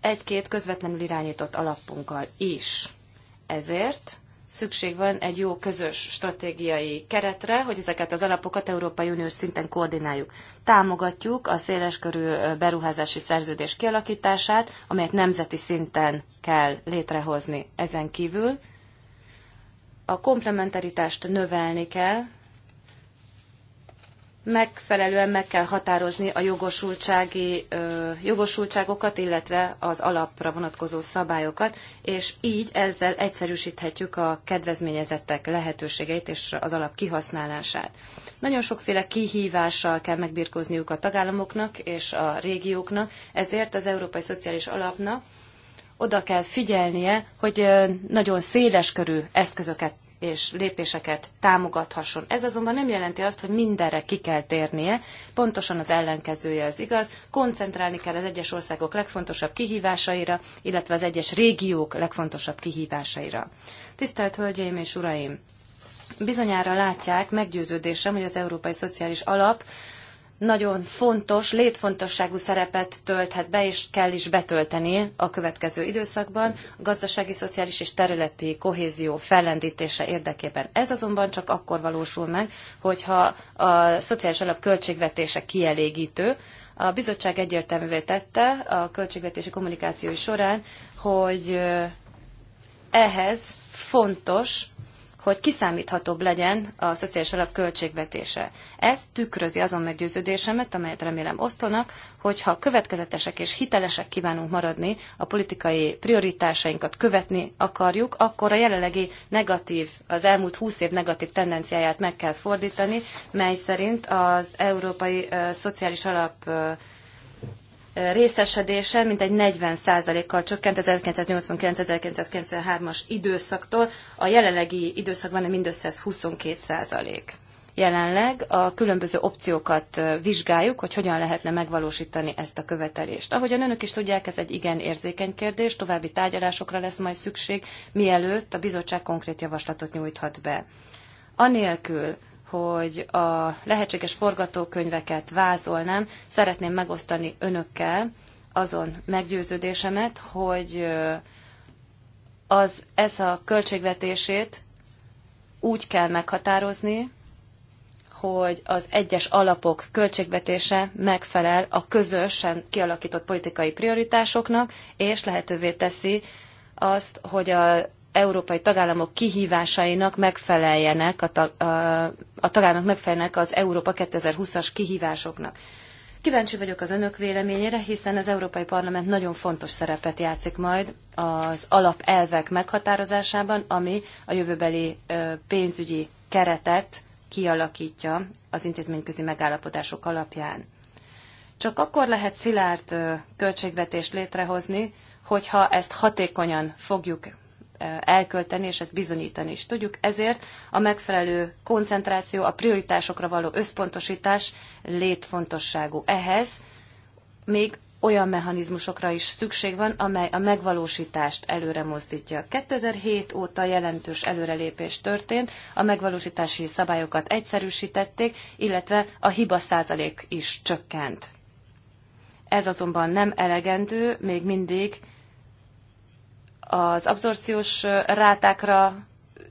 egy-két közvetlenül irányított alapunkkal is. Ezért szükség van egy jó közös stratégiai keretre, hogy ezeket az alapokat Európai Uniós szinten koordináljuk. Támogatjuk a széleskörű beruházási szerződés kialakítását, amelyet nemzeti szinten kell létrehozni. Ezen kívül a komplementaritást növelni kell, megfelelően meg kell határozni a jogosultsági, jogosultságokat, illetve az alapra vonatkozó szabályokat, és így ezzel egyszerűsíthetjük a kedvezményezettek lehetőségeit és az alap kihasználását. Nagyon sokféle kihívással kell megbirkózniuk a tagállamoknak és a régióknak, ezért az Európai Szociális Alapnak oda kell figyelnie, hogy nagyon széles körű eszközöket és lépéseket támogathasson. Ez azonban nem jelenti azt, hogy mindenre ki kell térnie, pontosan az ellenkezője az igaz, koncentrálni kell az egyes országok legfontosabb kihívásaira, illetve az egyes régiók legfontosabb kihívásaira. Tisztelt Hölgyeim és Uraim! Bizonyára látják, meggyőződésem, hogy az Európai Szociális Alap nagyon fontos, létfontosságú szerepet tölthet be, és kell is betölteni a következő időszakban a gazdasági, szociális és területi kohézió fellendítése érdekében. Ez azonban csak akkor valósul meg, hogyha a szociális alap költségvetése kielégítő. A bizottság egyértelművé tette a költségvetési kommunikációi során, hogy ehhez fontos hogy kiszámíthatóbb legyen a szociális alap költségvetése. Ez tükrözi azon meggyőződésemet, amelyet remélem osztanak, ha következetesek és hitelesek kívánunk maradni, a politikai prioritásainkat követni akarjuk, akkor a jelenlegi negatív, az elmúlt húsz év negatív tendenciáját meg kell fordítani, mely szerint az Európai Szociális Alap részesedése mintegy 40%-kal csökkent 1989-1993-as időszaktól, a jelenlegi időszakban mindössze ez 22%. Jelenleg a különböző opciókat vizsgáljuk, hogy hogyan lehetne megvalósítani ezt a követelést. Ahogyan önök is tudják, ez egy igen érzékeny kérdés, további tárgyalásokra lesz majd szükség, mielőtt a bizottság konkrét javaslatot nyújthat be. Anélkül, hogy a lehetséges forgatókönyveket vázolnám, szeretném megosztani önökkel azon meggyőződésemet, hogy az ez a költségvetését úgy kell meghatározni, hogy az egyes alapok költségvetése megfelel a közösen kialakított politikai prioritásoknak, és lehetővé teszi azt, hogy a európai tagállamok kihívásainak megfeleljenek, a, tag, a, a tagállamok megfeleljenek az Európa 2020-as kihívásoknak. Kíváncsi vagyok az önök véleményére, hiszen az Európai Parlament nagyon fontos szerepet játszik majd az alapelvek meghatározásában, ami a jövőbeli pénzügyi keretet kialakítja az intézményközi megállapodások alapján. Csak akkor lehet szilárd költségvetést létrehozni, hogyha ezt hatékonyan fogjuk elkölteni, és ezt bizonyítani is tudjuk. Ezért a megfelelő koncentráció, a prioritásokra való összpontosítás létfontosságú. Ehhez még olyan mechanizmusokra is szükség van, amely a megvalósítást előre mozdítja. 2007 óta jelentős előrelépés történt, a megvalósítási szabályokat egyszerűsítették, illetve a hiba százalék is csökkent. Ez azonban nem elegendő, még mindig az abszorciós rátákra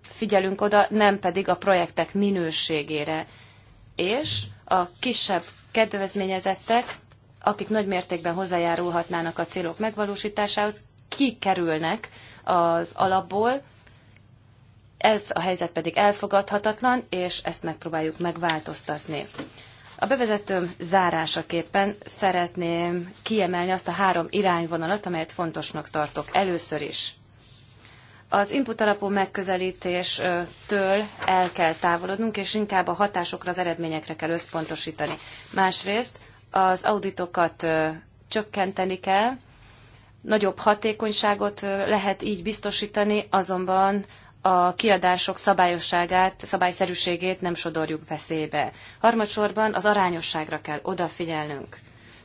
figyelünk oda, nem pedig a projektek minőségére. És a kisebb kedvezményezettek, akik nagy mértékben hozzájárulhatnának a célok megvalósításához, kikerülnek az alapból, ez a helyzet pedig elfogadhatatlan, és ezt megpróbáljuk megváltoztatni. A bevezetőm zárásaképpen szeretném kiemelni azt a három irányvonalat, amelyet fontosnak tartok először is. Az input alapú megközelítéstől el kell távolodnunk, és inkább a hatásokra, az eredményekre kell összpontosítani. Másrészt az auditokat csökkenteni kell, nagyobb hatékonyságot lehet így biztosítani, azonban a kiadások szabályosságát, szabályszerűségét nem sodorjuk veszélybe. Harmadsorban az arányosságra kell odafigyelnünk.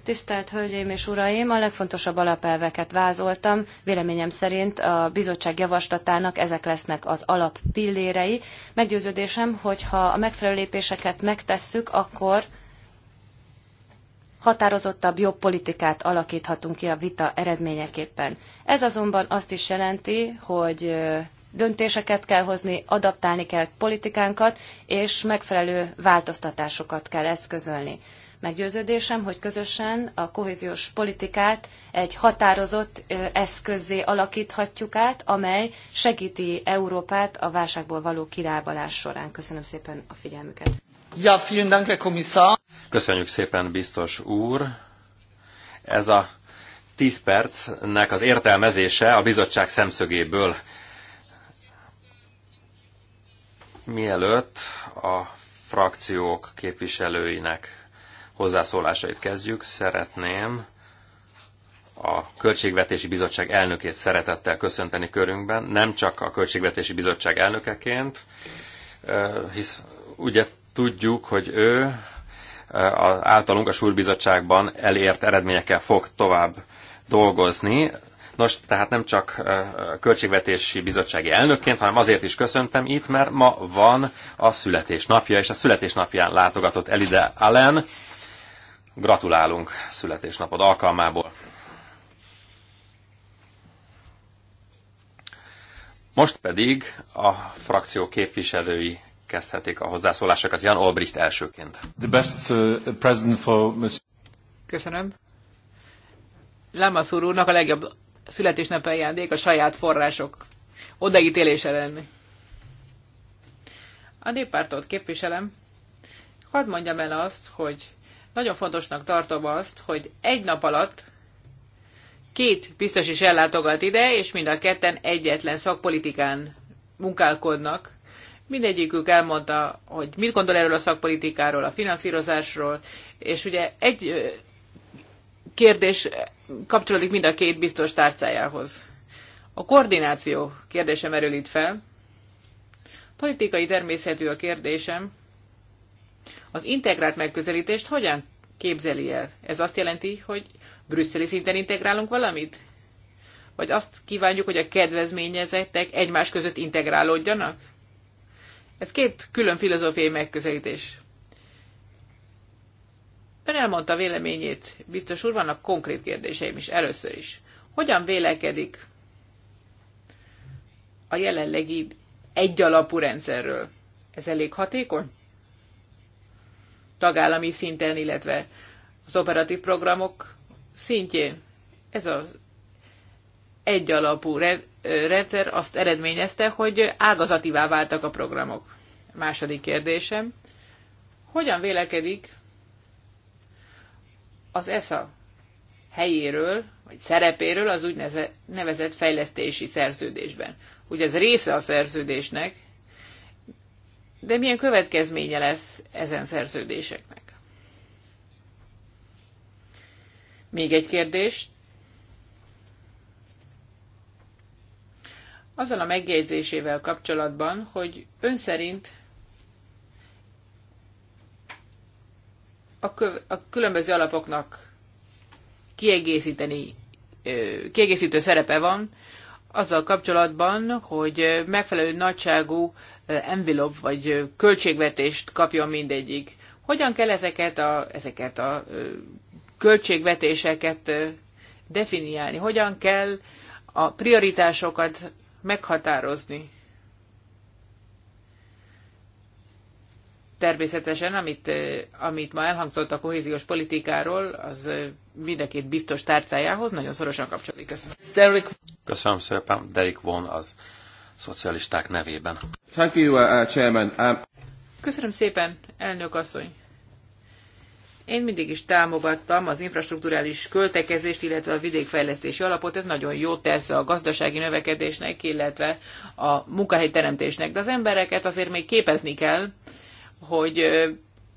Tisztelt Hölgyeim és Uraim, a legfontosabb alapelveket vázoltam. Véleményem szerint a bizottság javaslatának ezek lesznek az alap pillérei. Meggyőződésem, hogy ha a megfelelő lépéseket megtesszük, akkor határozottabb jobb politikát alakíthatunk ki a vita eredményeképpen. Ez azonban azt is jelenti, hogy döntéseket kell hozni, adaptálni kell politikánkat, és megfelelő változtatásokat kell eszközölni. Meggyőződésem, hogy közösen a kohéziós politikát egy határozott eszközzé alakíthatjuk át, amely segíti Európát a válságból való kirábalás során. Köszönöm szépen a figyelmüket. Ja, vielen Dank, Herr Kommissar. Köszönjük szépen, biztos úr. Ez a 10 percnek az értelmezése a bizottság szemszögéből Mielőtt a frakciók képviselőinek hozzászólásait kezdjük, szeretném a Költségvetési Bizottság elnökét szeretettel köszönteni körünkben, nem csak a Költségvetési Bizottság elnökeként, hisz ugye tudjuk, hogy ő általunk a Súrbizottságban elért eredményekkel fog tovább dolgozni. Nos, tehát nem csak költségvetési bizottsági elnökként, hanem azért is köszöntem itt, mert ma van a születésnapja, és a születésnapján látogatott elide Allen. Gratulálunk születésnapod alkalmából. Most pedig a frakció képviselői kezdhetik a hozzászólásokat. Jan Olbricht elsőként. The best uh, president for Köszönöm. Lamassur úrnak a legjobb születésnap ajándék a saját források odaítélése lenni. A néppártot képviselem. Hadd mondjam el azt, hogy nagyon fontosnak tartom azt, hogy egy nap alatt két biztos is ellátogat ide, és mind a ketten egyetlen szakpolitikán munkálkodnak. Mindegyikük elmondta, hogy mit gondol erről a szakpolitikáról, a finanszírozásról, és ugye egy kérdés kapcsolódik mind a két biztos tárcájához. A koordináció kérdése merül itt fel. Politikai természetű a kérdésem. Az integrált megközelítést hogyan képzeli el? Ez azt jelenti, hogy brüsszeli szinten integrálunk valamit? Vagy azt kívánjuk, hogy a kedvezményezettek egymás között integrálódjanak? Ez két külön filozófiai megközelítés. Ön elmondta véleményét, biztos úr, vannak konkrét kérdéseim is, először is. Hogyan vélekedik a jelenlegi egyalapú rendszerről? Ez elég hatékony? Tagállami szinten, illetve az operatív programok szintjén ez az egyalapú rendszer azt eredményezte, hogy ágazativá váltak a programok. Második kérdésem, hogyan vélekedik az ESA helyéről, vagy szerepéről az úgynevezett fejlesztési szerződésben. Ugye ez része a szerződésnek, de milyen következménye lesz ezen szerződéseknek? Még egy kérdés. Azzal a megjegyzésével kapcsolatban, hogy ön szerint a, köv, a különböző alapoknak kiegészíteni, kiegészítő szerepe van azzal kapcsolatban, hogy megfelelő nagyságú envelop vagy költségvetést kapjon mindegyik. Hogyan kell ezeket a, ezeket a költségvetéseket definiálni? Hogyan kell a prioritásokat meghatározni? természetesen, amit, amit ma elhangzott a kohéziós politikáról, az mindenkit biztos tárcájához nagyon szorosan kapcsolódik. Köszönöm. Derek. Köszönöm szépen. Derek von az szocialisták nevében. Thank you, uh, uh, chairman. Um... Köszönöm szépen, elnök asszony. Én mindig is támogattam az infrastruktúrális költekezést, illetve a vidékfejlesztési alapot. Ez nagyon jó tesz a gazdasági növekedésnek, illetve a munkahelyteremtésnek. De az embereket azért még képezni kell, hogy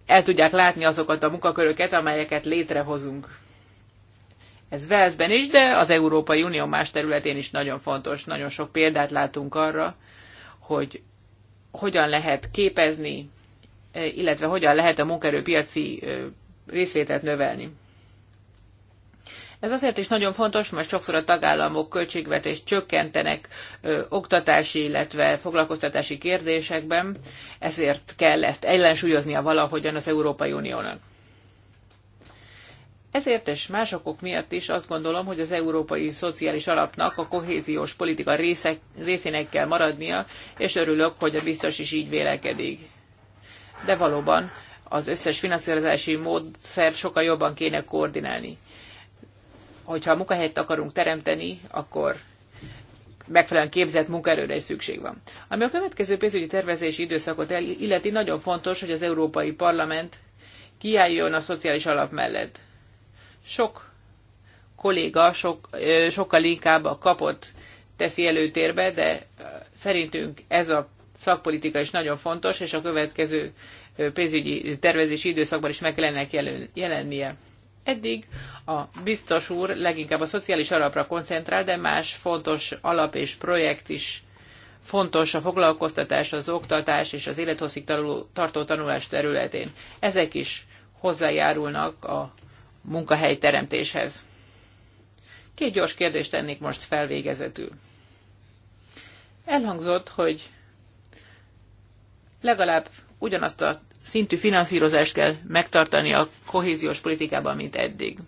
el tudják látni azokat a munkaköröket, amelyeket létrehozunk. Ez Velszben is, de az Európai Unió más területén is nagyon fontos. Nagyon sok példát látunk arra, hogy hogyan lehet képezni, illetve hogyan lehet a munkaerőpiaci részvételt növelni. Ez azért is nagyon fontos, mert sokszor a tagállamok költségvetést csökkentenek ö, oktatási, illetve foglalkoztatási kérdésekben, ezért kell ezt ellensúlyoznia valahogyan az Európai Uniónak. Ezért és más okok miatt is azt gondolom, hogy az Európai Szociális Alapnak a kohéziós politika része részének kell maradnia, és örülök, hogy a biztos is így vélekedik. De valóban az összes finanszírozási módszert sokkal jobban kéne koordinálni hogyha a munkahelyet akarunk teremteni, akkor megfelelően képzett munkaerőre is szükség van. Ami a következő pénzügyi tervezési időszakot illeti, nagyon fontos, hogy az Európai Parlament kiálljon a szociális alap mellett. Sok kolléga sok, sokkal inkább a kapott teszi előtérbe, de szerintünk ez a szakpolitika is nagyon fontos, és a következő pénzügyi tervezési időszakban is meg kellene jelennie. Eddig a biztos úr leginkább a szociális alapra koncentrál, de más fontos alap és projekt is fontos a foglalkoztatás, az oktatás és az élethosszig tartó tanulás területén. Ezek is hozzájárulnak a munkahely teremtéshez. Két gyors kérdést tennék most felvégezetül. Elhangzott, hogy legalább ugyanazt a szintű finanszírozást kell megtartani a kohéziós politikában, mint eddig.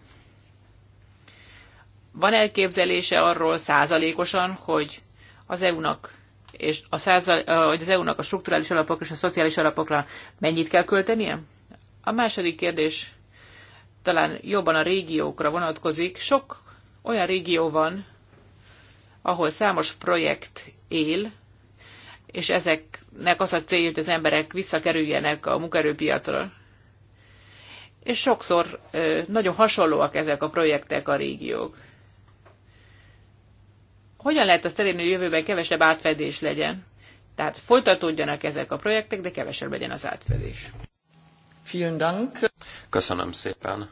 Van elképzelése arról százalékosan, hogy az EU-nak és a százal, hogy az EU-nak a strukturális alapok és a szociális alapokra mennyit kell költenie? A második kérdés talán jobban a régiókra vonatkozik. Sok olyan régió van, ahol számos projekt él, és ezeknek az a célja, hogy az emberek visszakerüljenek a munkaerőpiacra. És sokszor nagyon hasonlóak ezek a projektek, a régiók. Hogyan lehet azt elérni, hogy jövőben kevesebb átfedés legyen? Tehát folytatódjanak ezek a projektek, de kevesebb legyen az átfedés. Vielen Dank. Köszönöm szépen.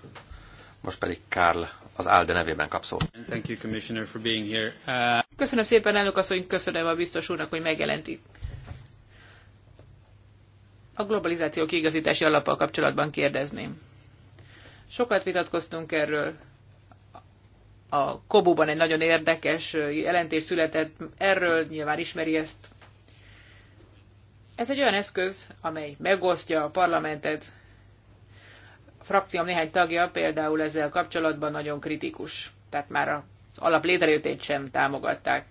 Most pedig Karl az ALDE nevében kap szót. Thank you, Commissioner, for being here. Uh... Köszönöm szépen, elnök asszony, köszönöm a biztos úrnak, hogy megjelenti. A globalizáció kiigazítási alappal kapcsolatban kérdezném. Sokat vitatkoztunk erről. A Kobuban egy nagyon érdekes jelentés született erről, nyilván ismeri ezt. Ez egy olyan eszköz, amely megosztja a parlamentet. A frakcióm néhány tagja például ezzel kapcsolatban nagyon kritikus. Tehát már a alap létrejöttét sem támogatták.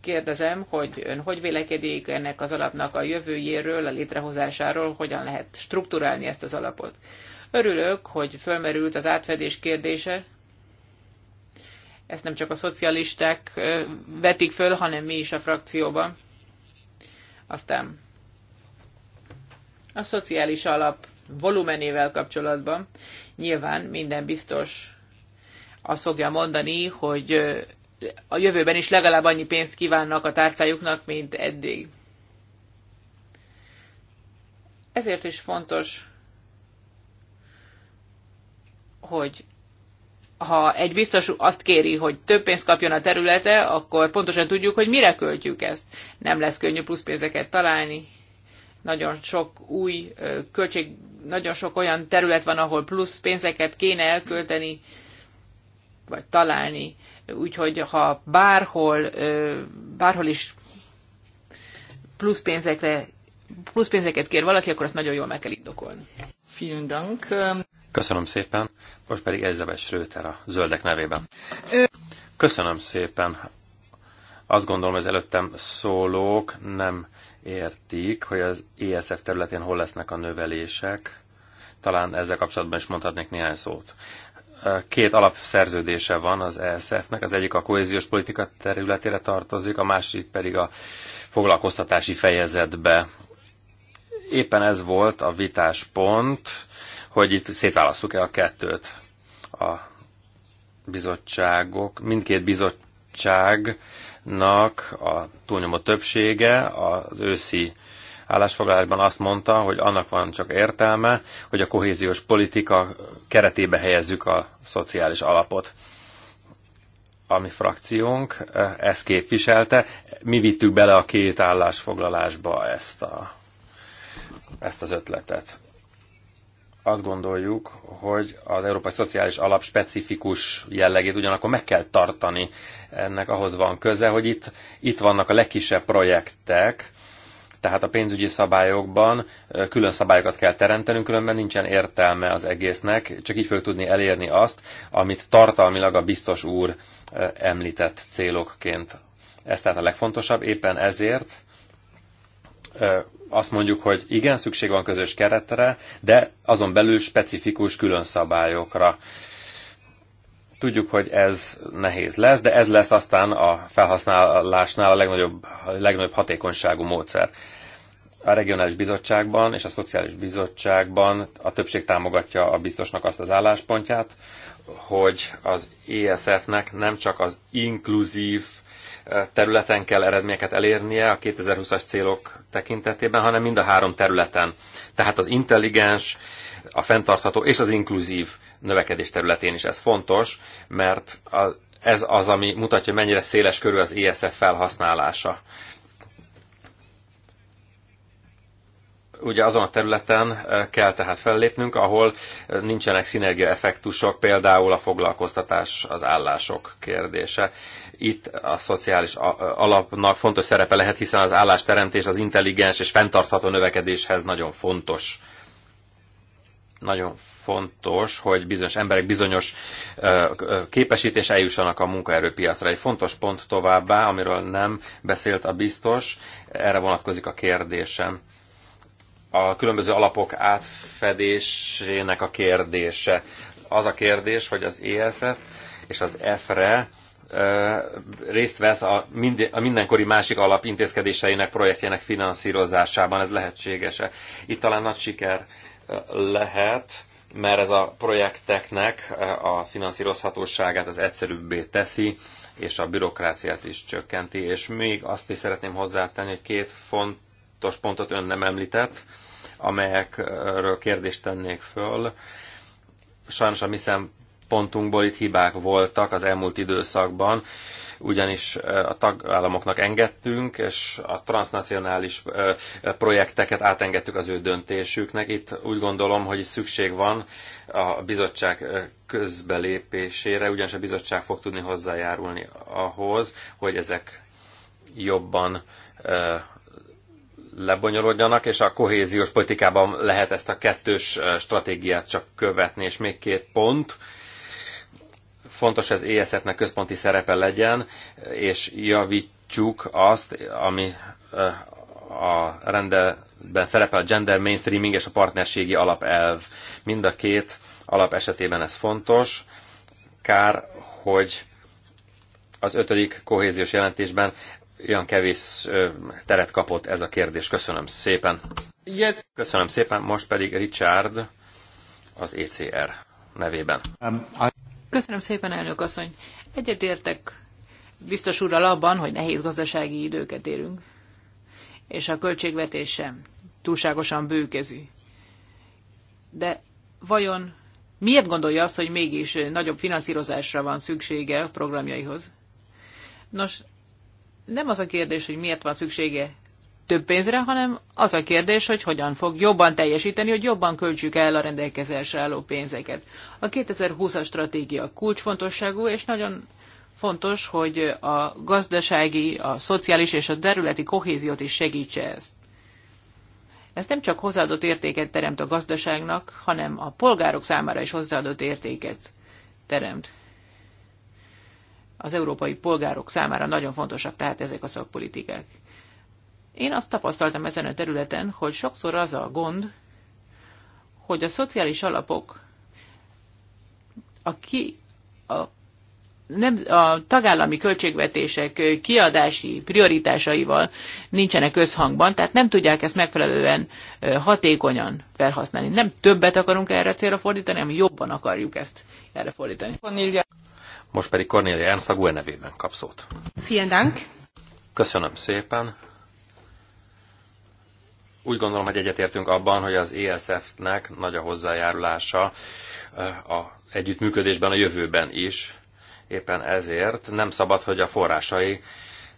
Kérdezem, hogy ön hogy vélekedik ennek az alapnak a jövőjéről, a létrehozásáról, hogyan lehet strukturálni ezt az alapot. Örülök, hogy fölmerült az átfedés kérdése. Ezt nem csak a szocialisták vetik föl, hanem mi is a frakcióban. Aztán a szociális alap volumenével kapcsolatban nyilván minden biztos azt fogja mondani, hogy a jövőben is legalább annyi pénzt kívánnak a tárcájuknak, mint eddig. Ezért is fontos, hogy ha egy biztos azt kéri, hogy több pénzt kapjon a területe, akkor pontosan tudjuk, hogy mire költjük ezt. Nem lesz könnyű plusz pénzeket találni. Nagyon sok új költség, nagyon sok olyan terület van, ahol plusz pénzeket kéne elkölteni, vagy találni. Úgyhogy ha bárhol, bárhol is plusz pénzekre plusz pénzeket kér valaki, akkor azt nagyon jól meg kell indokolni. Vielen Dank. Köszönöm szépen. Most pedig Elizabeth Schröter a zöldek nevében. Köszönöm szépen. Azt gondolom, az előttem szólók nem értik, hogy az ESF területén hol lesznek a növelések. Talán ezzel kapcsolatban is mondhatnék néhány szót két alapszerződése van az ESF-nek, az egyik a kohéziós politika területére tartozik, a másik pedig a foglalkoztatási fejezetbe. Éppen ez volt a vitáspont, hogy itt szétválasztjuk e a kettőt. A bizottságok, mindkét bizottságnak a túlnyomó többsége az őszi állásfoglalásban azt mondta, hogy annak van csak értelme, hogy a kohéziós politika keretébe helyezzük a szociális alapot a mi frakciónk eh, ezt képviselte. Mi vittük bele a két állásfoglalásba ezt, a, ezt az ötletet. Azt gondoljuk, hogy az Európai Szociális Alap specifikus jellegét ugyanakkor meg kell tartani. Ennek ahhoz van köze, hogy itt, itt vannak a legkisebb projektek, tehát a pénzügyi szabályokban külön szabályokat kell teremtenünk, különben nincsen értelme az egésznek, csak így fog tudni elérni azt, amit tartalmilag a biztos úr említett célokként. Ez tehát a legfontosabb, éppen ezért azt mondjuk, hogy igen, szükség van közös keretre, de azon belül specifikus külön szabályokra Tudjuk, hogy ez nehéz lesz, de ez lesz aztán a felhasználásnál a legnagyobb, a legnagyobb hatékonyságú módszer. A regionális bizottságban és a szociális bizottságban a többség támogatja a biztosnak azt az álláspontját, hogy az ESF-nek nem csak az inkluzív területen kell eredményeket elérnie a 2020-as célok tekintetében, hanem mind a három területen. Tehát az intelligens, a fenntartható és az inkluzív növekedés területén is. Ez fontos, mert a, ez az, ami mutatja, mennyire széles körül az ESF felhasználása. ugye azon a területen e, kell tehát fellépnünk, ahol e, nincsenek szinergiaeffektusok, például a foglalkoztatás, az állások kérdése. Itt a szociális e, alapnak fontos szerepe lehet, hiszen az állásteremtés az intelligens és fenntartható növekedéshez nagyon fontos nagyon fontos, hogy bizonyos emberek bizonyos képesítés eljussanak a munkaerőpiacra. Egy fontos pont továbbá, amiről nem beszélt a biztos, erre vonatkozik a kérdésem. A különböző alapok átfedésének a kérdése. Az a kérdés, hogy az ESF és az EFRE részt vesz a, minden, a mindenkori másik alap intézkedéseinek, projektjének finanszírozásában, ez lehetséges-e? Itt talán nagy siker lehet, mert ez a projekteknek e, a finanszírozhatóságát az egyszerűbbé teszi, és a bürokráciát is csökkenti. És még azt is szeretném hozzátenni, hogy két fontos pontot ön nem említett, amelyekről kérdést tennék föl. Sajnos a mi szempontunkból itt hibák voltak az elmúlt időszakban ugyanis a tagállamoknak engedtünk, és a transnacionális projekteket átengedtük az ő döntésüknek. Itt úgy gondolom, hogy szükség van a bizottság közbelépésére, ugyanis a bizottság fog tudni hozzájárulni ahhoz, hogy ezek jobban lebonyolódjanak, és a kohéziós politikában lehet ezt a kettős stratégiát csak követni, és még két pont, Fontos ez ESF-nek központi szerepe legyen, és javítsuk azt, ami eh, a rendben szerepel a gender mainstreaming és a partnerségi alapelv. Mind a két alap esetében ez fontos. Kár, hogy az ötödik kohéziós jelentésben olyan kevés eh, teret kapott ez a kérdés. Köszönöm szépen. Köszönöm szépen, most pedig Richard az ECR nevében. Um, Köszönöm szépen, elnök asszony. Egyetértek biztos úrral abban, hogy nehéz gazdasági időket érünk, és a költségvetés sem túlságosan bőkezű. De vajon miért gondolja azt, hogy mégis nagyobb finanszírozásra van szüksége a programjaihoz? Nos, nem az a kérdés, hogy miért van szüksége több pénzre, hanem az a kérdés, hogy hogyan fog jobban teljesíteni, hogy jobban költsük el a rendelkezésre álló pénzeket. A 2020-as stratégia kulcsfontosságú, és nagyon fontos, hogy a gazdasági, a szociális és a területi kohéziót is segítse ezt. Ez nem csak hozzáadott értéket teremt a gazdaságnak, hanem a polgárok számára is hozzáadott értéket teremt. Az európai polgárok számára nagyon fontosak tehát ezek a szakpolitikák. Én azt tapasztaltam ezen a területen, hogy sokszor az a gond, hogy a szociális alapok a, ki, a, nem, a tagállami költségvetések kiadási prioritásaival nincsenek összhangban, tehát nem tudják ezt megfelelően hatékonyan felhasználni. Nem többet akarunk erre a célra fordítani, hanem jobban akarjuk ezt erre fordítani. Cornelia. Most pedig Cornélia Ernst a GUE nevében kap szót. Vielen Dank. Köszönöm szépen úgy gondolom, hogy egyetértünk abban, hogy az ESF-nek nagy a hozzájárulása eh, a együttműködésben a jövőben is. Éppen ezért nem szabad, hogy a forrásai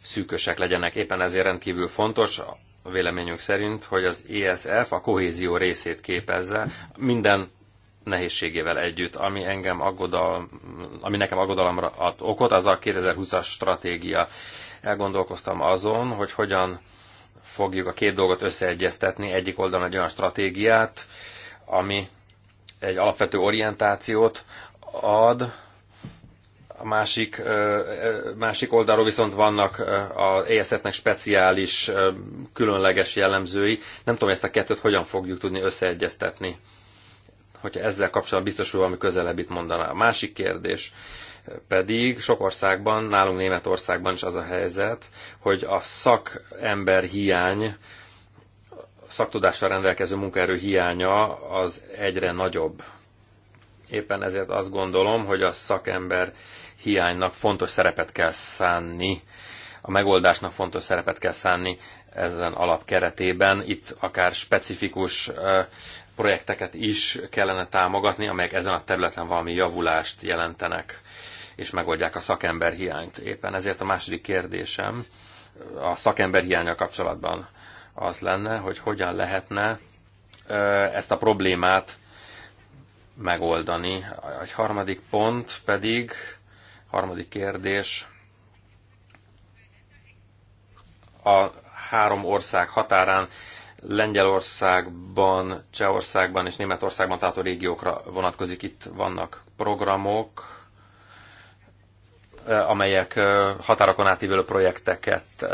szűkösek legyenek. Éppen ezért rendkívül fontos véleményünk szerint, hogy az ESF a kohézió részét képezze minden nehézségével együtt. Ami, engem aggodal, ami nekem aggodalomra ad okot, az a 2020-as stratégia. Elgondolkoztam azon, hogy hogyan fogjuk a két dolgot összeegyeztetni. Egyik oldalon egy olyan stratégiát, ami egy alapvető orientációt ad, a másik, másik oldalról viszont vannak az ESF-nek speciális, különleges jellemzői. Nem tudom, ezt a kettőt hogyan fogjuk tudni összeegyeztetni. Hogyha ezzel kapcsolatban biztosul, valami közelebbit mondaná. A másik kérdés, pedig sok országban, nálunk Németországban is az a helyzet, hogy a szakember hiány, szaktudással rendelkező munkaerő hiánya az egyre nagyobb. Éppen ezért azt gondolom, hogy a szakember hiánynak fontos szerepet kell szánni, a megoldásnak fontos szerepet kell szánni ezen alap keretében. Itt akár specifikus projekteket is kellene támogatni, amelyek ezen a területen valami javulást jelentenek, és megoldják a szakember hiányt. Éppen ezért a második kérdésem a szakember hiánya kapcsolatban az lenne, hogy hogyan lehetne ezt a problémát megoldani. Egy harmadik pont pedig, harmadik kérdés, a három ország határán Lengyelországban, Csehországban és Németországban, található régiókra vonatkozik, itt vannak programok, amelyek határokon átívelő projekteket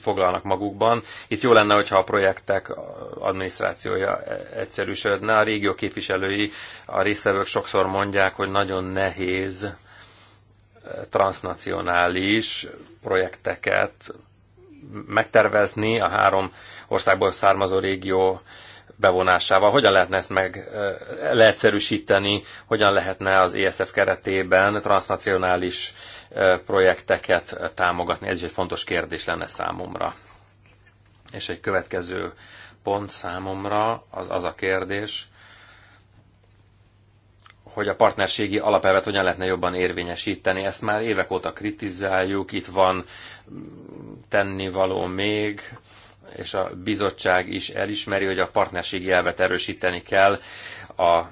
foglalnak magukban. Itt jó lenne, hogyha a projektek adminisztrációja e, egyszerűsödne. A régió képviselői, a résztvevők sokszor mondják, hogy nagyon nehéz transnacionális projekteket megtervezni a három országból származó régió bevonásával? Hogyan lehetne ezt meg leegyszerűsíteni? Hogyan lehetne az ESF keretében transnacionális projekteket támogatni? Ez is egy fontos kérdés lenne számomra. És egy következő pont számomra az, az a kérdés, hogy a partnerségi alapelvet hogyan lehetne jobban érvényesíteni. Ezt már évek óta kritizáljuk, itt van tennivaló még, és a bizottság is elismeri, hogy a partnerségi elvet erősíteni kell. A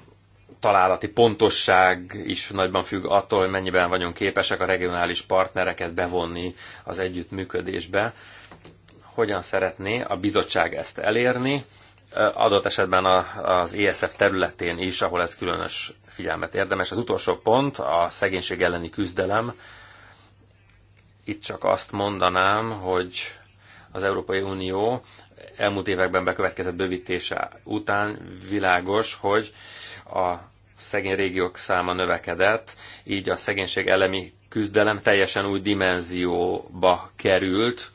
találati pontosság is nagyban függ attól, hogy mennyiben vagyunk képesek a regionális partnereket bevonni az együttműködésbe. Hogyan szeretné a bizottság ezt elérni? adott esetben az ESF területén is, ahol ez különös figyelmet érdemes. Az utolsó pont a szegénység elleni küzdelem. Itt csak azt mondanám, hogy az Európai Unió elmúlt években bekövetkezett bővítése után világos, hogy a szegény régiók száma növekedett, így a szegénység elemi küzdelem teljesen új dimenzióba került.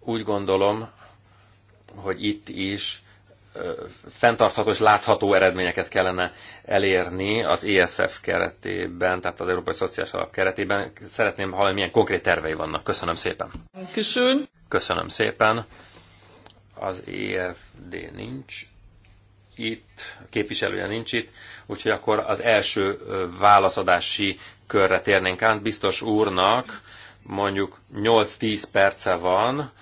Úgy gondolom, hogy itt is fenntartható és látható eredményeket kellene elérni az ESF keretében, tehát az Európai Szociális Alap keretében. Szeretném hallani, milyen konkrét tervei vannak. Köszönöm szépen. Köszön. Köszönöm szépen. Az EFD nincs itt, képviselője nincs itt, úgyhogy akkor az első válaszadási körre térnénk át. Biztos úrnak mondjuk 8-10 perce van,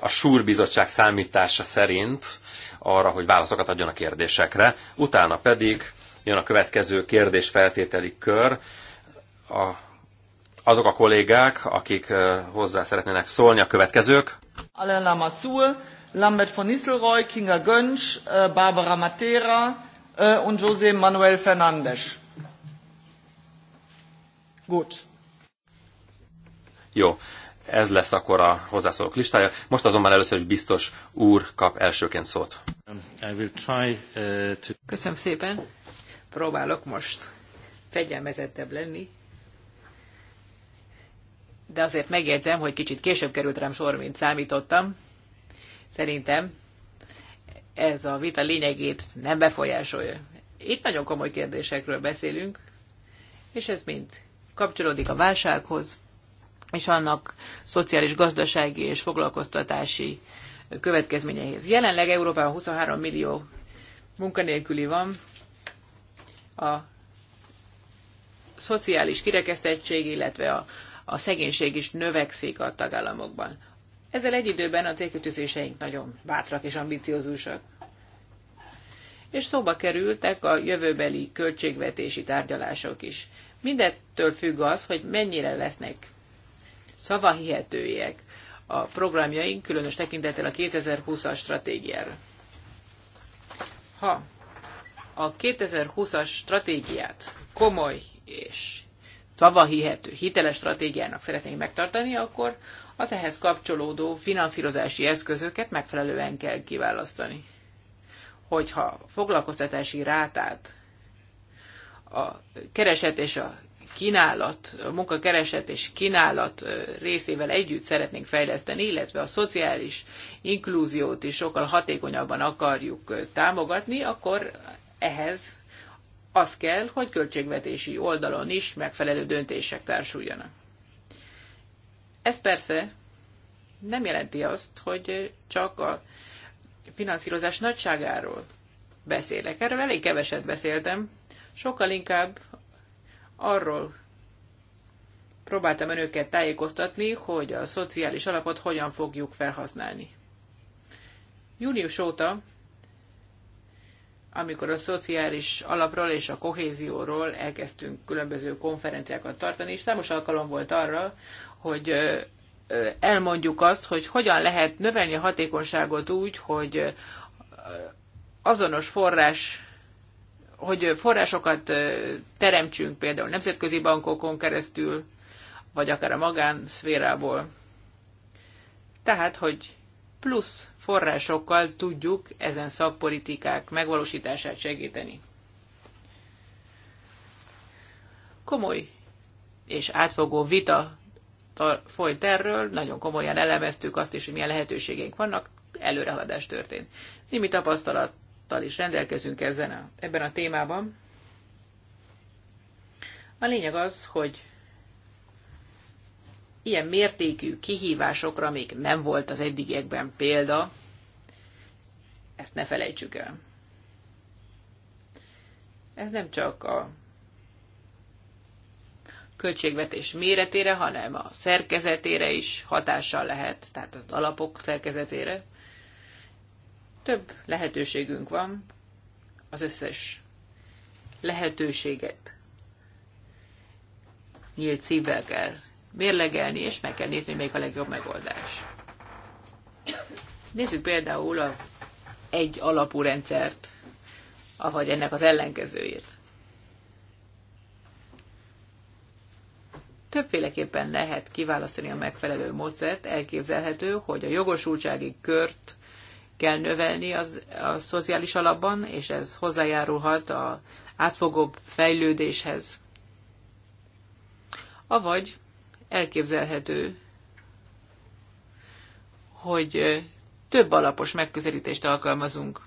a Súr Bizottság számítása szerint arra, hogy válaszokat adjon a kérdésekre. Utána pedig jön a következő kérdésfeltételi kör. A, azok a kollégák, akik hozzá szeretnének szólni, a következők. Alain Szul, Lambert von Nistelrooy, Kinga Göncs, Barbara Matera und José Manuel Fernández. Gut. Jó. Ez lesz akkor a hozzászólók listája. Most azonban először is biztos úr kap elsőként szót. Uh, Köszönöm szépen. Próbálok most fegyelmezettebb lenni. De azért megjegyzem, hogy kicsit később került rám sor, mint számítottam. Szerintem ez a vita lényegét nem befolyásolja. Itt nagyon komoly kérdésekről beszélünk, és ez mind kapcsolódik a válsághoz, és annak szociális, gazdasági és foglalkoztatási következményeihez. Jelenleg Európában 23 millió munkanélküli van, a szociális kirekesztettség, illetve a, a szegénység is növekszik a tagállamokban. Ezzel egy időben a célkötőzéseink nagyon bátrak és ambiciózusak. És szóba kerültek a jövőbeli költségvetési tárgyalások is. Mindettől függ az, hogy mennyire lesznek szavahihetőek a programjaink, különös tekintettel a 2020-as stratégiára. Ha a 2020-as stratégiát komoly és szavahihető, hiteles stratégiának szeretnénk megtartani, akkor az ehhez kapcsolódó finanszírozási eszközöket megfelelően kell kiválasztani. Hogyha foglalkoztatási rátát a kereset és a kínálat, a munkakereset és kínálat részével együtt szeretnénk fejleszteni, illetve a szociális inklúziót is sokkal hatékonyabban akarjuk támogatni, akkor ehhez az kell, hogy költségvetési oldalon is megfelelő döntések társuljanak. Ez persze nem jelenti azt, hogy csak a finanszírozás nagyságáról beszélek. Erről elég keveset beszéltem, sokkal inkább arról próbáltam önöket tájékoztatni, hogy a szociális alapot hogyan fogjuk felhasználni. Június óta, amikor a szociális alapról és a kohézióról elkezdtünk különböző konferenciákat tartani, és számos alkalom volt arra, hogy elmondjuk azt, hogy hogyan lehet növelni a hatékonyságot úgy, hogy azonos forrás hogy forrásokat teremtsünk például nemzetközi bankokon keresztül, vagy akár a magánszférából. Tehát, hogy plusz forrásokkal tudjuk ezen szakpolitikák megvalósítását segíteni. Komoly és átfogó vita folyt erről, nagyon komolyan elemeztük azt is, hogy milyen lehetőségeink vannak, előrehaladás történt. Némi tapasztalat tapasztalattal is rendelkezünk ezen a, ebben a témában. A lényeg az, hogy ilyen mértékű kihívásokra még nem volt az eddigiekben példa, ezt ne felejtsük el. Ez nem csak a költségvetés méretére, hanem a szerkezetére is hatással lehet, tehát az alapok szerkezetére több lehetőségünk van, az összes lehetőséget nyílt szívvel kell mérlegelni, és meg kell nézni, hogy melyik a legjobb megoldás. Nézzük például az egy alapú rendszert, ahogy ennek az ellenkezőjét. Többféleképpen lehet kiválasztani a megfelelő módszert, elképzelhető, hogy a jogosultsági kört kell növelni az, a szociális alapban, és ez hozzájárulhat a átfogóbb fejlődéshez. Avagy elképzelhető, hogy több alapos megközelítést alkalmazunk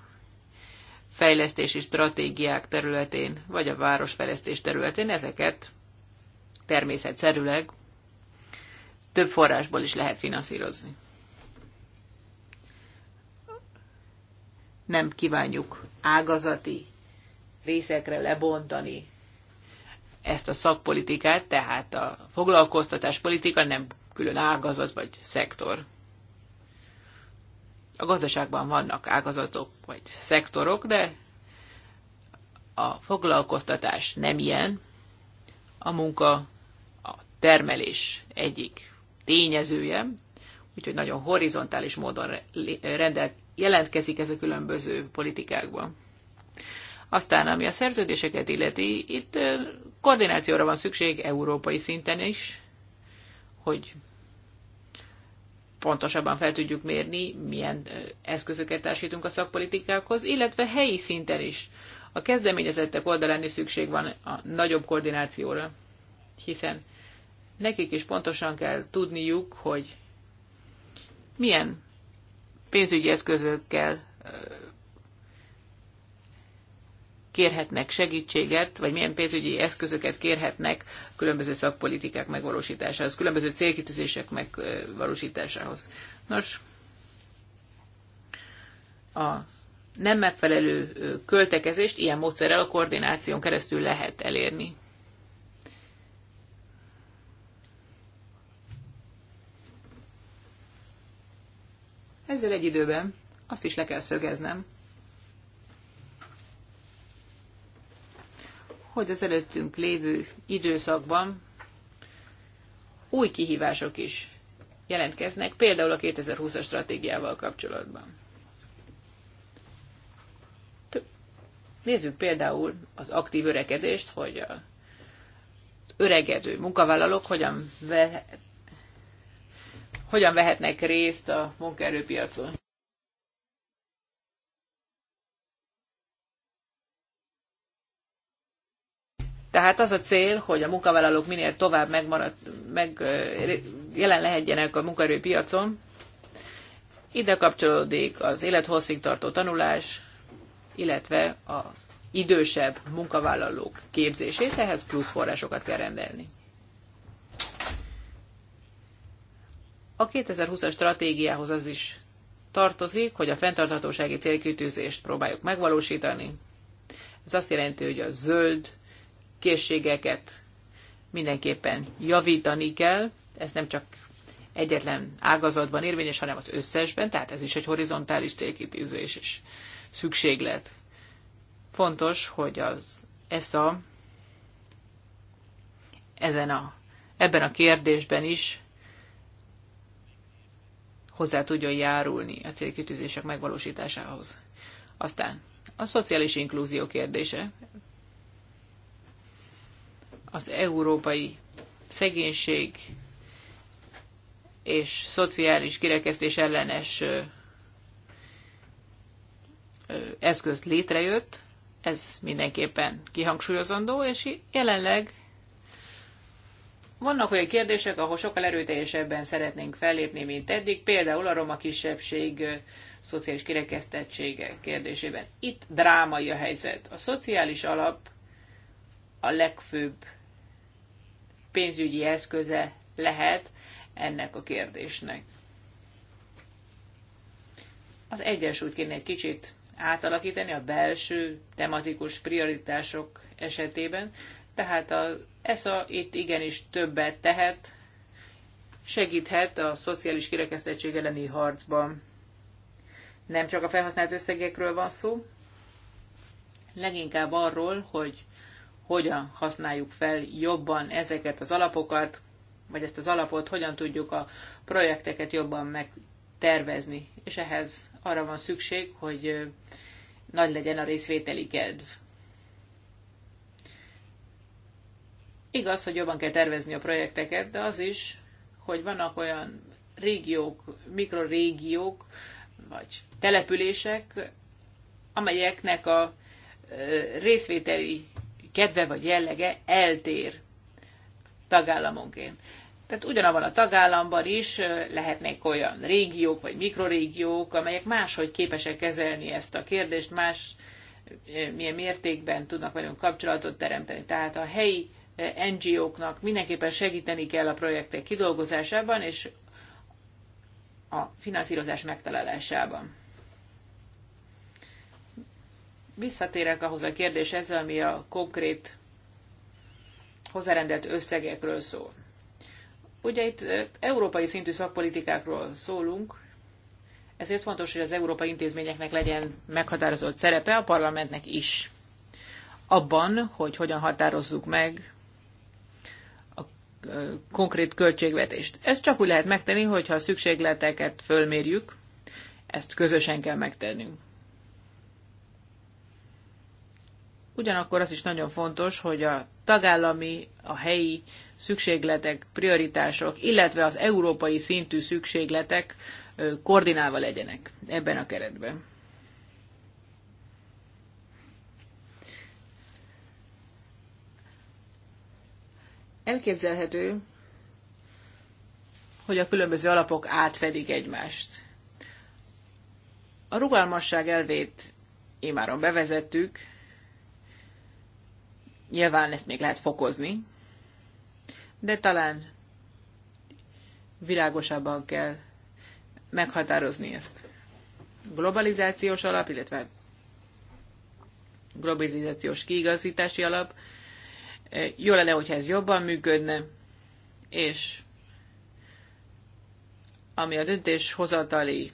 fejlesztési stratégiák területén, vagy a városfejlesztés területén, ezeket természetszerűleg több forrásból is lehet finanszírozni. nem kívánjuk ágazati részekre lebontani ezt a szakpolitikát, tehát a foglalkoztatás politika nem külön ágazat vagy szektor. A gazdaságban vannak ágazatok vagy szektorok, de a foglalkoztatás nem ilyen. A munka a termelés egyik tényezője, úgyhogy nagyon horizontális módon rendel, jelentkezik ez a különböző politikákban. Aztán, ami a szerződéseket illeti, itt koordinációra van szükség európai szinten is, hogy pontosabban fel tudjuk mérni, milyen eszközöket társítunk a szakpolitikákhoz, illetve helyi szinten is. A kezdeményezettek oldalán is szükség van a nagyobb koordinációra, hiszen nekik is pontosan kell tudniuk, hogy milyen pénzügyi eszközökkel kérhetnek segítséget, vagy milyen pénzügyi eszközöket kérhetnek különböző szakpolitikák megvalósításához, különböző célkitűzések megvalósításához. Nos, a nem megfelelő költekezést ilyen módszerrel a koordináción keresztül lehet elérni. Ezzel egy időben azt is le kell szögeznem, hogy az előttünk lévő időszakban új kihívások is jelentkeznek, például a 2020-as stratégiával kapcsolatban. Nézzük például az aktív öregedést, hogy a öregedő munkavállalók hogyan hogyan vehetnek részt a munkaerőpiacon. Tehát az a cél, hogy a munkavállalók minél tovább megmarad, meg, jelen lehetjenek a munkaerőpiacon. Ide kapcsolódik az élethosszig tartó tanulás, illetve az idősebb munkavállalók képzését, ehhez plusz forrásokat kell rendelni. A 2020-as stratégiához az is tartozik, hogy a fenntarthatósági célkütőzést próbáljuk megvalósítani. Ez azt jelenti, hogy a zöld készségeket mindenképpen javítani kell. Ez nem csak egyetlen ágazatban érvényes, hanem az összesben, tehát ez is egy horizontális célkitűzés is szükséglet. Fontos, hogy az ESA ezen a, ebben a kérdésben is hozzá tudjon járulni a célkitűzések megvalósításához. Aztán a szociális inklúzió kérdése. Az európai szegénység és szociális kirekesztés ellenes eszköz létrejött, ez mindenképpen kihangsúlyozandó, és jelenleg vannak olyan kérdések, ahol sokkal erőteljesebben szeretnénk fellépni, mint eddig, például a roma kisebbség szociális kirekesztettsége kérdésében. Itt drámai a helyzet. A szociális alap a legfőbb pénzügyi eszköze lehet ennek a kérdésnek. Az egyensúlyt kéne egy kicsit átalakítani a belső tematikus prioritások esetében, tehát a ESA itt igenis többet tehet, segíthet a szociális kirekesztettség elleni harcban. Nem csak a felhasznált összegekről van szó, leginkább arról, hogy hogyan használjuk fel jobban ezeket az alapokat, vagy ezt az alapot, hogyan tudjuk a projekteket jobban megtervezni. És ehhez arra van szükség, hogy nagy legyen a részvételi kedv. Igaz, hogy jobban kell tervezni a projekteket, de az is, hogy vannak olyan régiók, mikrorégiók, vagy települések, amelyeknek a részvételi kedve vagy jellege eltér tagállamonként. Tehát ugyanabban a tagállamban is lehetnek olyan régiók vagy mikrorégiók, amelyek máshogy képesek kezelni ezt a kérdést, más milyen mértékben tudnak velünk kapcsolatot teremteni. Tehát a helyi NGO-knak mindenképpen segíteni kell a projektek kidolgozásában és a finanszírozás megtalálásában. Visszatérek ahhoz a kérdéshez, ami a konkrét hozzárendelt összegekről szól. Ugye itt európai szintű szakpolitikákról szólunk, ezért fontos, hogy az európai intézményeknek legyen meghatározott szerepe, a parlamentnek is. Abban, hogy hogyan határozzuk meg konkrét költségvetést. Ezt csak úgy lehet megtenni, hogyha a szükségleteket fölmérjük, ezt közösen kell megtennünk. Ugyanakkor az is nagyon fontos, hogy a tagállami, a helyi szükségletek, prioritások, illetve az európai szintű szükségletek koordinálva legyenek ebben a keretben. Elképzelhető, hogy a különböző alapok átfedik egymást. A rugalmasság elvét imáron bevezettük, nyilván ezt még lehet fokozni, de talán világosabban kell meghatározni ezt. Globalizációs alap, illetve globalizációs kiigazítási alap jó lenne, hogyha ez jobban működne, és ami a döntéshozatali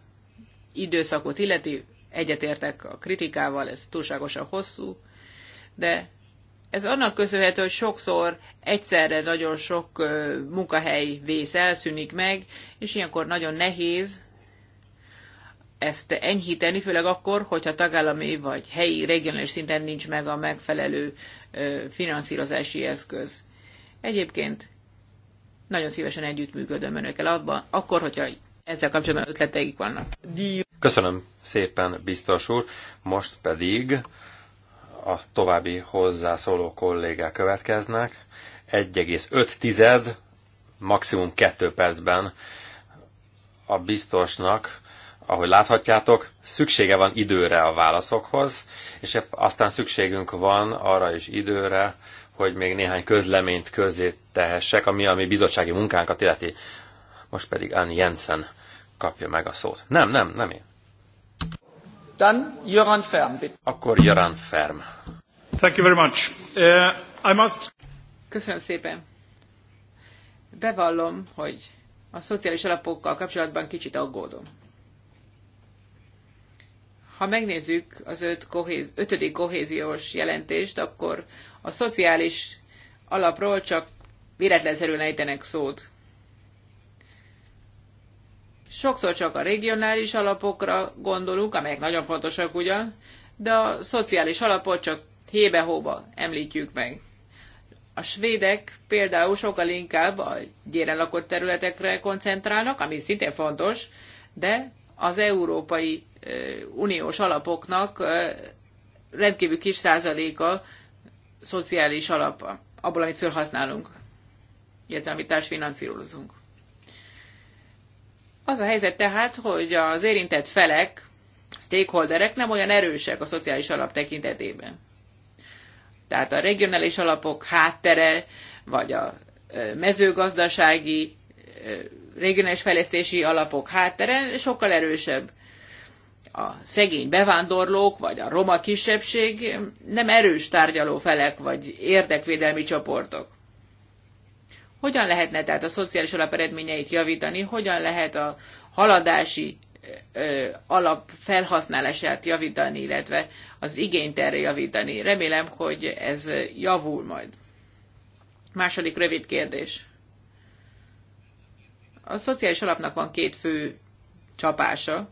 időszakot illeti, egyetértek a kritikával, ez túlságosan hosszú, de ez annak köszönhető, hogy sokszor egyszerre nagyon sok munkahely vész elszűnik meg, és ilyenkor nagyon nehéz ezt enyhíteni, főleg akkor, hogyha tagállami vagy helyi, regionális szinten nincs meg a megfelelő finanszírozási eszköz. Egyébként nagyon szívesen együttműködöm önökkel abban, akkor, hogyha ezzel kapcsolatban ötleteik vannak. Köszönöm szépen, biztos úr. Most pedig a további hozzászóló kollégák következnek. 1,5 tized, maximum 2 percben a biztosnak ahogy láthatjátok, szüksége van időre a válaszokhoz, és aztán szükségünk van arra is időre, hogy még néhány közleményt közé tehessek, ami a mi bizottsági munkánkat illeti. Most pedig Ann Jensen kapja meg a szót. Nem, nem, nem én. Dann Jöran Ferm, bitte. Akkor Jöran Ferm. Thank you very much. Uh, I must... Köszönöm szépen. Bevallom, hogy a szociális alapokkal kapcsolatban kicsit aggódom ha megnézzük az öt kohéz, ötödik kohéziós jelentést, akkor a szociális alapról csak véletlenszerűen ejtenek szót. Sokszor csak a regionális alapokra gondolunk, amelyek nagyon fontosak ugyan, de a szociális alapot csak hébe-hóba említjük meg. A svédek például sokkal inkább a gyéren lakott területekre koncentrálnak, ami szintén fontos, de az Európai Uniós alapoknak rendkívül kis százaléka szociális alap, abból, amit felhasználunk, illetve amit társfinanszírozunk. Az a helyzet tehát, hogy az érintett felek, stakeholderek nem olyan erősek a szociális alap tekintetében. Tehát a regionális alapok háttere, vagy a mezőgazdasági regionális fejlesztési alapok hátteren sokkal erősebb. A szegény bevándorlók, vagy a roma kisebbség nem erős tárgyaló felek, vagy érdekvédelmi csoportok. Hogyan lehetne tehát a szociális alap eredményeit javítani, hogyan lehet a haladási alap felhasználását javítani, illetve az igényt erre javítani. Remélem, hogy ez javul majd. Második rövid kérdés. A szociális alapnak van két fő csapása.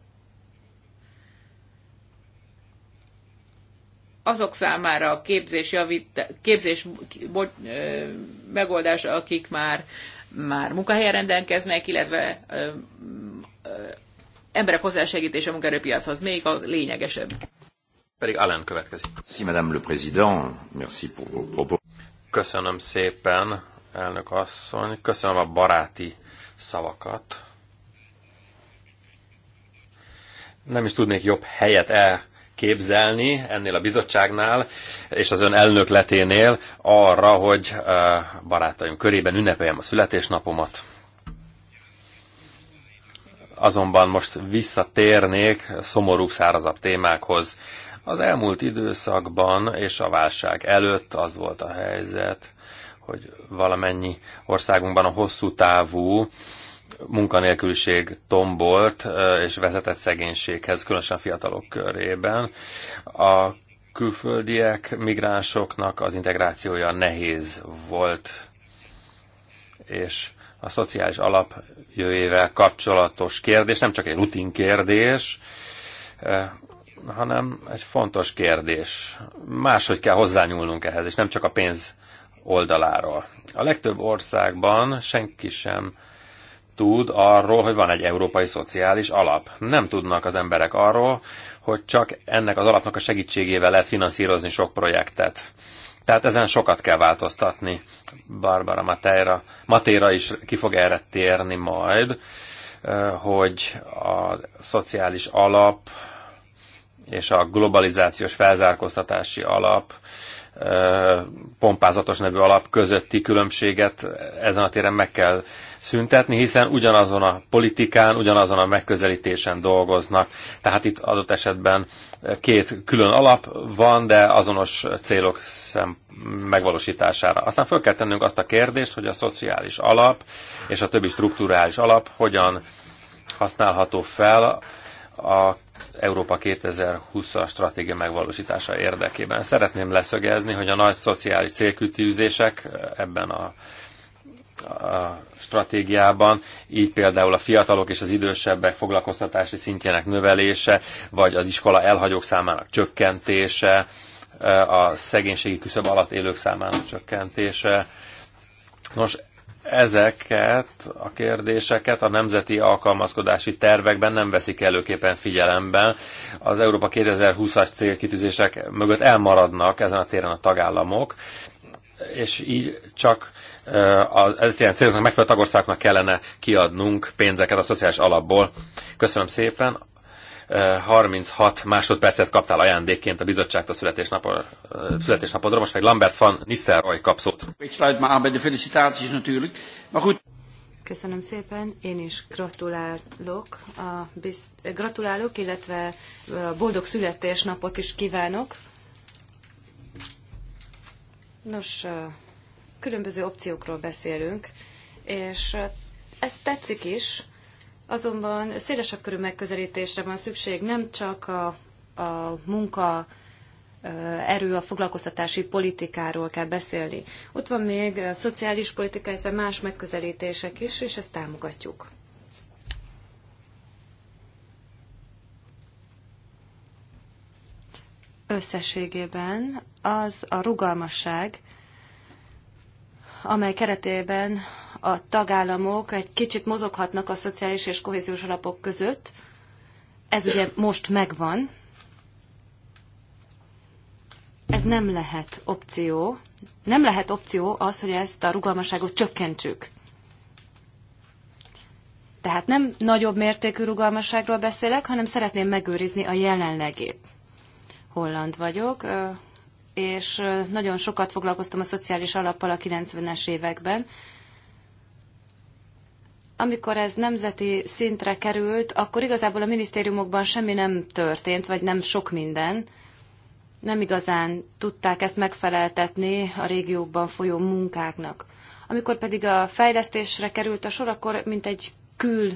Azok számára a képzés, javít, képzés bogy, ö, megoldása, akik már, már munkahelyen rendelkeznek, illetve ö, ö, emberek hozzásegítése a munkaerőpiachoz még a lényegesebb. Pedig Allen következik. Si, madame le président, merci pour vos propos. Köszönöm szépen, elnök asszony. Köszönöm a baráti szavakat. Nem is tudnék jobb helyet elképzelni ennél a bizottságnál és az ön elnökleténél arra, hogy barátaim körében ünnepeljem a születésnapomat azonban most visszatérnék szomorú szárazabb témákhoz. Az elmúlt időszakban és a válság előtt az volt a helyzet, hogy valamennyi országunkban a hosszú távú munkanélküliség tombolt és vezetett szegénységhez, különösen a fiatalok körében. A külföldiek, migránsoknak az integrációja nehéz volt, és a szociális alapjövőjével kapcsolatos kérdés nem csak egy rutin kérdés, hanem egy fontos kérdés. Máshogy kell hozzányúlnunk ehhez, és nem csak a pénz oldaláról. A legtöbb országban senki sem tud arról, hogy van egy európai szociális alap. Nem tudnak az emberek arról, hogy csak ennek az alapnak a segítségével lehet finanszírozni sok projektet. Tehát ezen sokat kell változtatni. Barbara Matera Matera is ki fog erre térni majd, hogy a szociális alap és a globalizációs felzárkóztatási alap pompázatos nevű alap közötti különbséget ezen a téren meg kell szüntetni, hiszen ugyanazon a politikán, ugyanazon a megközelítésen dolgoznak. Tehát itt adott esetben két külön alap van, de azonos célok szem megvalósítására. Aztán fel kell tennünk azt a kérdést, hogy a szociális alap és a többi strukturális alap hogyan használható fel a Európa 2020-as stratégia megvalósítása érdekében. Szeretném leszögezni, hogy a nagy szociális célkütűzések eh, ebben a, a stratégiában, így például a fiatalok és az idősebbek foglalkoztatási szintjének növelése, vagy az iskola elhagyók számának csökkentése, eh, a szegénységi küszöb alatt élők számának csökkentése. Nos, ezeket a kérdéseket a nemzeti alkalmazkodási tervekben nem veszik előképpen figyelemben. Az Európa 2020-as célkitűzések mögött elmaradnak ezen a téren a tagállamok, és így csak eh, az ilyen céloknak megfelelő tagországnak kellene kiadnunk pénzeket a szociális alapból. Köszönöm szépen. 36 másodpercet kaptál ajándékként a bizottságtól a születésnapodra. most meg Lambert van Nisztelrooy kap szót. Köszönöm szépen, én is gratulálok, a bizt, gratulálok, illetve boldog születésnapot is kívánok. Nos, különböző opciókról beszélünk, és ez tetszik is, Azonban szélesebb körű megközelítésre van szükség, nem csak a, a munka erő a foglalkoztatási politikáról kell beszélni. Ott van még a szociális politika, illetve más megközelítések is, és ezt támogatjuk. Összességében az a rugalmasság, amely keretében a tagállamok egy kicsit mozoghatnak a szociális és kohéziós alapok között. Ez ugye most megvan. Ez nem lehet opció. Nem lehet opció az, hogy ezt a rugalmasságot csökkentsük. Tehát nem nagyobb mértékű rugalmasságról beszélek, hanem szeretném megőrizni a jelenlegét. Holland vagyok, és nagyon sokat foglalkoztam a szociális alappal a 90-es években, amikor ez nemzeti szintre került, akkor igazából a minisztériumokban semmi nem történt, vagy nem sok minden. Nem igazán tudták ezt megfeleltetni a régiókban folyó munkáknak. Amikor pedig a fejlesztésre került a sor, akkor mint egy kül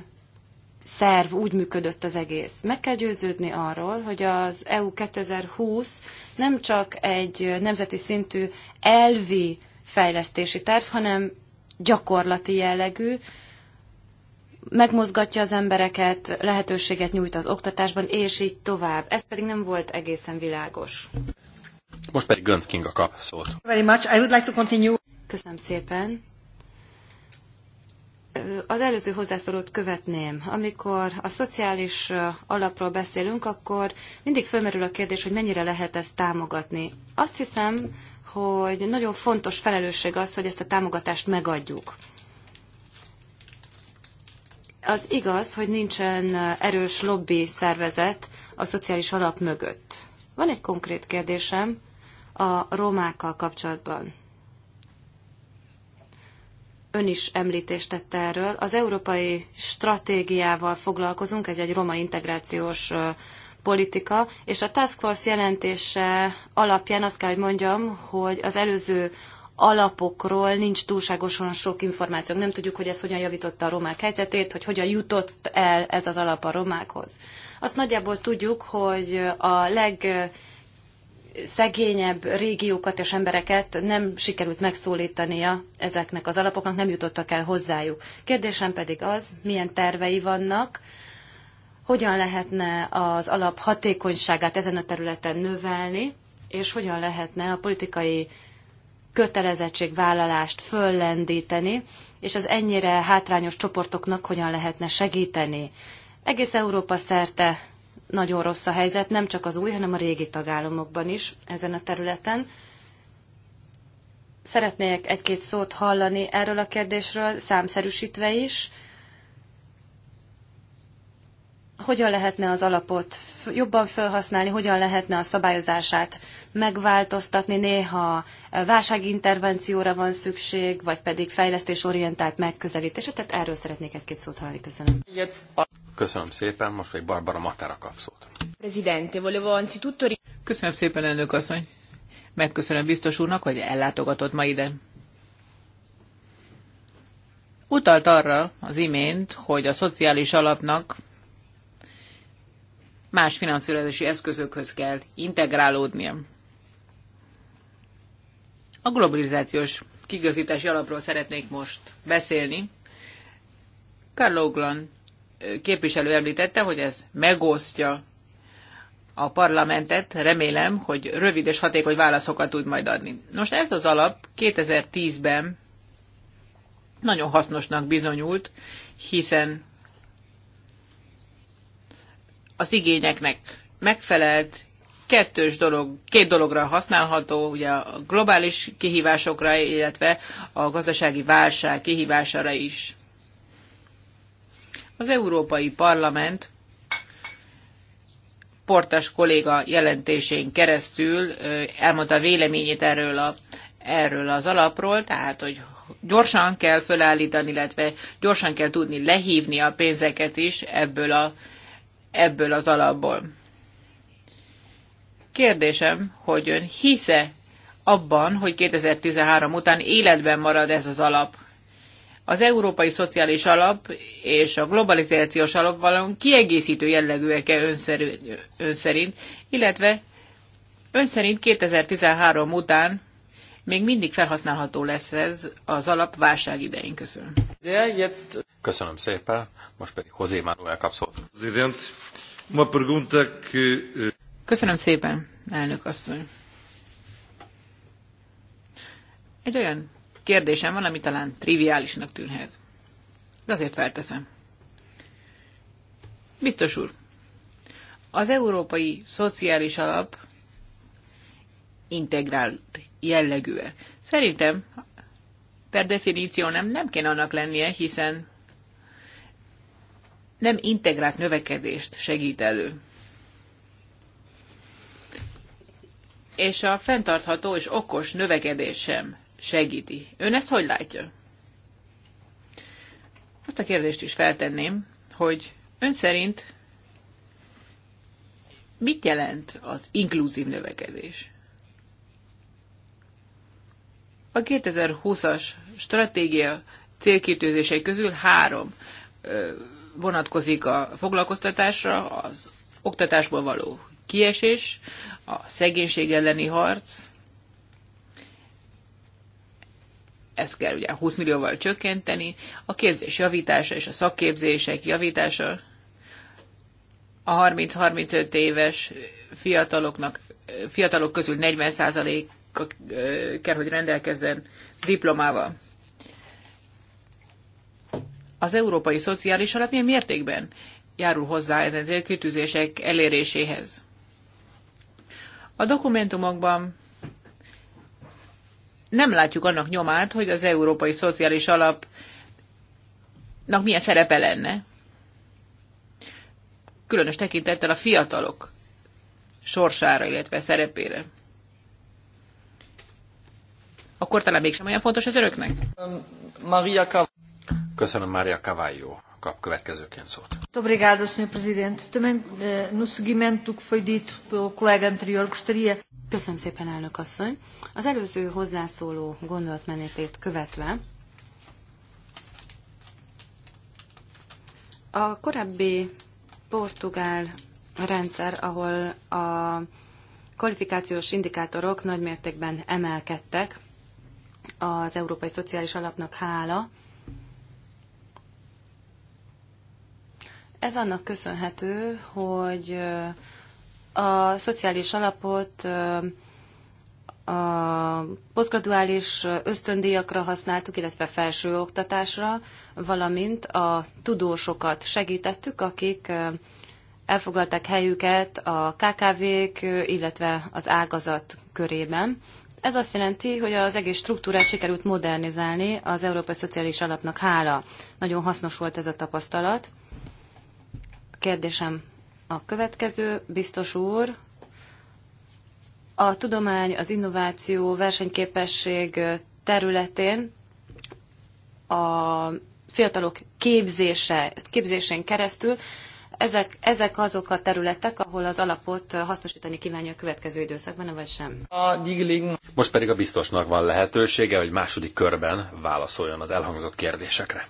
szerv úgy működött az egész. Meg kell győződni arról, hogy az EU 2020 nem csak egy nemzeti szintű elvi fejlesztési terv, hanem gyakorlati jellegű, megmozgatja az embereket, lehetőséget nyújt az oktatásban, és így tovább. Ez pedig nem volt egészen világos. Most pedig Gönc Kinga kap szót. Very much. I would like to continue. Köszönöm szépen. Az előző hozzászólót követném. Amikor a szociális alapról beszélünk, akkor mindig fölmerül a kérdés, hogy mennyire lehet ezt támogatni. Azt hiszem, hogy nagyon fontos felelősség az, hogy ezt a támogatást megadjuk. Az igaz, hogy nincsen erős lobby szervezet a szociális alap mögött. Van egy konkrét kérdésem a romákkal kapcsolatban. Ön is említést tette erről. Az európai stratégiával foglalkozunk, ez egy roma integrációs politika, és a Task Force jelentése alapján azt kell, hogy mondjam, hogy az előző alapokról nincs túlságosan sok információ. Nem tudjuk, hogy ez hogyan javította a romák helyzetét, hogy hogyan jutott el ez az alap a romákhoz. Azt nagyjából tudjuk, hogy a leg szegényebb régiókat és embereket nem sikerült megszólítania ezeknek az alapoknak, nem jutottak el hozzájuk. Kérdésem pedig az, milyen tervei vannak, hogyan lehetne az alap hatékonyságát ezen a területen növelni, és hogyan lehetne a politikai kötelezettségvállalást föllendíteni, és az ennyire hátrányos csoportoknak hogyan lehetne segíteni. Egész Európa szerte nagyon rossz a helyzet, nem csak az új, hanem a régi tagállamokban is ezen a területen. Szeretnék egy-két szót hallani erről a kérdésről, számszerűsítve is, hogyan lehetne az alapot jobban felhasználni, hogyan lehetne a szabályozását megváltoztatni. Néha eh, válságintervencióra van szükség, vagy pedig fejlesztésorientált megközelítésre. Tehát erről szeretnék egy-két szót hallani. Köszönöm. Köszönöm szépen. Most még Barbara Matera kap szót. Presidente, volevo anzitutto... Köszönöm szépen, elnök asszony. Megköszönöm biztos úrnak, hogy ellátogatott ma ide. Utalt arra az imént, hogy a szociális alapnak más finanszírozási eszközökhöz kell integrálódnia. A globalizációs kigazítási alapról szeretnék most beszélni. Karl Oglan képviselő említette, hogy ez megosztja a parlamentet, remélem, hogy rövid és hatékony válaszokat tud majd adni. Nos, ez az alap 2010-ben nagyon hasznosnak bizonyult, hiszen az igényeknek megfelelt, kettős dolog, két dologra használható, ugye a globális kihívásokra, illetve a gazdasági válság kihívására is. Az Európai Parlament portas kolléga jelentésén keresztül elmondta véleményét erről, a, erről az alapról, tehát hogy gyorsan kell fölállítani, illetve gyorsan kell tudni lehívni a pénzeket is ebből a ebből az alapból. Kérdésem, hogy ön hisze abban, hogy 2013 után életben marad ez az alap. Az Európai Szociális Alap és a Globalizációs Alap valami kiegészítő jellegűek-e ön szerint, illetve ön szerint 2013 után még mindig felhasználható lesz ez az alap válság idején. Köszönöm. Köszönöm szépen. Most pedig José Manuel kapszolt. Eh, Köszönöm szépen, elnök asszony. Egy olyan kérdésem van, ami talán triviálisnak tűnhet. De azért felteszem. Biztos úr, az Európai Szociális Alap integrált jellegűek. Szerintem per definíció nem, nem kéne annak lennie, hiszen nem integrált növekedést segít elő. És a fenntartható és okos növekedés sem segíti. Ön ezt hogy látja? Azt a kérdést is feltenném, hogy ön szerint mit jelent az inkluzív növekedés? A 2020-as stratégia célkitűzései közül három vonatkozik a foglalkoztatásra, az oktatásból való kiesés, a szegénység elleni harc, ezt kell ugye 20 millióval csökkenteni, a képzés javítása és a szakképzések javítása, a 30-35 éves fiataloknak, fiatalok közül 40% kell, hogy rendelkezzen diplomával. Az Európai Szociális Alap milyen mértékben járul hozzá ezen célkütőzések eléréséhez? A dokumentumokban nem látjuk annak nyomát, hogy az Európai Szociális Alapnak milyen szerepe lenne. Különös tekintettel a fiatalok sorsára, illetve szerepére akkor talán mégsem olyan fontos az öröknek? Maria Cav- Köszönöm, Mária Cavallo kap következőként szót. Obrigada, Sr. Presidente. Também eh, no seguimento que foi dito pelo colega anterior, gostaria... Köszönöm szépen, elnök asszony. Az előző hozzászóló gondolatmenetét követve a korábbi portugál rendszer, ahol a kvalifikációs indikátorok nagymértékben emelkedtek, az Európai Szociális Alapnak hála. Ez annak köszönhető, hogy a szociális alapot a posztgraduális ösztöndíjakra használtuk, illetve felső oktatásra, valamint a tudósokat segítettük, akik elfoglalták helyüket a KKV-k, illetve az ágazat körében. Ez azt jelenti, hogy az egész struktúrát sikerült modernizálni az Európai Szociális Alapnak hála. Nagyon hasznos volt ez a tapasztalat. A kérdésem a következő. Biztos úr, a tudomány, az innováció, versenyképesség területén a fiatalok képzése, képzésén keresztül ezek, ezek azok a területek, ahol az alapot hasznosítani kívánja a következő időszakban, vagy sem. Most pedig a biztosnak van lehetősége, hogy második körben válaszoljon az elhangzott kérdésekre.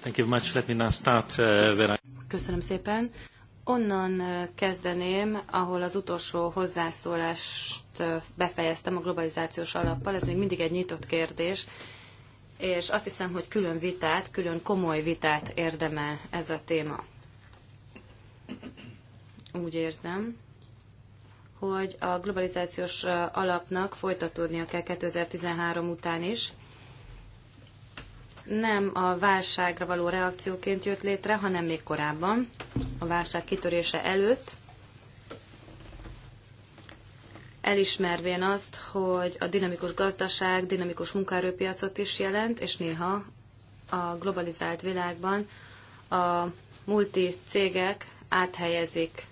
Thank you much. Let me now start, uh, Köszönöm szépen. Onnan uh, kezdeném, ahol az utolsó hozzászólást uh, befejeztem a globalizációs alappal. Ez még mindig egy nyitott kérdés, és azt hiszem, hogy külön vitát, külön komoly vitát érdemel ez a téma. Úgy érzem, hogy a globalizációs alapnak folytatódnia kell 2013 után is. Nem a válságra való reakcióként jött létre, hanem még korábban, a válság kitörése előtt elismervén azt, hogy a dinamikus gazdaság dinamikus munkaerőpiacot is jelent, és néha a globalizált világban a multi cégek áthelyezik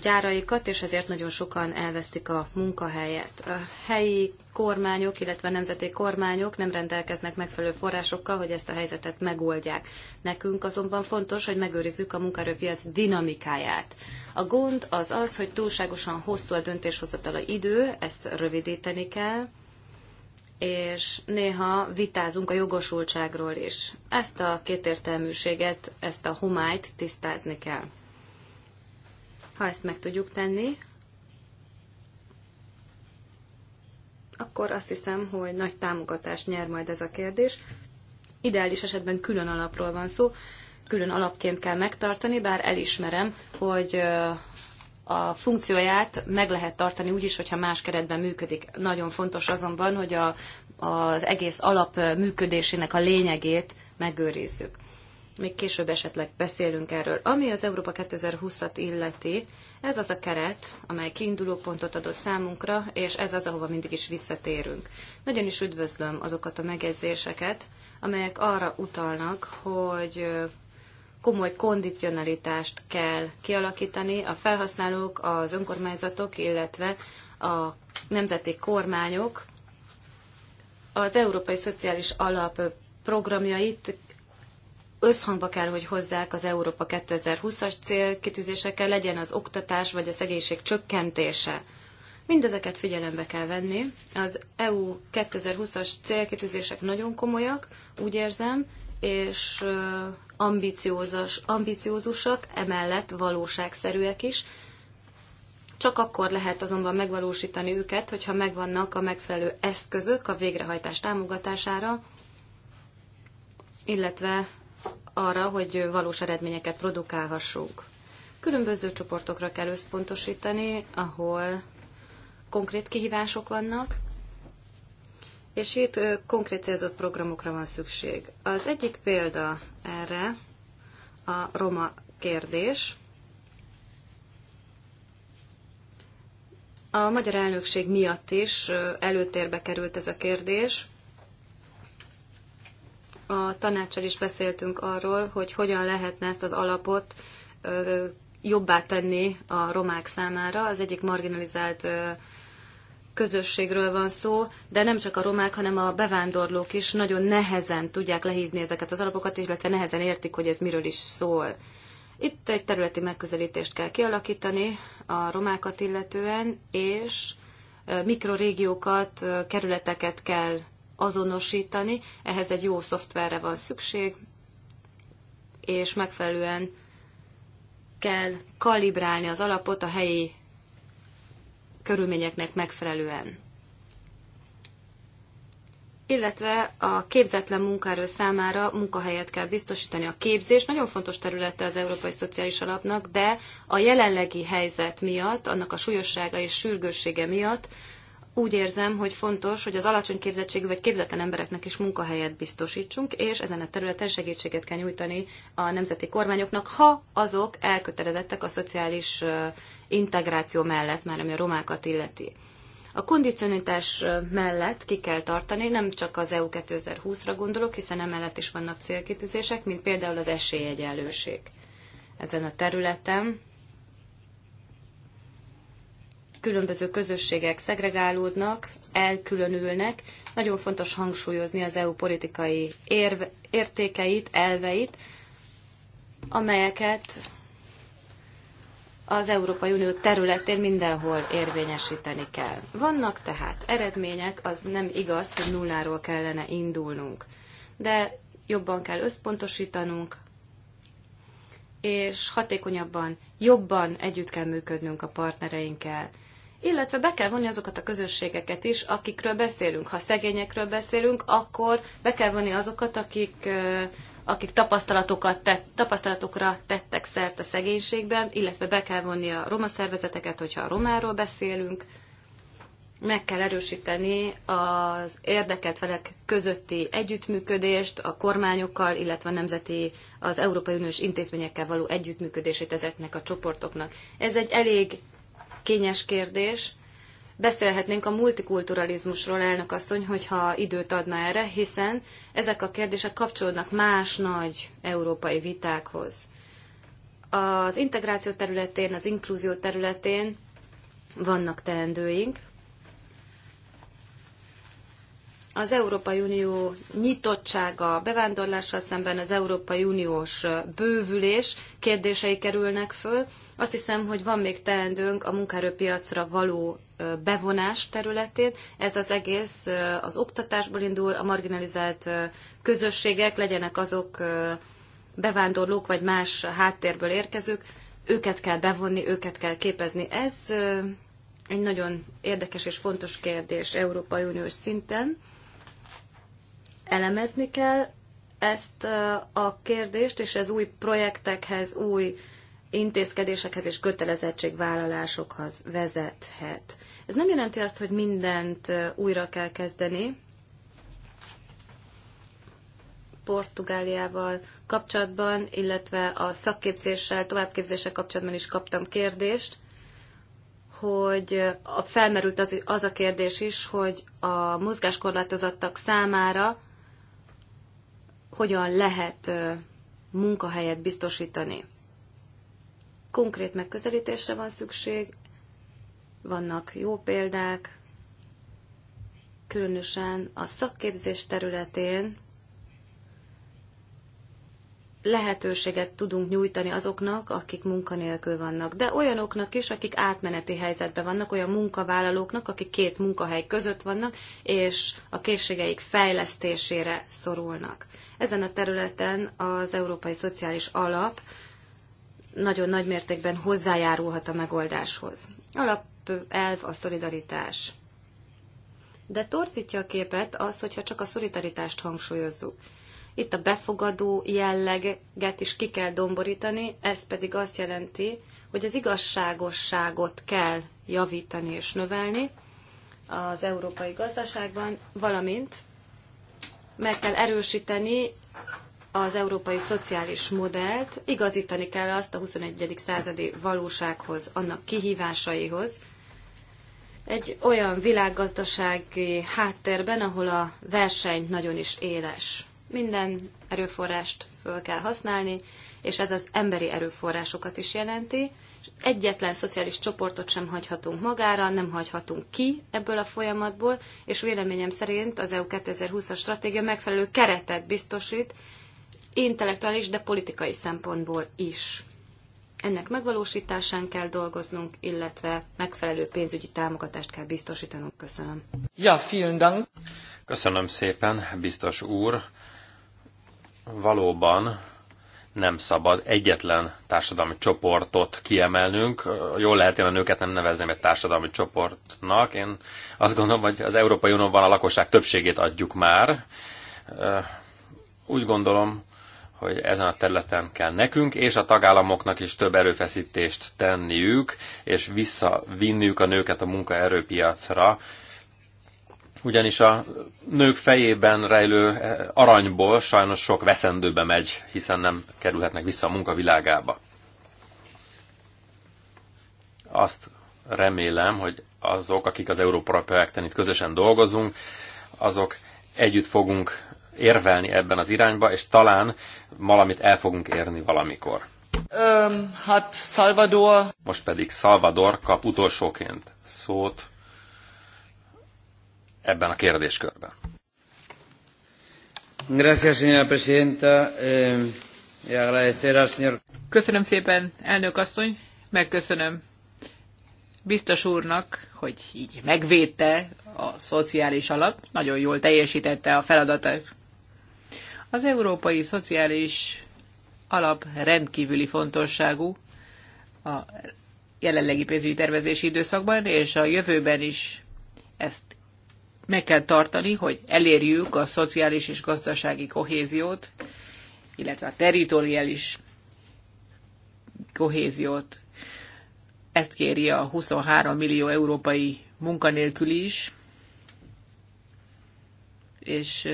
gyáraikat, és ezért nagyon sokan elvesztik a munkahelyet. A helyi kormányok, illetve nemzeti kormányok nem rendelkeznek megfelelő forrásokkal, hogy ezt a helyzetet megoldják. Nekünk azonban fontos, hogy megőrizzük a munkaerőpiac dinamikáját. A gond az az, hogy túlságosan hosszú a döntéshozatal a idő, ezt rövidíteni kell, és néha vitázunk a jogosultságról is. Ezt a kétértelműséget, ezt a homályt tisztázni kell. Ha ezt meg tudjuk tenni, akkor azt hiszem, hogy nagy támogatást nyer majd ez a kérdés. Ideális esetben külön alapról van szó, külön alapként kell megtartani, bár elismerem, hogy a funkcióját meg lehet tartani úgy is, hogyha más keretben működik. Nagyon fontos azonban, hogy a, az egész alap működésének a lényegét megőrizzük még később esetleg beszélünk erről. Ami az Európa 2020-at illeti, ez az a keret, amely kiinduló pontot adott számunkra, és ez az, ahova mindig is visszatérünk. Nagyon is üdvözlöm azokat a megjegyzéseket, amelyek arra utalnak, hogy komoly kondicionalitást kell kialakítani a felhasználók, az önkormányzatok, illetve a nemzeti kormányok az Európai Szociális Alap programjait összhangba kell, hogy hozzák az Európa 2020-as célkitűzésekkel, legyen az oktatás vagy a szegénység csökkentése. Mindezeket figyelembe kell venni. Az EU 2020-as célkitűzések nagyon komolyak, úgy érzem, és ambiciózus, ambiciózusak, emellett valóságszerűek is. Csak akkor lehet azonban megvalósítani őket, hogyha megvannak a megfelelő eszközök a végrehajtás támogatására, illetve arra, hogy valós eredményeket produkálhassunk. Különböző csoportokra kell összpontosítani, ahol konkrét kihívások vannak, és itt konkrét célzott programokra van szükség. Az egyik példa erre a roma kérdés. A magyar elnökség miatt is előtérbe került ez a kérdés, a tanácssal is beszéltünk arról, hogy hogyan lehetne ezt az alapot jobbá tenni a romák számára. Az egyik marginalizált közösségről van szó, de nem csak a romák, hanem a bevándorlók is nagyon nehezen tudják lehívni ezeket az alapokat, illetve nehezen értik, hogy ez miről is szól. Itt egy területi megközelítést kell kialakítani a romákat illetően, és mikrorégiókat, kerületeket kell azonosítani, ehhez egy jó szoftverre van szükség, és megfelelően kell kalibrálni az alapot a helyi körülményeknek megfelelően. Illetve a képzetlen munkáról számára munkahelyet kell biztosítani. A képzés nagyon fontos területe az Európai Szociális Alapnak, de a jelenlegi helyzet miatt, annak a súlyossága és sürgőssége miatt úgy érzem, hogy fontos, hogy az alacsony képzettségű vagy képzetlen embereknek is munkahelyet biztosítsunk, és ezen a területen segítséget kell nyújtani a nemzeti kormányoknak, ha azok elkötelezettek a szociális integráció mellett, már ami a romákat illeti. A kondicionitás mellett ki kell tartani, nem csak az EU 2020-ra gondolok, hiszen emellett is vannak célkitűzések, mint például az esélyegyenlőség ezen a területen különböző közösségek szegregálódnak, elkülönülnek. Nagyon fontos hangsúlyozni az EU politikai érve, értékeit, elveit, amelyeket az Európai Unió területén mindenhol érvényesíteni kell. Vannak tehát eredmények, az nem igaz, hogy nulláról kellene indulnunk, de jobban kell összpontosítanunk, és hatékonyabban, jobban együtt kell működnünk a partnereinkkel illetve be kell vonni azokat a közösségeket is, akikről beszélünk. Ha szegényekről beszélünk, akkor be kell vonni azokat, akik, akik tapasztalatokat tett, tapasztalatokra tettek szert a szegénységben, illetve be kell vonni a roma szervezeteket, hogyha a romáról beszélünk. Meg kell erősíteni az érdekelt felek közötti együttműködést, a kormányokkal, illetve a nemzeti, az Európai Uniós intézményekkel való együttműködését ezeknek a csoportoknak. Ez egy elég kényes kérdés. Beszélhetnénk a multikulturalizmusról, elnök asszony, hogyha időt adna erre, hiszen ezek a kérdések kapcsolódnak más nagy európai vitákhoz. Az integráció területén, az inkluzió területén vannak teendőink, az Európai Unió nyitottsága bevándorlással szemben az Európai Uniós bővülés kérdései kerülnek föl. Azt hiszem, hogy van még teendőnk a munkaerőpiacra való bevonás területén. Ez az egész az oktatásból indul, a marginalizált közösségek, legyenek azok bevándorlók vagy más háttérből érkezők, őket kell bevonni, őket kell képezni. Ez egy nagyon érdekes és fontos kérdés Európai Uniós szinten elemezni kell ezt a kérdést, és ez új projektekhez, új intézkedésekhez és kötelezettségvállalásokhoz vezethet. Ez nem jelenti azt, hogy mindent újra kell kezdeni. Portugáliával kapcsolatban, illetve a szakképzéssel, továbbképzéssel kapcsolatban is kaptam kérdést, hogy a felmerült az, az a kérdés is, hogy a mozgáskorlátozottak számára hogyan lehet munkahelyet biztosítani. Konkrét megközelítésre van szükség, vannak jó példák, különösen a szakképzés területén lehetőséget tudunk nyújtani azoknak, akik munkanélkül vannak, de olyanoknak is, akik átmeneti helyzetben vannak, olyan munkavállalóknak, akik két munkahely között vannak, és a készségeik fejlesztésére szorulnak. Ezen a területen az Európai Szociális Alap nagyon nagy mértékben hozzájárulhat a megoldáshoz. Alapelv a szolidaritás. De torzítja a képet az, hogyha csak a szolidaritást hangsúlyozzuk. Itt a befogadó jelleget is ki kell domborítani, ez pedig azt jelenti, hogy az igazságosságot kell javítani és növelni az európai gazdaságban, valamint meg kell erősíteni az európai szociális modellt, igazítani kell azt a 21. századi valósághoz, annak kihívásaihoz, egy olyan világgazdasági háttérben, ahol a verseny nagyon is éles. Minden erőforrást föl kell használni, és ez az emberi erőforrásokat is jelenti, egyetlen szociális csoportot sem hagyhatunk magára, nem hagyhatunk ki ebből a folyamatból, és véleményem szerint az EU 2020-as stratégia megfelelő keretet biztosít, intellektuális, de politikai szempontból is. Ennek megvalósításán kell dolgoznunk, illetve megfelelő pénzügyi támogatást kell biztosítanunk. Köszönöm. Ja, vielen Dank. Köszönöm szépen, biztos úr. Valóban nem szabad egyetlen társadalmi csoportot kiemelnünk. Jól lehet, én a nőket nem nevezném egy társadalmi csoportnak. Én azt gondolom, hogy az Európai Unióban a lakosság többségét adjuk már. Úgy gondolom, hogy ezen a területen kell nekünk, és a tagállamoknak is több erőfeszítést tenniük, és visszavinniük a nőket a munkaerőpiacra, ugyanis a nők fejében rejlő eh, aranyból sajnos sok veszendőbe megy, hiszen nem kerülhetnek vissza a munkavilágába. Azt remélem, hogy azok, akik az Európa projekten itt közösen dolgozunk, azok együtt fogunk érvelni ebben az irányba, és talán valamit el fogunk érni valamikor. Um, hát Salvador. Most pedig Salvador kap utolsóként szót ebben a kérdéskörben. Gracias, señora presidenta. Eh, Köszönöm szépen, elnök asszony, megköszönöm biztos úrnak, hogy így megvédte a szociális alap, nagyon jól teljesítette a feladatát. Az európai szociális alap rendkívüli fontosságú a jelenlegi pénzügyi tervezési időszakban, és a jövőben is ezt meg kell tartani, hogy elérjük a szociális és gazdasági kohéziót, illetve a teritoriális kohéziót. Ezt kéri a 23 millió európai munkanélkül is, és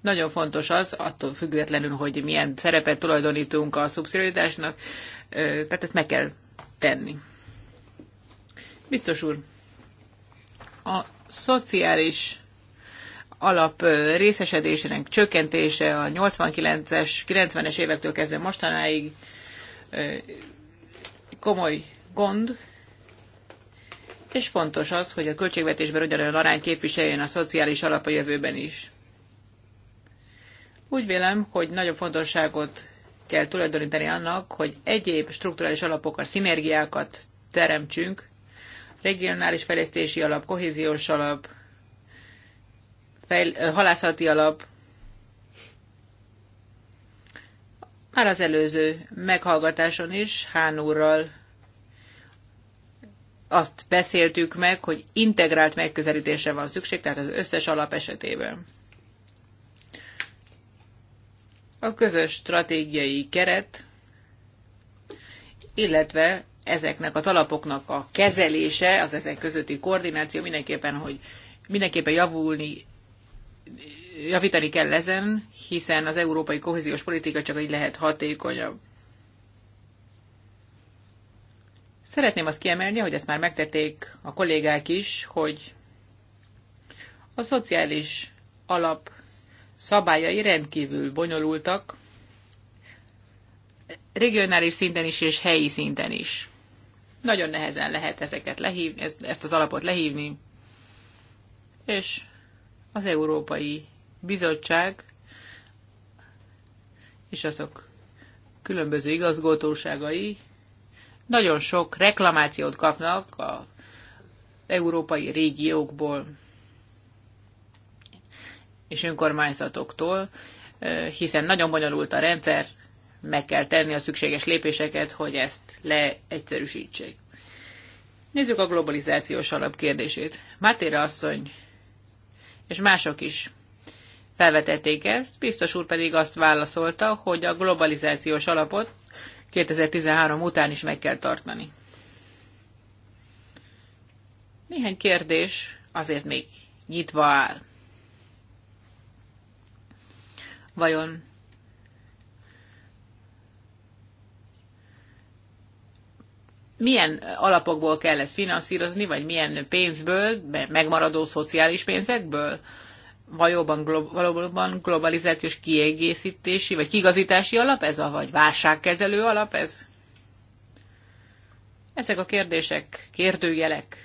nagyon fontos az, attól függetlenül, hogy milyen szerepet tulajdonítunk a szubszidiaritásnak, tehát ezt meg kell tenni. Biztos úr, a szociális alap részesedésének csökkentése a 89-es, 90-es évektől kezdve mostanáig komoly gond, és fontos az, hogy a költségvetésben ugyanolyan arány képviseljen a szociális alap a jövőben is. Úgy vélem, hogy nagyobb fontosságot kell tulajdonítani annak, hogy egyéb strukturális alapokkal szinergiákat teremtsünk, regionális fejlesztési alap, kohéziós alap, fejl- halászati alap. Már az előző meghallgatáson is Hán úrral azt beszéltük meg, hogy integrált megközelítésre van szükség, tehát az összes alap esetében. A közös stratégiai keret, illetve ezeknek az alapoknak a kezelése, az ezek közötti koordináció mindenképpen, hogy mindenképpen javulni, javítani kell ezen, hiszen az európai kohéziós politika csak így lehet hatékonyabb. Szeretném azt kiemelni, hogy ezt már megtették a kollégák is, hogy a szociális alap szabályai rendkívül bonyolultak, regionális szinten is és helyi szinten is. Nagyon nehezen lehet ezeket lehívni, ezt az alapot lehívni, és az Európai Bizottság és azok különböző igazgatóságai nagyon sok reklamációt kapnak az európai régiókból és önkormányzatoktól, eh, hiszen nagyon bonyolult a rendszer, meg kell tenni a szükséges lépéseket, hogy ezt leegyszerűsítsék. Nézzük a globalizációs alap kérdését. Mátéra asszony és mások is felvetették ezt, biztos úr pedig azt válaszolta, hogy a globalizációs alapot 2013 után is meg kell tartani. Néhány kérdés azért még nyitva áll. Vajon milyen alapokból kell ezt finanszírozni, vagy milyen pénzből, megmaradó szociális pénzekből? Valóban, glo- valóban globalizációs kiegészítési, vagy kigazítási alap ez a, vagy válságkezelő alap ez? Ezek a kérdések, kérdőjelek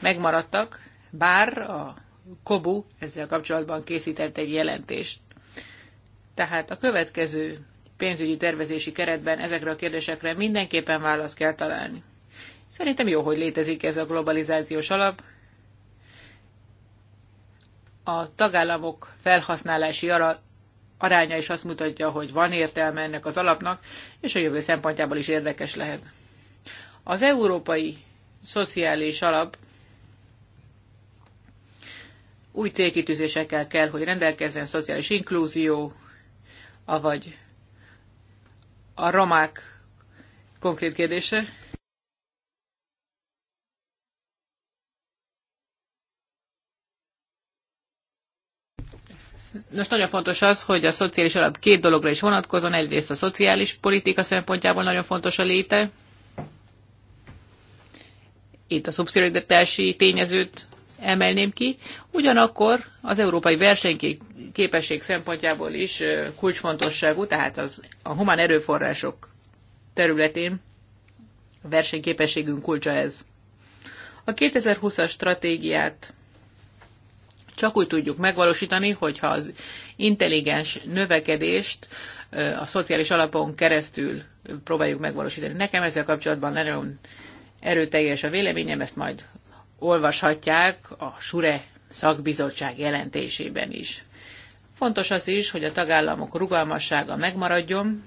megmaradtak, bár a Kobu ezzel kapcsolatban készített egy jelentést. Tehát a következő pénzügyi tervezési keretben ezekre a kérdésekre mindenképpen választ kell találni. Szerintem jó, hogy létezik ez a globalizációs alap. A tagállamok felhasználási aránya is azt mutatja, hogy van értelme ennek az alapnak, és a jövő szempontjából is érdekes lehet. Az európai szociális alap új célkitűzésekkel kell, hogy rendelkezzen szociális inklúzió, avagy a romák konkrét kérdése. Nos, nagyon fontos az, hogy a szociális alap két dologra is vonatkozon. Egyrészt a szociális politika szempontjából nagyon fontos a léte. Itt a szubszidiaritási tényezőt emelném ki. Ugyanakkor az európai versenyképesség szempontjából is kulcsfontosságú, tehát az a humán erőforrások területén a versenyképességünk kulcsa ez. A 2020-as stratégiát csak úgy tudjuk megvalósítani, hogyha az intelligens növekedést a szociális alapon keresztül próbáljuk megvalósítani. Nekem ezzel kapcsolatban nagyon erőteljes a véleményem, ezt majd olvashatják a SURE szakbizottság jelentésében is. Fontos az is, hogy a tagállamok rugalmassága megmaradjon,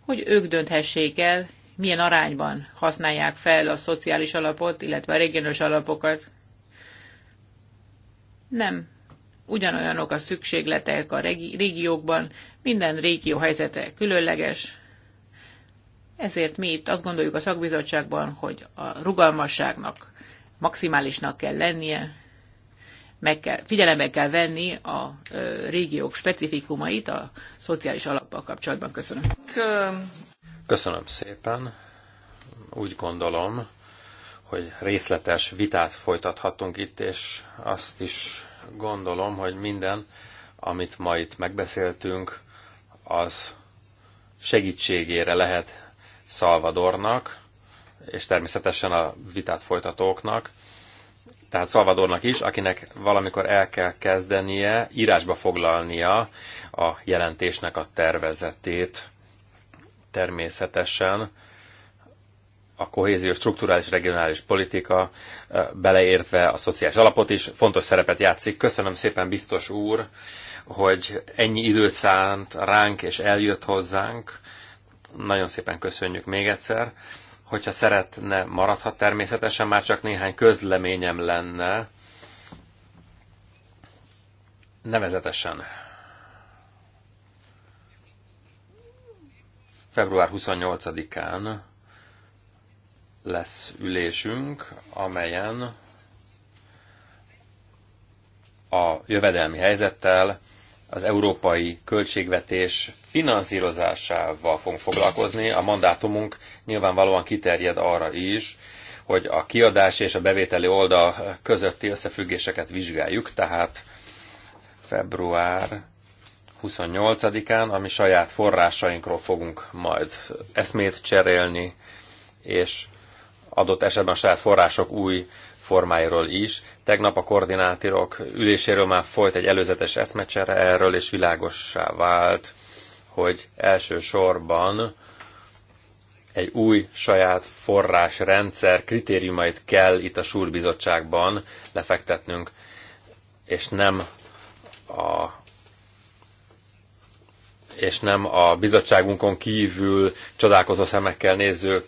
hogy ők dönthessék el, milyen arányban használják fel a szociális alapot, illetve a regionális alapokat nem ugyanolyanok a szükségletek a régiókban, minden régió helyzete különleges, ezért mi itt azt gondoljuk a szakbizottságban, hogy a rugalmasságnak maximálisnak kell lennie, meg kell, figyelembe kell venni a ö, régiók specifikumait a szociális alappal kapcsolatban. Köszönöm. Köszönöm szépen. Úgy gondolom, hogy részletes vitát folytathatunk itt, és azt is gondolom, hogy minden, amit ma itt megbeszéltünk, az segítségére lehet Szalvadornak, és természetesen a vitát folytatóknak, tehát Szalvadornak is, akinek valamikor el kell kezdenie, írásba foglalnia a jelentésnek a tervezetét természetesen a kohézió strukturális regionális politika eh, beleértve a szociális alapot is fontos szerepet játszik. Köszönöm szépen, biztos úr, hogy ennyi időt szánt ránk és eljött hozzánk. Nagyon szépen köszönjük még egyszer. Hogyha szeretne, maradhat természetesen, már csak néhány közleményem lenne. Nevezetesen február 28-án lesz ülésünk, amelyen a jövedelmi helyzettel, az európai költségvetés finanszírozásával fogunk foglalkozni. A mandátumunk nyilvánvalóan kiterjed arra is, hogy a kiadás és a bevételi oldal közötti összefüggéseket vizsgáljuk, tehát február 28-án, ami saját forrásainkról fogunk majd eszmét cserélni, és adott esetben a saját források új formáiról is. Tegnap a koordinátorok üléséről már folyt egy előzetes eszmecsere erről, és világossá vált, hogy elsősorban egy új saját forrásrendszer kritériumait kell itt a súrbizottságban lefektetnünk, és nem a és nem a bizottságunkon kívül csodálkozó szemekkel néző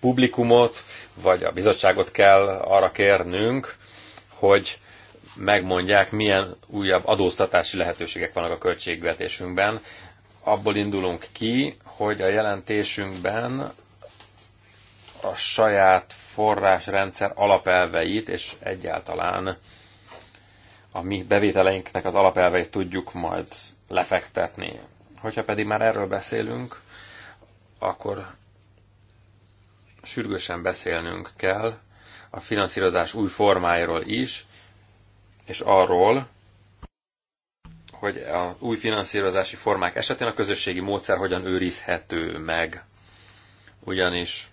publikumot, vagy a bizottságot kell arra kérnünk, hogy megmondják, milyen újabb adóztatási lehetőségek vannak a költségvetésünkben. Abból indulunk ki, hogy a jelentésünkben a saját forrásrendszer alapelveit, és egyáltalán a mi bevételeinknek az alapelveit tudjuk majd lefektetni. Hogyha pedig már erről beszélünk, akkor sürgősen beszélnünk kell a finanszírozás új formáiról is, és arról, hogy a új finanszírozási formák esetén a közösségi módszer hogyan őrizhető meg. Ugyanis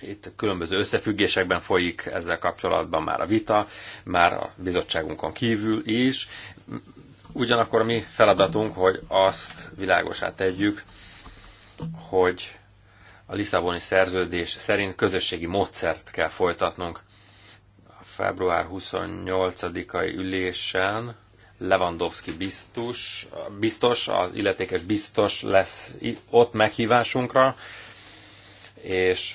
itt különböző összefüggésekben folyik ezzel kapcsolatban már a vita, már a bizottságunkon kívül is. Ugyanakkor a mi feladatunk, hogy azt világosát tegyük, hogy a Lisszaboni szerződés szerint közösségi módszert kell folytatnunk. A február 28-ai ülésen Lewandowski biztos, biztos, az illetékes biztos lesz ott meghívásunkra, és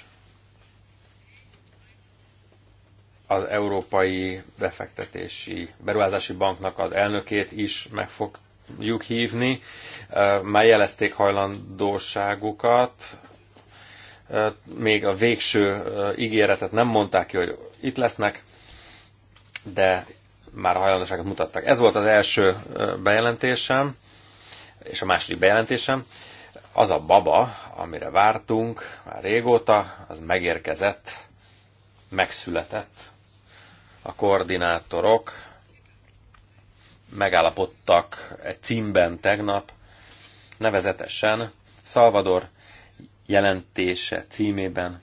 az Európai Befektetési Beruházási Banknak az elnökét is meg fogjuk hívni, már jelezték hajlandóságukat még a végső ígéretet nem mondták ki, hogy itt lesznek, de már hajlandóságot mutattak. Ez volt az első bejelentésem, és a második bejelentésem. Az a baba, amire vártunk már régóta, az megérkezett, megszületett. A koordinátorok megállapodtak egy címben tegnap, nevezetesen Salvador jelentése címében.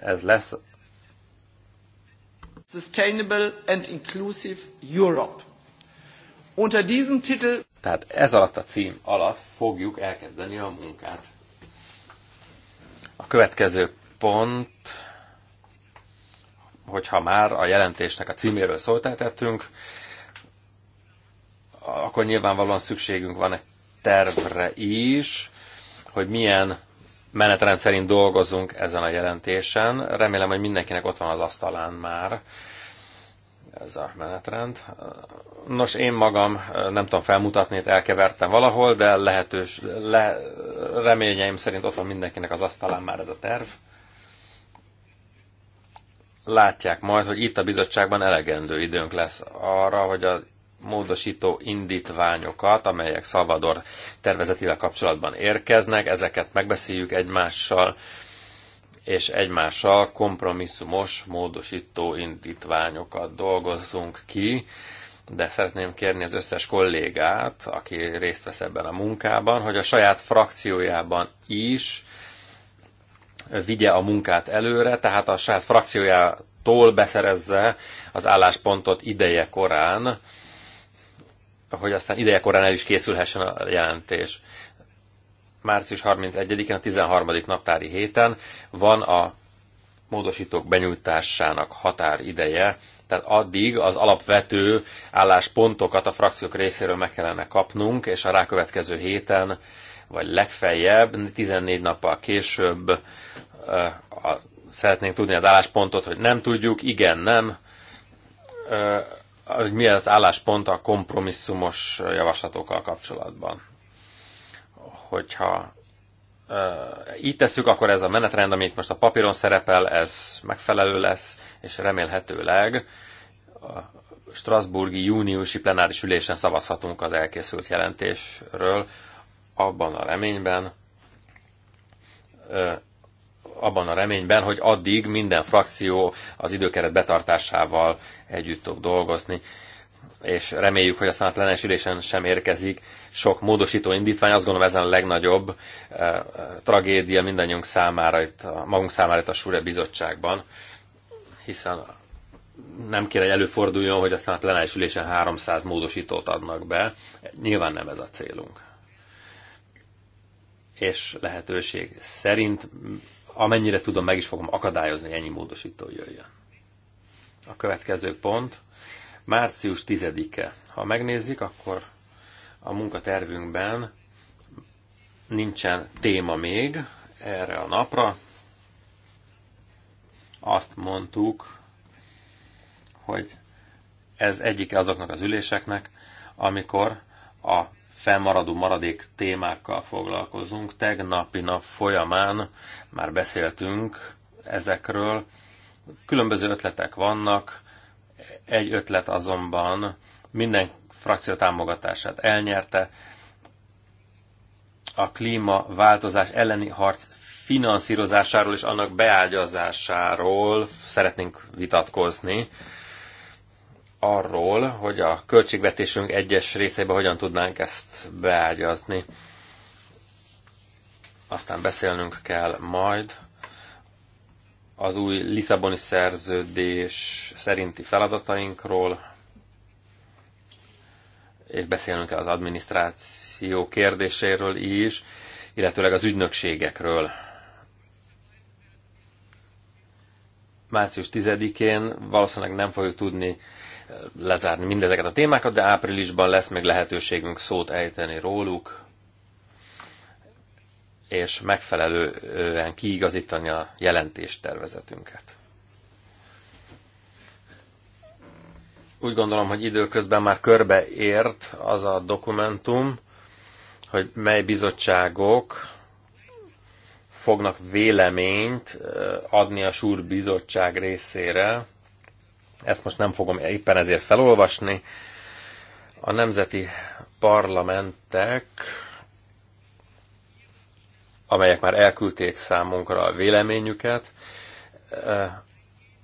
Ez lesz. Sustainable and Inclusive Europe. Unter diesem Titel... Tehát ez alatt a cím alatt fogjuk elkezdeni a munkát. A következő pont, hogyha már a jelentésnek a címéről szóltáltettünk, akkor nyilvánvalóan szükségünk van egy tervre is, hogy milyen menetrend szerint dolgozunk ezen a jelentésen. Remélem, hogy mindenkinek ott van az asztalán már ez a menetrend. Nos, én magam nem tudom felmutatni, itt elkevertem valahol, de lehetős, le, reményeim szerint ott van mindenkinek az asztalán már ez a terv. Látják majd, hogy itt a bizottságban elegendő időnk lesz arra, hogy a módosító indítványokat, amelyek Salvador tervezetével kapcsolatban érkeznek, ezeket megbeszéljük egymással, és egymással kompromisszumos módosító indítványokat dolgozzunk ki, de szeretném kérni az összes kollégát, aki részt vesz ebben a munkában, hogy a saját frakciójában is vigye a munkát előre, tehát a saját frakciójától beszerezze az álláspontot ideje korán, hogy aztán korán el is készülhessen a jelentés. Március 31-én, a 13. naptári héten van a módosítók benyújtásának határideje, tehát addig az alapvető álláspontokat a frakciók részéről meg kellene kapnunk, és a rákövetkező héten, vagy legfeljebb 14 nappal később eh, szeretnénk tudni az álláspontot, hogy nem tudjuk, igen, nem, eh, hogy milyen az álláspont a kompromisszumos javaslatokkal kapcsolatban. Hogyha így tesszük, akkor ez a menetrend, amit most a papíron szerepel, ez megfelelő lesz, és remélhetőleg a Strasburgi júniusi plenáris ülésen szavazhatunk az elkészült jelentésről, abban a reményben, abban a reményben, hogy addig minden frakció az időkeret betartásával együtt fog dolgozni és reméljük, hogy aztán a plenáris ülésen sem érkezik sok módosító indítvány. Azt gondolom ezen a legnagyobb e, tragédia mindannyiunk számára, itt a, magunk számára itt a Súre Bizottságban, hiszen nem kéne, hogy előforduljon, hogy aztán a plenáris ülésen 300 módosítót adnak be. Nyilván nem ez a célunk. És lehetőség szerint amennyire tudom, meg is fogom akadályozni, ennyi módosító jöjjön. A következő pont, március 10-e. Ha megnézzük, akkor a munkatervünkben nincsen téma még erre a napra. Azt mondtuk, hogy ez egyik azoknak az üléseknek, amikor a felmaradó maradék témákkal foglalkozunk. Tegnapi nap folyamán már beszéltünk ezekről. Különböző ötletek vannak, egy ötlet azonban minden frakció támogatását elnyerte. A klímaváltozás elleni harc finanszírozásáról és annak beágyazásáról szeretnénk vitatkozni arról, hogy a költségvetésünk egyes részeibe hogyan tudnánk ezt beágyazni. Aztán beszélnünk kell majd az új Lisszaboni szerződés szerinti feladatainkról, és beszélnünk kell az adminisztráció kérdéséről is, illetőleg az ügynökségekről. Március 10-én valószínűleg nem fogjuk tudni lezárni mindezeket a témákat, de áprilisban lesz még lehetőségünk szót ejteni róluk, és megfelelően kiigazítani a jelentéstervezetünket. Úgy gondolom, hogy időközben már körbeért az a dokumentum, hogy mely bizottságok fognak véleményt adni a súr bizottság részére ezt most nem fogom éppen ezért felolvasni. A nemzeti parlamentek, amelyek már elküldték számunkra a véleményüket,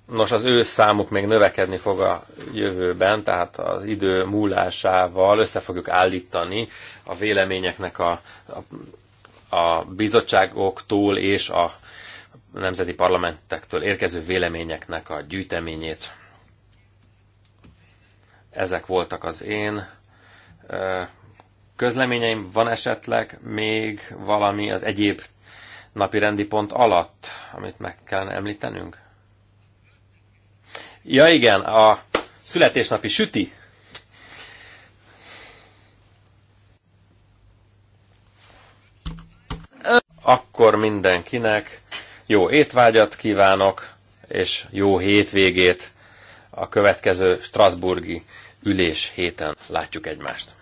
Nos, az ő számuk még növekedni fog a jövőben, tehát az idő múlásával össze fogjuk állítani a véleményeknek a, a, a bizottságoktól és a nemzeti parlamentektől érkező véleményeknek a gyűjteményét. Ezek voltak az én közleményeim. Van esetleg még valami az egyéb napi rendi pont alatt, amit meg kellene említenünk? Ja igen, a születésnapi süti. Akkor mindenkinek jó étvágyat kívánok, és jó hétvégét a következő Strasburgi ülés héten látjuk egymást.